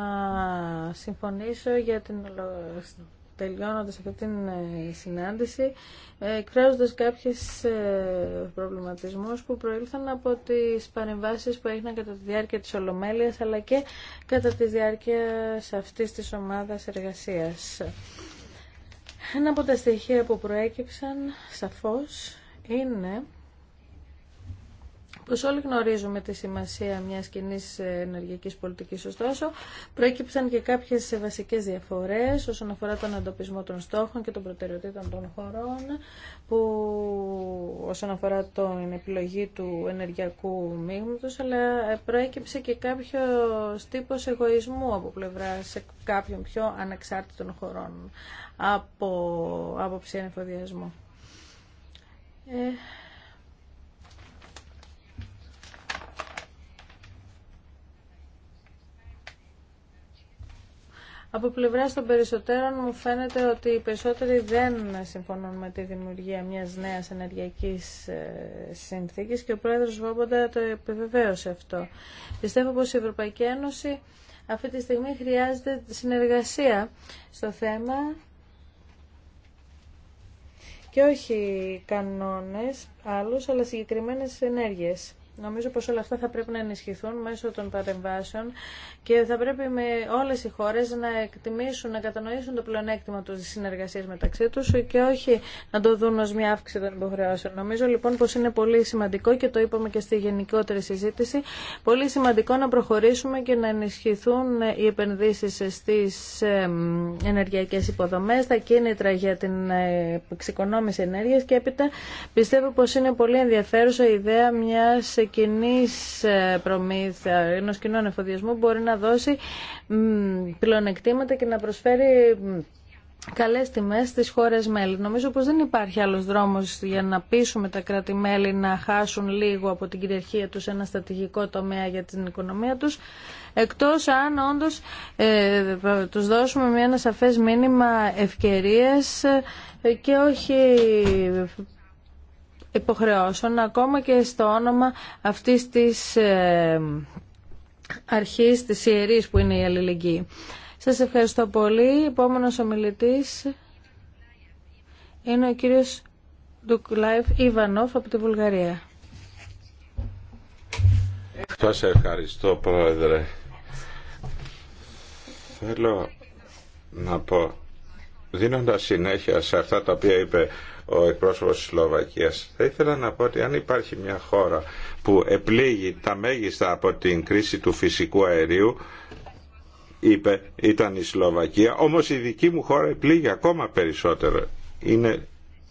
συμφωνήσω για την τελειώνοντας αυτή την ε, συνάντηση, ε, εκφράζοντας κάποιες ε, προβληματισμούς που προήλθαν από τις παρεμβάσεις που έγιναν κατά τη διάρκεια της Ολομέλειας, αλλά και κατά τη διάρκεια αυτής της ομάδας εργασίας. Ένα από τα στοιχεία που προέκυψαν, σαφώς, είναι πως όλοι γνωρίζουμε τη σημασία μιας κοινή ενεργειακής πολιτικής. Ωστόσο, προέκυψαν και κάποιες βασικές διαφορές όσον αφορά τον αντοπισμό των στόχων και των προτεραιοτήτων των χωρών, που όσον αφορά την επιλογή του ενεργειακού μείγματος, αλλά προέκυψε και κάποιο τύπος εγωισμού από πλευρά σε κάποιον πιο ανεξάρτητων χωρών από άποψη ε, από πλευρά των περισσότερων μου φαίνεται ότι οι περισσότεροι δεν συμφωνούν με τη δημιουργία μιας νέας ενεργειακής ε, συνθήκης και ο πρόεδρος Βόμποντα το επιβεβαίωσε αυτό. Πιστεύω πως η Ευρωπαϊκή Ένωση αυτή τη στιγμή χρειάζεται συνεργασία στο θέμα και όχι κανόνες άλλους, αλλά συγκεκριμένες ενέργειες. Νομίζω πως όλα αυτά θα πρέπει να ενισχυθούν μέσω των παρεμβάσεων και θα πρέπει με όλες οι χώρες να εκτιμήσουν, να κατανοήσουν το πλεονέκτημα του συνεργασίας μεταξύ τους και όχι να το δουν ως μια αύξηση των υποχρεώσεων. Νομίζω λοιπόν πως είναι πολύ σημαντικό και το είπαμε και στη γενικότερη συζήτηση, πολύ σημαντικό να προχωρήσουμε και να ενισχυθούν οι επενδύσεις στις ενεργειακές υποδομές, τα κίνητρα για την ε, εξοικονόμηση ενέργειας και έπειτα πιστεύω πως είναι πολύ ενδιαφέρουσα η ιδέα μιας κοινή ε, προμήθεια, ενό κοινού ανεφοδιασμού μπορεί να δώσει πλεονεκτήματα και να προσφέρει καλές τιμές στις χώρες μέλη. Νομίζω πως δεν υπάρχει άλλος δρόμος για να πείσουμε τα κράτη-μέλη να χάσουν λίγο από την κυριαρχία τους ένα στατηγικό τομέα για την οικονομία τους, εκτός αν όντως ε, τους δώσουμε μια ένα σαφές μήνυμα ευκαιρίες ε, και όχι υποχρεώσεων ακόμα και στο όνομα αυτής της ε, αρχής της ιερής που είναι η αλληλεγγύη. Σας ευχαριστώ πολύ. Επόμενος ομιλητής είναι ο κύριος Ντουκλάιφ Ιβανόφ από τη Βουλγαρία. Σας ευχαριστώ πρόεδρε. Θέλω να πω, δίνοντας συνέχεια σε αυτά τα οποία είπε ο εκπρόσωπος της Σλοβακίας. Θα ήθελα να πω ότι αν υπάρχει μια χώρα που επλήγει τα μέγιστα από την κρίση του φυσικού αερίου, είπε, ήταν η Σλοβακία, όμως η δική μου χώρα επλήγει ακόμα περισσότερο. Είναι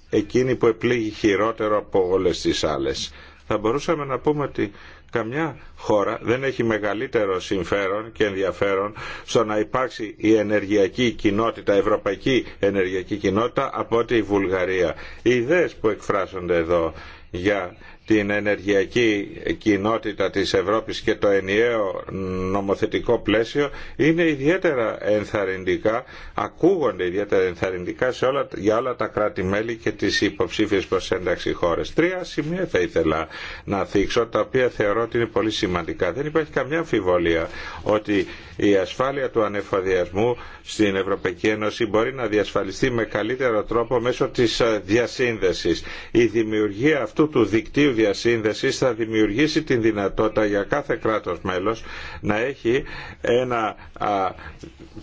εκείνη που επλήγει χειρότερο από όλες τις άλλες. Θα μπορούσαμε να πούμε ότι Καμιά χώρα δεν έχει μεγαλύτερο συμφέρον και ενδιαφέρον στο να υπάρξει η ενεργειακή κοινότητα, ευρωπαϊκή ενεργειακή κοινότητα από ότι η Βουλγαρία. Οι ιδέες που εκφράσονται εδώ για την ενεργειακή κοινότητα της Ευρώπης και το ενιαίο νομοθετικό πλαίσιο είναι ιδιαίτερα ενθαρρυντικά, ακούγονται ιδιαίτερα ενθαρρυντικά όλα, για όλα τα κράτη-μέλη και τις υποψήφιες προς ένταξη χώρες. Τρία σημεία θα ήθελα να θίξω, τα οποία θεωρώ ότι είναι πολύ σημαντικά. Δεν υπάρχει καμιά αμφιβολία ότι η ασφάλεια του ανεφοδιασμού στην Ευρωπαϊκή Ένωση μπορεί να διασφαλιστεί με καλύτερο τρόπο μέσω της διασύνδεσης. Η δημιουργία αυτού του δικτύου διασύνδεσης θα δημιουργήσει την δυνατότητα για κάθε κράτος μέλος να έχει ένα,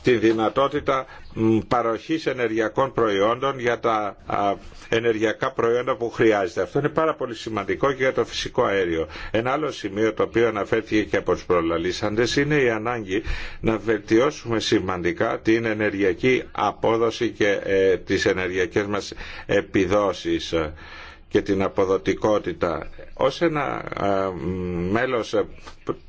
τη δυνατότητα παροχής ενεργειακών προϊόντων για τα ενεργειακά προϊόντα που χρειάζεται. Αυτό είναι πάρα πολύ σημαντικό και για το φυσικό αέριο. Ένα άλλο σημείο το οποίο αναφέρθηκε και από τους προλαλήσαντες είναι η ανάγκη να βελτιώσουμε σημαντικά την ενεργειακή απόδοση και ε, τις ενεργειακές μας επιδόσεις και την αποδοτικότητα. Ως ένα μέλος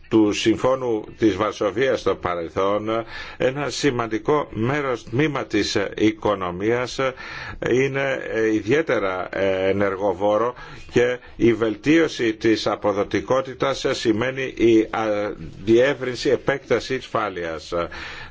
του Συμφώνου της Βαρσοβίας στο παρελθόν ένα σημαντικό μέρος τμήμα της οικονομίας είναι ιδιαίτερα ε, ενεργοβόρο και η βελτίωση της αποδοτικότητας σημαίνει η διεύρυνση επέκταση φάλιας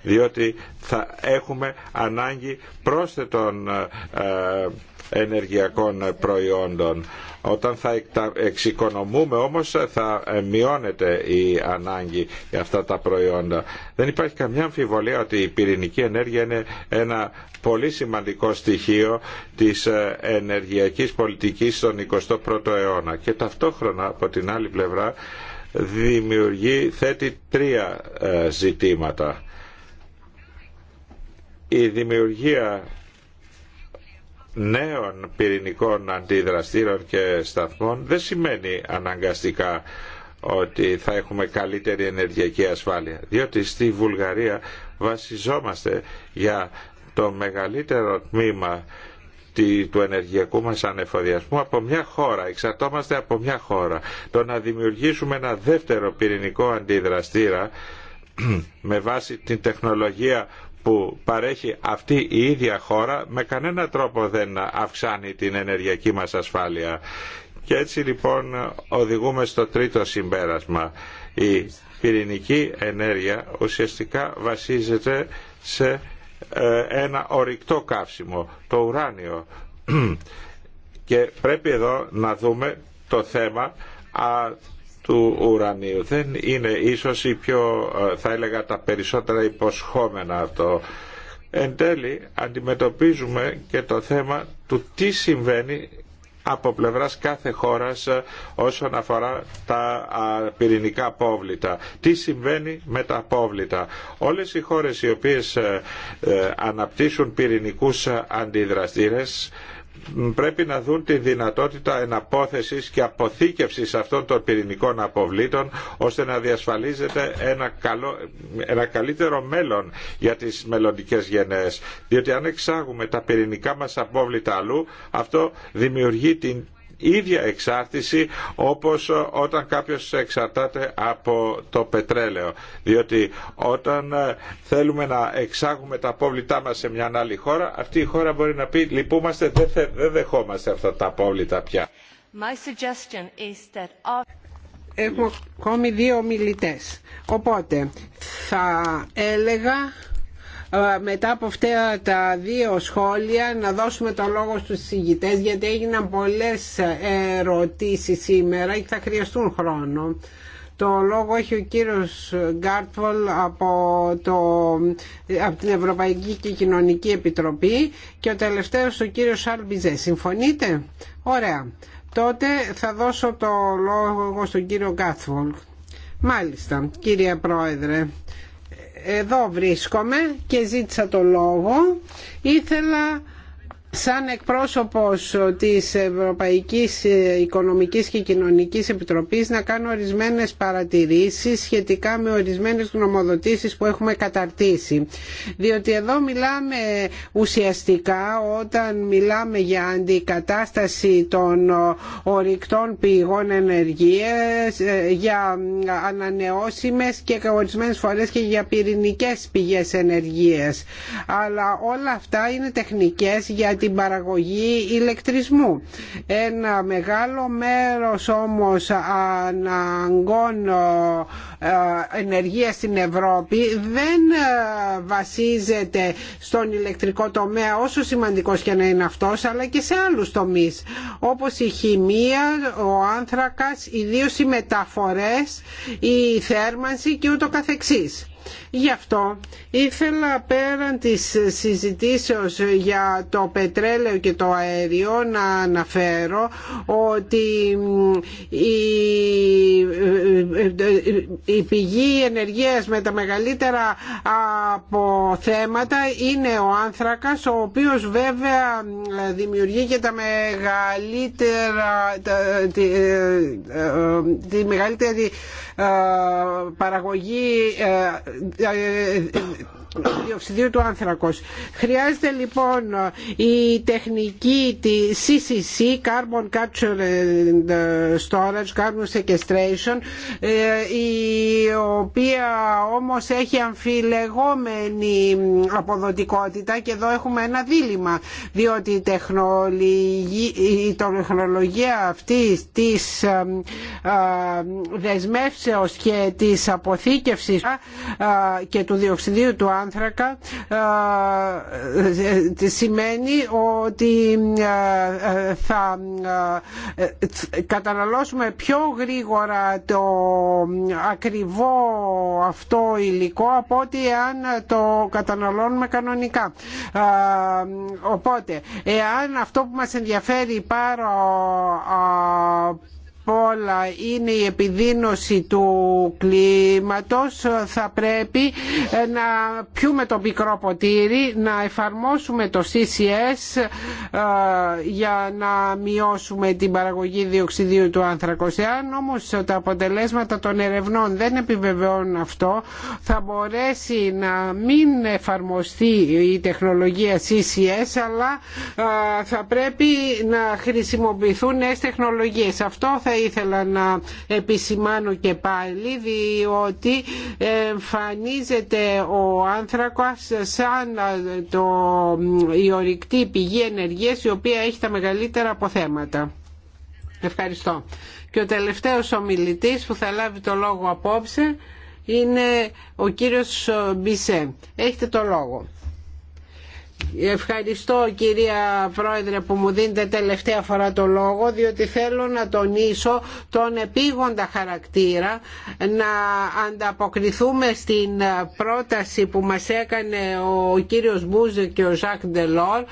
διότι θα έχουμε ανάγκη πρόσθετων ε, ενεργειακών προϊόντων. Όταν θα εξοικονομούμε όμως θα ε, μειώνεται η ανάγκη για αυτά τα προϊόντα. Δεν υπάρχει καμιά αμφιβολία ότι η πυρηνική ενέργεια είναι ένα πολύ σημαντικό στοιχείο της ε, ενεργειακής πολιτικής στον 21ο αιώνα και ταυτόχρονα από την άλλη πλευρά δημιουργεί, θέτει τρία ε, ζητήματα. Η δημιουργία νέων πυρηνικών αντιδραστήρων και σταθμών δεν σημαίνει αναγκαστικά ότι θα έχουμε καλύτερη ενεργειακή ασφάλεια. Διότι στη Βουλγαρία βασιζόμαστε για το μεγαλύτερο τμήμα του ενεργειακού μας ανεφοδιασμού από μια χώρα, εξαρτώμαστε από μια χώρα. Το να δημιουργήσουμε ένα δεύτερο πυρηνικό αντιδραστήρα με βάση την τεχνολογία που παρέχει αυτή η ίδια χώρα με κανένα τρόπο δεν αυξάνει την ενεργειακή μας ασφάλεια. Και έτσι λοιπόν οδηγούμε στο τρίτο συμπέρασμα. Η πυρηνική ενέργεια ουσιαστικά βασίζεται σε ε, ένα ορυκτό καύσιμο, το ουράνιο. Και πρέπει εδώ να δούμε το θέμα του ουρανίου. Δεν είναι ίσως η πιο, ε, θα έλεγα, τα περισσότερα υποσχόμενα αυτό. Εν τέλει αντιμετωπίζουμε και το θέμα του τι συμβαίνει από πλευράς κάθε χώρας ε, όσον αφορά τα πυρηνικά απόβλητα. Τι συμβαίνει με τα απόβλητα. Όλες οι χώρες οι οποίες ε, αναπτύσσουν πυρηνικούς αντιδραστήρες πρέπει να δουν τη δυνατότητα εναπόθεσης και αποθήκευσης αυτών των πυρηνικών αποβλήτων ώστε να διασφαλίζεται ένα, καλό, ένα καλύτερο μέλλον για τις μελλοντικέ γενναίες. Διότι αν εξάγουμε τα πυρηνικά μας απόβλητα αλλού αυτό δημιουργεί την ίδια εξάρτηση όπως όταν κάποιος εξαρτάται από το πετρέλαιο. Διότι όταν ε, θέλουμε να εξάγουμε τα απόβλητά μας σε μια άλλη χώρα, αυτή η χώρα μπορεί να πει λυπούμαστε, δεν δεχόμαστε αυτά τα απόβλητα πια. My Έχουμε ακόμη δύο μιλητές. Οπότε θα έλεγα ε, μετά από αυτά τα δύο σχόλια να δώσουμε το λόγο στους συγητές γιατί έγιναν πολλές ερωτήσεις σήμερα και θα χρειαστούν χρόνο. Το λόγο έχει ο κύριος Γκάρτβολ από, το, από την Ευρωπαϊκή και Κοινωνική Επιτροπή και ο τελευταίος ο κύριος Σαρμπιζέ. Συμφωνείτε? Ωραία. Τότε θα δώσω το λόγο στον κύριο Γκάρτβολ. Μάλιστα, κύριε Πρόεδρε εδώ βρίσκομαι και ζήτησα το λόγο. Ήθελα σαν εκπρόσωπος της Ευρωπαϊκής Οικονομικής και Κοινωνικής Επιτροπής να κάνω ορισμένες παρατηρήσεις σχετικά με ορισμένες γνωμοδοτήσεις που έχουμε καταρτήσει. Διότι εδώ μιλάμε ουσιαστικά όταν μιλάμε για αντικατάσταση των ορυκτών πηγών ενεργείας, ε, για ανανεώσιμες και ορισμένες φορές και για πυρηνικές πηγές ενεργείας. Αλλά όλα αυτά είναι τεχνικές γιατί την παραγωγή ηλεκτρισμού. Ένα μεγάλο μέρος όμως αναγκών ε, ενεργεία στην Ευρώπη δεν ε, βασίζεται στον ηλεκτρικό τομέα όσο σημαντικός και να είναι αυτός αλλά και σε άλλους τομείς όπως η χημεία, ο άνθρακας, ιδίως οι μεταφορές, η θέρμανση και ούτω καθεξής. Γι' αυτό ήθελα πέραν της συζητήσεως για το πετρέλαιο και το αέριο να αναφέρω ότι ε, ε, η πηγή ενεργείας με τα μεγαλύτερα θέματα είναι ο άνθρακας ο οποίος βέβαια δημιουργεί και τα μεγαλύτερα ε, τη μεγαλύτερη παραγωγή ναι ναι ναι διοξιδίου του άνθρακος. Χρειάζεται λοιπόν ε, η τεχνική τη CCC, Carbon Capture and ε, Storage, Carbon Sequestration, ε, η οποία όμως έχει αμφιλεγόμενη αποδοτικότητα και εδώ έχουμε ένα δίλημα, διότι η τεχνολογία αυτή της δεσμεύσεως και της αποθήκευσης και του διοξιδίου του άνθρακος άνθρακα ε, σημαίνει ότι θα ε, καταναλώσουμε πιο γρήγορα το ακριβό αυτό υλικό από ότι αν το καταναλώνουμε κανονικά. Οπότε, εάν αυτό που μας ενδιαφέρει πάρα απ' όλα είναι η επιδείνωση του κλίματος θα πρέπει ε, να πιούμε το μικρό ποτήρι να εφαρμόσουμε το CCS ε, για να μειώσουμε την παραγωγή διοξιδίου του άνθρακος εάν όμως τα αποτελέσματα των ερευνών δεν επιβεβαιώνουν αυτό θα μπορέσει να μην εφαρμοστεί η τεχνολογία CCS αλλά ε, θα πρέπει να χρησιμοποιηθούν νέες τεχνολογίες αυτό ήθελα να επισημάνω και πάλι διότι εμφανίζεται ο άνθρακας σαν το, η ορυκτή πηγή ενεργείας η οποία έχει τα μεγαλύτερα αποθέματα. Ευχαριστώ. Και ο τελευταίος ομιλητής που θα λάβει το λόγο απόψε είναι ο κύριος Μπισέ. Έχετε το λόγο. Ευχαριστώ κυρία Πρόεδρε που μου δίνετε τελευταία φορά το λόγο διότι θέλω να τονίσω τον επίγοντα χαρακτήρα να ανταποκριθούμε στην πρόταση που μας έκανε ο κύριος Μπούζε και ο Ζακ Ντελόρ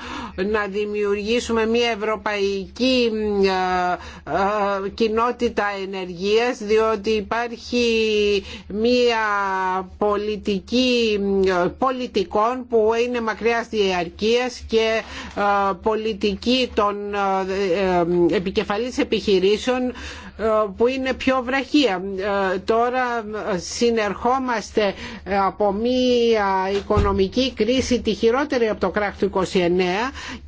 να δημιουργήσουμε μια ευρωπαϊκή ε, ε, κοινότητα ενεργείας διότι υπάρχει μια πολιτική ε, πολιτικών που είναι μακριά στη διαρκείας και ε, πολιτική των ε, ε, επικεφαλής επιχειρήσεων ε, που είναι πιο βραχία. Ε, τώρα συνερχόμαστε από μία οικονομική κρίση τη χειρότερη από το κράχ του 29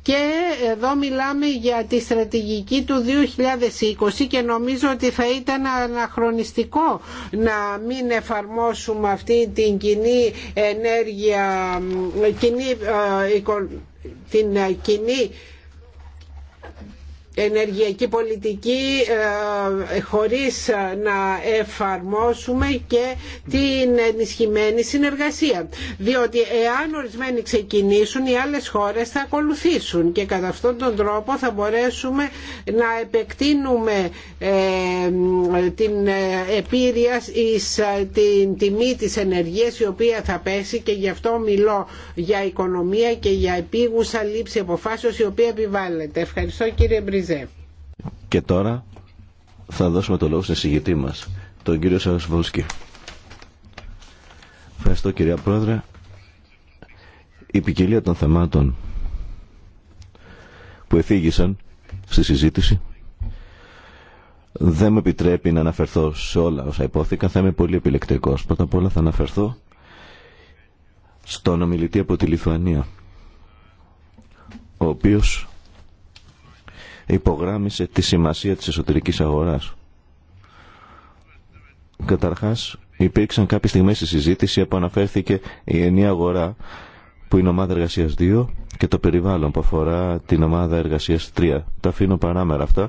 και εδώ μιλάμε για τη στρατηγική του 2020 και νομίζω ότι θα ήταν αναχρονιστικό να μην εφαρμόσουμε αυτή την κοινή ενέργεια, ε, την κοινή ενεργειακή πολιτική ε, χωρίς να εφαρμόσουμε και την ενισχυμένη συνεργασία. Διότι εάν ορισμένοι ξεκινήσουν οι άλλες χώρες θα ακολουθήσουν και κατά αυτόν τον τρόπο θα μπορέσουμε να επεκτείνουμε ε, την ε, επίρρεια εις την τιμή της ενεργείας η οποία θα πέσει και γι' αυτό μιλώ για οικονομία και για επίγουσα λήψη αποφάσεως η οποία επιβάλλεται. Ευχαριστώ κύριε και τώρα θα δώσουμε το λόγο στον συγγητή μα, τον κύριο Σαρασβόλσκι. Ευχαριστώ κυρία Πρόεδρε. Η ποικιλία των θεμάτων που εφήγησαν στη συζήτηση δεν με επιτρέπει να αναφερθώ σε όλα όσα υπόθηκαν. Θα είμαι πολύ επιλεκτικός. Πρώτα απ' όλα θα αναφερθώ στον ομιλητή από τη Λιθουανία ο οποίος υπογράμμισε τη σημασία της εσωτερικής αγοράς. Καταρχάς, υπήρξαν κάποιες στιγμές στη συζήτηση που αναφέρθηκε η ενία αγορά που είναι ομάδα εργασίας 2 και το περιβάλλον που αφορά την ομάδα εργασίας 3. Τα αφήνω παράμερα αυτά.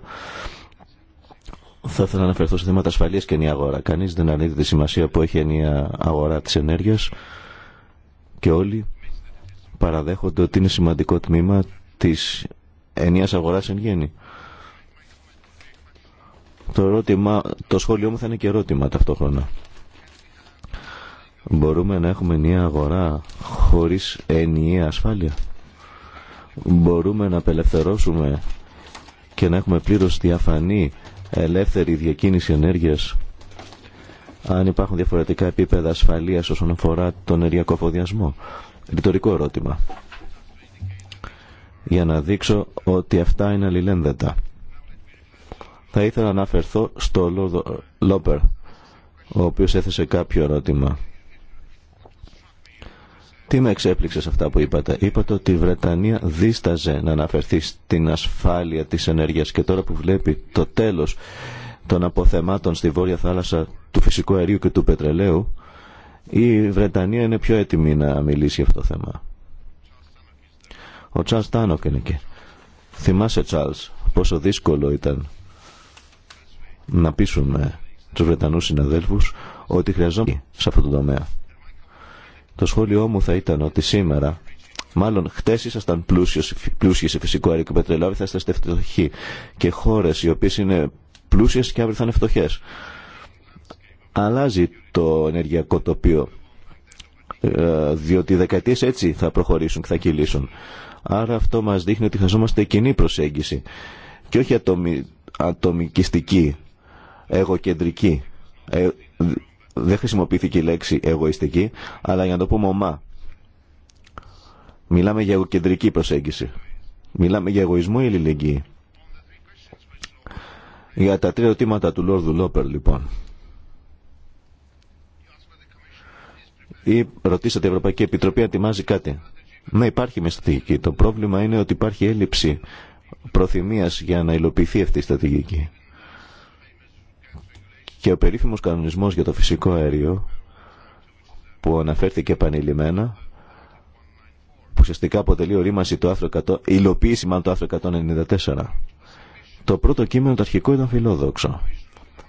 Θα ήθελα να αναφερθώ σε θέματα ασφαλείας και ενιαία αγορά. Κανείς δεν αρνείται τη σημασία που έχει ενιαία αγορά της ενέργειας και όλοι παραδέχονται ότι είναι σημαντικό τμήμα της Ενία αγορά εν γέννη. Το, ερώτημα, το σχόλιο μου θα είναι και ερώτημα ταυτόχρονα. Μπορούμε να έχουμε ενιαία αγορά χωρίς ενιαία ασφάλεια. Μπορούμε να απελευθερώσουμε και να έχουμε πλήρως διαφανή ελεύθερη διακίνηση ενέργειας αν υπάρχουν διαφορετικά επίπεδα ασφαλείας όσον αφορά τον ενεργειακό φοδιασμό. Ρητορικό ερώτημα για να δείξω ότι αυτά είναι αλληλένδετα. Θα ήθελα να αναφερθώ στο Λόδο Λόπερ, ο οποίος έθεσε κάποιο ερώτημα. Τι με εξέπληξε σε αυτά που είπατε. Είπατε ότι η Βρετανία δίσταζε να αναφερθεί στην ασφάλεια της ενέργειας και τώρα που βλέπει το τέλος των αποθεμάτων στη Βόρεια Θάλασσα του φυσικού αερίου και του πετρελαίου, η Βρετανία είναι πιο έτοιμη να μιλήσει για αυτό το θέμα. Ο Τσάρλ Τάνοκ είναι εκεί. Θυμάσαι, Τσάρλ, πόσο δύσκολο ήταν να πείσουμε του Βρετανού συναδέλφους ότι χρειαζόμαστε σε αυτό το τομέα. Το σχόλιο μου θα ήταν ότι σήμερα, μάλλον χτε ήσασταν πλούσιοι σε φυσικό αέριο και αύριο θα είστε φτωχοί. Και χώρε οι οποίε είναι πλούσιε και αύριο θα είναι φτωχέ. Αλλάζει το ενεργειακό τοπίο. Ε, διότι δεκαετίε έτσι θα προχωρήσουν και θα κυλήσουν. Άρα αυτό μας δείχνει ότι χρειαζόμαστε κοινή προσέγγιση και όχι ατομικιστική, εγωκεντρική. Ε, δεν χρησιμοποιήθηκε η λέξη εγωιστική, αλλά για να το πούμε ομά. Μιλάμε για εγωκεντρική προσέγγιση. Μιλάμε για εγωισμό ή ελληνική. Για τα τρία ερωτήματα του Λόρδου Λόπερ, λοιπόν. Ή ρωτήσατε η Ευρωπαϊκή Επιτροπή ετοιμάζει κάτι. Ναι, υπάρχει μια στρατηγική. Το πρόβλημα είναι ότι υπάρχει έλλειψη προθυμία για να υλοποιηθεί αυτή η στρατηγική. Και ο περίφημο κανονισμός για το φυσικό αέριο που αναφέρθηκε επανειλημμένα που ουσιαστικά αποτελεί ορίμαση το άρθρου 100, υλοποίηση μάλλον του άρθρου 194. Το πρώτο κείμενο το αρχικό ήταν φιλόδοξο.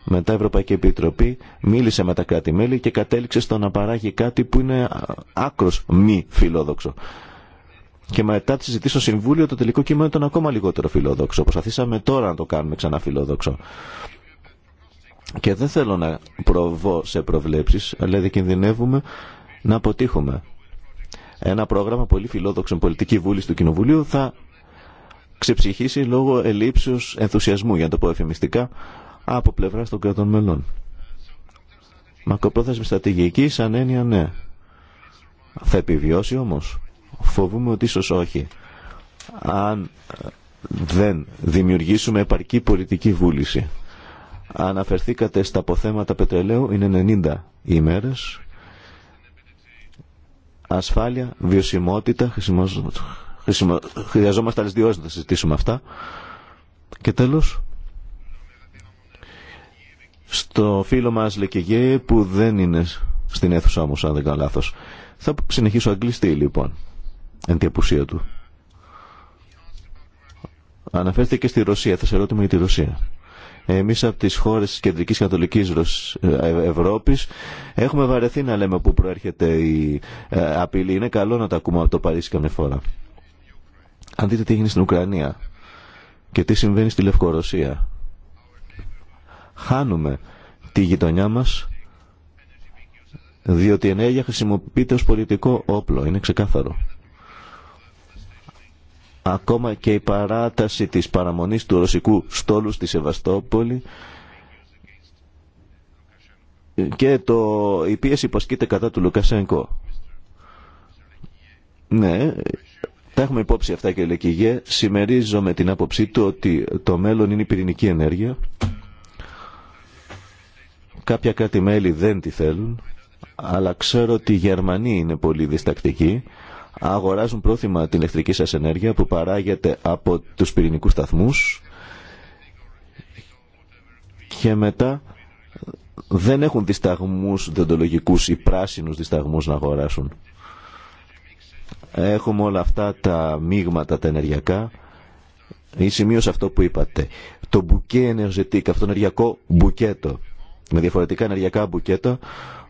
Μετά η Ευρωπαϊκή Επιτροπή μίλησε με τα κράτη-μέλη και κατέληξε στο να παράγει κάτι που είναι άκρος μη φιλόδοξο. Και μετά τη συζητήσει στο Συμβούλιο το τελικό κείμενο ήταν ακόμα λιγότερο φιλόδοξο. Προσπαθήσαμε τώρα να το κάνουμε ξανά φιλόδοξο. Και δεν θέλω να προβώ σε προβλέψεις, αλλά κινδυνεύουμε να αποτύχουμε. Ένα πρόγραμμα πολύ φιλόδοξο πολιτική βούληση του Κοινοβουλίου θα ξεψυχήσει λόγω ελλείψεως ενθουσιασμού, για να το πω εφημιστικά, από πλευρά των κρατών μελών. Μακροπρόθεσμη στρατηγική, σαν έννοια ναι. Θα επιβιώσει όμως. Φοβούμε ότι ίσω όχι. Αν ε, δεν δημιουργήσουμε επαρκή πολιτική βούληση. Αναφερθήκατε στα αποθέματα πετρελαίου, είναι 90 ημέρες. Ασφάλεια, βιωσιμότητα, χρησιμο... χρειαζόμαστε άλλες δύο να συζητήσουμε αυτά. Και τέλος, στο φίλο μας Λεκεγέ που δεν είναι στην αίθουσα όμως αν δεν κάνω λάθος. Θα συνεχίσω αγγλιστή λοιπόν, εν τη απουσία του. Αναφέρθηκε και στη Ρωσία, θα σε ερώτημα για τη Ρωσία. Εμείς από τις χώρες της κεντρικής καθολικής ε, ε, Ευρώπης έχουμε βαρεθεί να λέμε που προέρχεται η ε, απειλή. Είναι καλό να τα ακούμε από το Παρίσι καμιά φορά. Αν δείτε τι έγινε στην Ουκρανία και τι συμβαίνει στη Λευκορωσία χάνουμε τη γειτονιά μας διότι η ενέργεια χρησιμοποιείται ως πολιτικό όπλο. Είναι ξεκάθαρο. Ακόμα και η παράταση της παραμονής του ρωσικού στόλου στη Σεβαστόπολη και το, η πίεση που κατά του Λουκασένκο. Ναι, τα έχουμε υπόψη αυτά και λεκυγέ. με την άποψή του ότι το μέλλον είναι η πυρηνική ενέργεια καποια κάτι κράτη-μέλη δεν τη θέλουν, αλλά ξέρω ότι οι Γερμανοί είναι πολύ διστακτικοί. Αγοράζουν πρόθυμα την ηλεκτρική σας ενέργεια που παράγεται από τους πυρηνικούς σταθμούς και μετά δεν έχουν δισταγμούς δεντολογικούς ή πράσινους δισταγμούς να αγοράσουν. Έχουμε όλα αυτά τα μείγματα τα ενεργειακά ή σημείο αυτό που είπατε. Το μπουκέ ενεργετικό αυτό ενεργειακό μπουκέτο με διαφορετικά ενεργειακά μπουκέτα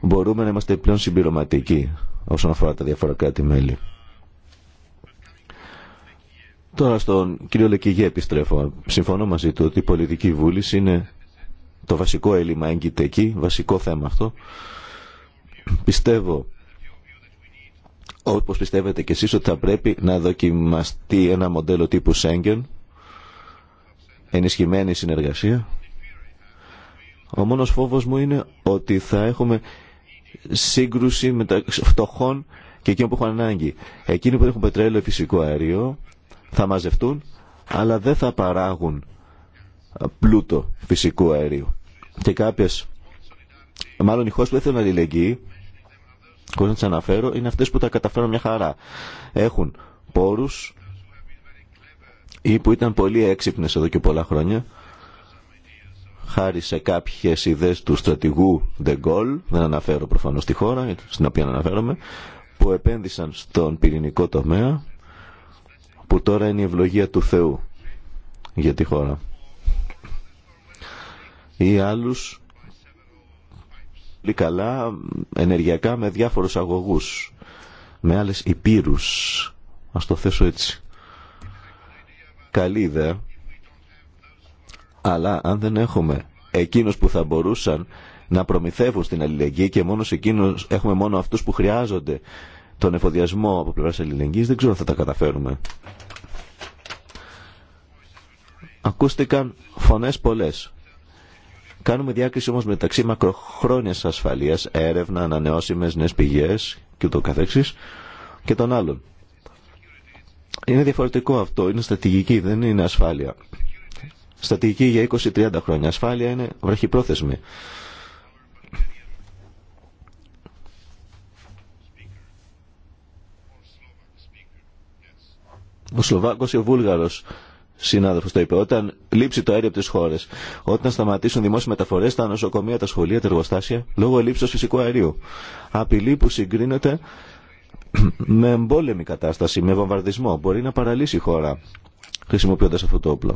μπορούμε να είμαστε πλέον συμπληρωματικοί όσον αφορά τα διαφορετικα κρατη κράτη-μέλη. Τώρα στον κύριο Λεκυγέ επιστρέφω. Συμφωνώ μαζί του ότι η πολιτική βούληση είναι το βασικό έλλειμμα έγκυται εκεί, βασικό θέμα αυτό. Πιστεύω, όπως πιστεύετε και εσείς, ότι θα πρέπει να δοκιμαστεί ένα μοντέλο τύπου Σέγγεν, ενισχυμένη συνεργασία ο μόνος φόβος μου είναι ότι θα έχουμε σύγκρουση μεταξύ φτωχών και εκείνων που έχουν ανάγκη. Εκείνοι που έχουν πετρέλαιο ή φυσικό αέριο θα μαζευτούν, αλλά δεν θα παράγουν πλούτο φυσικού αέριου. Και κάποιες, μάλλον οι χώρες που δεν θέλουν αλληλεγγύη, χωρίς να τις αναφέρω, είναι αυτές που τα καταφέρουν μια χαρά. Έχουν πόρους ή που ήταν πολύ έξυπνες εδώ και πολλά χρόνια, χάρη σε κάποιες ιδέες του στρατηγού De Gaulle, δεν αναφέρω προφανώς τη χώρα στην οποία αναφέρομαι, που επένδυσαν στον πυρηνικό τομέα, που τώρα είναι η ευλογία του Θεού για τη χώρα. Ή άλλους πολύ καλά ενεργειακά με διάφορους αγωγούς, με άλλες υπήρους, ας το θέσω έτσι. Καλή ιδέα αλλά αν δεν έχουμε εκείνους που θα μπορούσαν να προμηθεύουν στην αλληλεγγύη και μόνο εκείνους, έχουμε μόνο αυτούς που χρειάζονται τον εφοδιασμό από πλευράς αλληλεγγύης, δεν ξέρω αν θα τα καταφέρουμε. Ακούστηκαν φωνές πολλές. Κάνουμε διάκριση όμως μεταξύ μακροχρόνιας ασφαλείας, έρευνα, ανανεώσιμες, νέες πηγές και το καθεξής και των άλλων. Είναι διαφορετικό αυτό, είναι στρατηγική, δεν είναι ασφάλεια στατική για 20-30 χρόνια. Ασφάλεια είναι βραχυπρόθεσμη. Ο Σλοβάκο ή ο Βούλαρο συνάδελφου θα είπε ότι λύψει το αέριο τη χώρε, όταν σταματήσουν δημόσιο μεταφορέ, τα νοσοκομεία, τα σχολεία, τεργοστάσια λόγω λήψη φυσικού αερίου, απειλή που συγκρίνεται με εμπόλεμη κατάσταση, με βαμβαδισμό. Μπορεί να παραλύσει η χώρα χρησιμοποιώντας αυτό το ειπε οταν λειψει το αεριο απο τι χωρε οταν σταματησουν δημοσιες μεταφορες τα νοσοκομεια τα σχολεια τα εργοστασια λογω ελλειψεω φυσικου αεριου απειλη που συγκρινεται με εμπολεμη κατασταση με βομβαρδισμο μπορει να παραλυσει η χωρα χρησιμοποιωντα αυτο το οπλο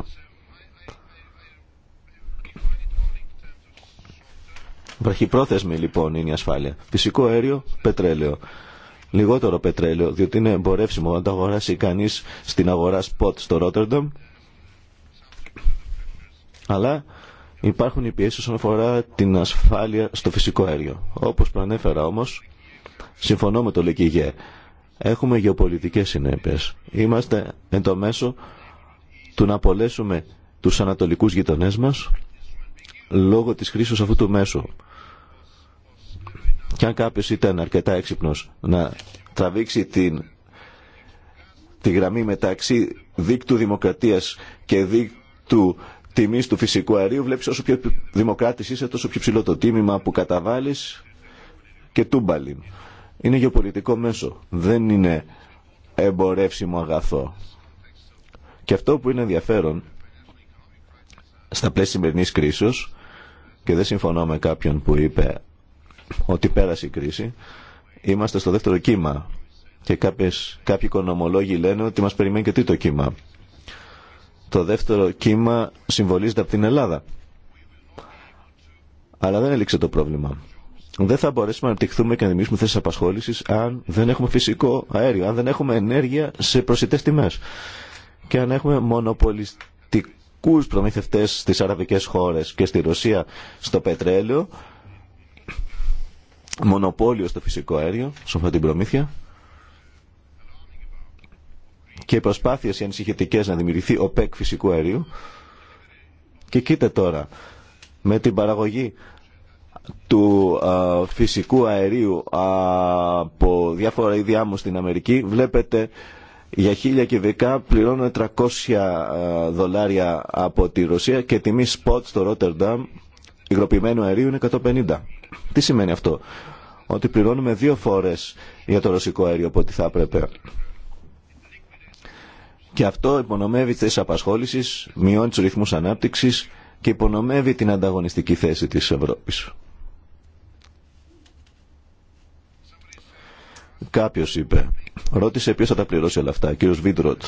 Βραχυπρόθεσμη λοιπόν είναι η ασφάλεια. Φυσικό αέριο, πετρέλαιο. Λιγότερο πετρέλαιο, διότι είναι εμπορεύσιμο να το αγοράσει κανεί στην αγορά Spot στο Ρότερνταμ. Αλλά υπάρχουν οι πιέσει όσον αφορά την ασφάλεια στο φυσικό αέριο. Όπω προανέφερα όμω, συμφωνώ με το Λεκυγέ. Έχουμε γεωπολιτικέ συνέπειε. Είμαστε εν το μέσο του να απολέσουμε τους ανατολικούς γειτονές μας λόγω τη χρήση αυτού του μέσου. Και αν κάποιος ήταν αρκετά έξυπνος να τραβήξει την, τη γραμμή μεταξύ δίκτου δημοκρατίας και δίκτου τιμής του φυσικού αερίου, βλέπεις όσο πιο δημοκράτης είσαι, τόσο πιο ψηλό το τίμημα που καταβάλεις και τούμπαλιν. Είναι γεωπολιτικό μέσο. Δεν είναι εμπορεύσιμο αγαθό. Και αυτό που είναι ενδιαφέρον στα πλαίσια σημερινή κρίσεως και δεν συμφωνώ με κάποιον που είπε ότι πέρασε η κρίση. Είμαστε στο δεύτερο κύμα και κάποιες, κάποιοι οικονομολόγοι λένε ότι μας περιμένει και τρίτο κύμα. Το δεύτερο κύμα συμβολίζεται από την Ελλάδα. Αλλά δεν έλειξε το πρόβλημα. Δεν θα μπορέσουμε να αναπτυχθούμε και να δημιουργήσουμε θέσει απασχόληση αν δεν έχουμε φυσικό αέριο, αν δεν έχουμε ενέργεια σε προσιτέ τιμέ και αν έχουμε μονοπολιστικού προμηθευτέ στι αραβικέ χώρε και στη Ρωσία στο πετρέλαιο μονοπόλιο στο φυσικό αέριο, σε αυτή την προμήθεια. Και οι προσπάθειε οι ανησυχητικέ να δημιουργηθεί ο πεκ φυσικού αερίου. Και κοίτα τώρα, με την παραγωγή του φυσικού αερίου από διάφορα είδη άμμου στην Αμερική βλέπετε για χίλια κυβικά πληρώνω 300 δολάρια από τη Ρωσία και τιμή σποτ στο Ρότερνταμ υγροποιημένου αερίου είναι 150 τι σημαίνει αυτό, ότι πληρώνουμε δύο φορές για το ρωσικό αέριο από ό,τι θα έπρεπε. Και αυτό υπονομεύει τις απασχόληση, απασχόλησης, μειώνει του ρυθμούς ανάπτυξης και υπονομεύει την ανταγωνιστική θέση της Ευρώπης. Κάποιο είπε, ρώτησε ποιο θα τα πληρώσει όλα αυτά, Κύριο Βίτροτ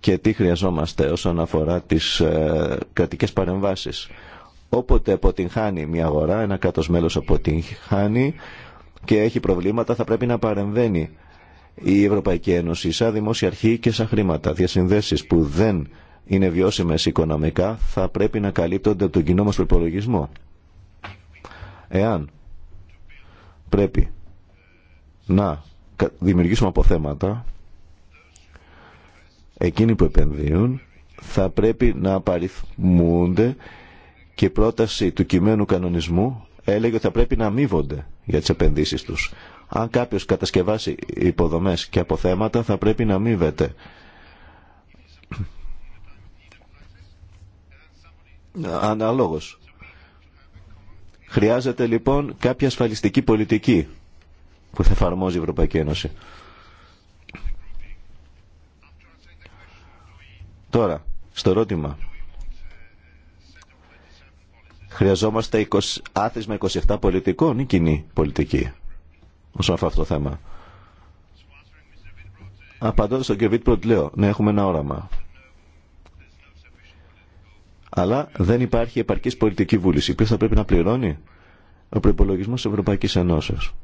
Και τι χρειαζόμαστε όσον αφορά τι ε, κρατικές Όποτε αποτυγχάνει μια αγορά, ένα κράτο μέλο αποτυγχάνει και έχει προβλήματα, θα πρέπει να παρεμβαίνει η Ευρωπαϊκή Ένωση σαν δημόσια αρχή και σαν χρήματα. Διασυνδέσει που δεν είναι βιώσιμε οικονομικά θα πρέπει να καλύπτονται από τον κοινό μα προπολογισμό. Εάν πρέπει να δημιουργήσουμε αποθέματα, εκείνοι που επενδύουν θα πρέπει να απαριθμούνται και η πρόταση του κειμένου κανονισμού έλεγε ότι θα πρέπει να αμείβονται για τις επενδύσεις τους. Αν κάποιος κατασκευάσει υποδομές και αποθέματα θα πρέπει να αμείβεται. Αναλόγως. Χρειάζεται λοιπόν κάποια ασφαλιστική πολιτική που θα εφαρμόζει η Ευρωπαϊκή Ένωση. Τώρα, στο ερώτημα Χρειαζόμαστε 20, με 27 πολιτικών ή κοινή πολιτική όσον αφορά αυτό το θέμα. Απαντώντας στον κ. Βίτπροντ λέω, ναι έχουμε ένα όραμα. Αλλά δεν υπάρχει επαρκής πολιτική βούληση. Ποιος θα πρέπει να πληρώνει ο προπολογισμό τη Ευρωπαϊκής Ενώσεως.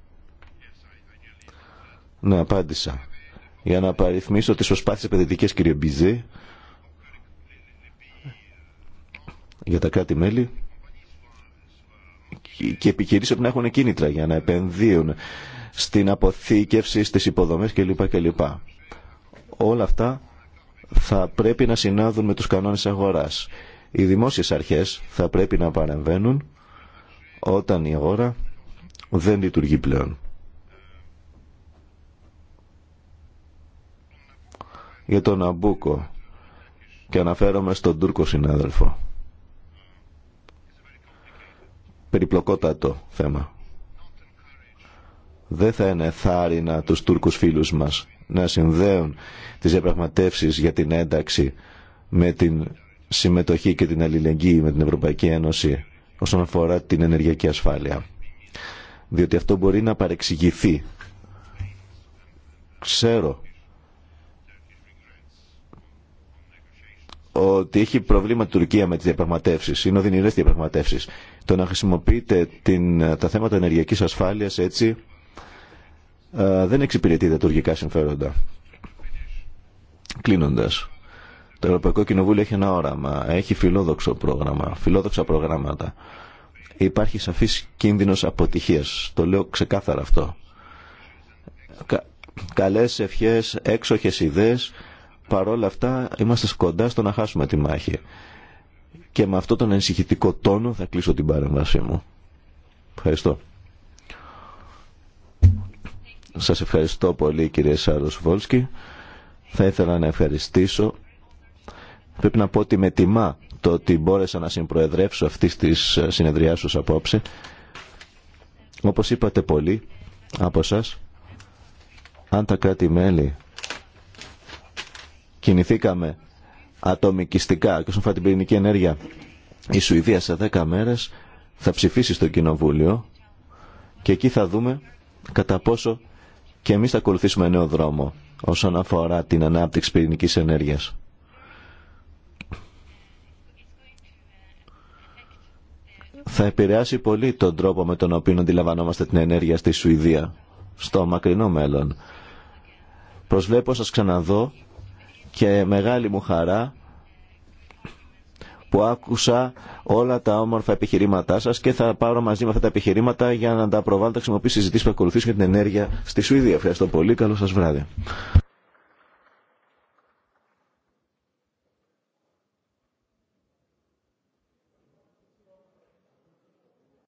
Ναι, απάντησα. Για να παριθμίσω τις προσπάθειες επενδυτικές, κύριε Μπιζή για τα κράτη-μέλη, και επιχειρήσει που να έχουν κίνητρα για να επενδύουν στην αποθήκευση, στις υποδομές κλπ. κλπ. Όλα αυτά θα πρέπει να συνάδουν με τους κανόνες αγοράς. Οι δημόσιες αρχές θα πρέπει να παρεμβαίνουν όταν η αγορά δεν λειτουργεί πλέον. Για τον Αμπούκο και αναφέρομαι στον Τούρκο συνάδελφο περιπλοκότατο θέμα. Δεν θα είναι θάρρυνα τους Τούρκους φίλους μας να συνδέουν τις διαπραγματεύσεις για την ένταξη με την συμμετοχή και την αλληλεγγύη με την Ευρωπαϊκή Ένωση όσον αφορά την ενεργειακή ασφάλεια. Διότι αυτό μπορεί να παρεξηγηθεί. Ξέρω ότι έχει προβλήμα η Τουρκία με τι διαπραγματεύσει. Είναι οδυνηρέ διαπραγματεύσει. Το να χρησιμοποιείτε την, τα θέματα ενεργειακή ασφάλεια έτσι ε, δεν εξυπηρετεί τα τουρκικά συμφέροντα. Κλείνοντα. Το Ευρωπαϊκό Κοινοβούλιο έχει ένα όραμα, έχει φιλόδοξο πρόγραμμα, φιλόδοξα προγράμματα. Υπάρχει σαφή κίνδυνο αποτυχίας. Το λέω ξεκάθαρα αυτό. Κα, καλές ευχές, έξοχες παρόλα αυτά είμαστε κοντά στο να χάσουμε τη μάχη. Και με αυτόν τον ενσυχητικό τόνο θα κλείσω την παρέμβασή μου. Ευχαριστώ. Σας ευχαριστώ πολύ κύριε Σάρος Βόλσκι. Θα ήθελα να ευχαριστήσω. Πρέπει να πω ότι με τιμά το ότι μπόρεσα να συμπροεδρεύσω αυτή τη σου απόψε. Όπως είπατε πολύ από σας, αν τα κράτη-μέλη κινηθήκαμε ατομικιστικά και όσον αφορά την πυρηνική ενέργεια. Η Σουηδία σε 10 μέρες θα ψηφίσει στο Κοινοβούλιο και εκεί θα δούμε κατά πόσο και εμείς θα ακολουθήσουμε νέο δρόμο όσον αφορά την ανάπτυξη πυρηνικής ενέργειας. Θα επηρεάσει πολύ τον τρόπο με τον οποίο αντιλαμβανόμαστε την ενέργεια στη Σουηδία, στο μακρινό μέλλον. Προσβλέπω σας ξαναδώ και μεγάλη μου χαρά που άκουσα όλα τα όμορφα επιχειρήματά σας και θα πάρω μαζί με αυτά τα επιχειρήματα για να τα προβάλλω, να τα χρησιμοποιήσω συζητήσεις που ακολουθήσουν για την ενέργεια στη Σουηδία. Ευχαριστώ πολύ. Καλό σας βράδυ.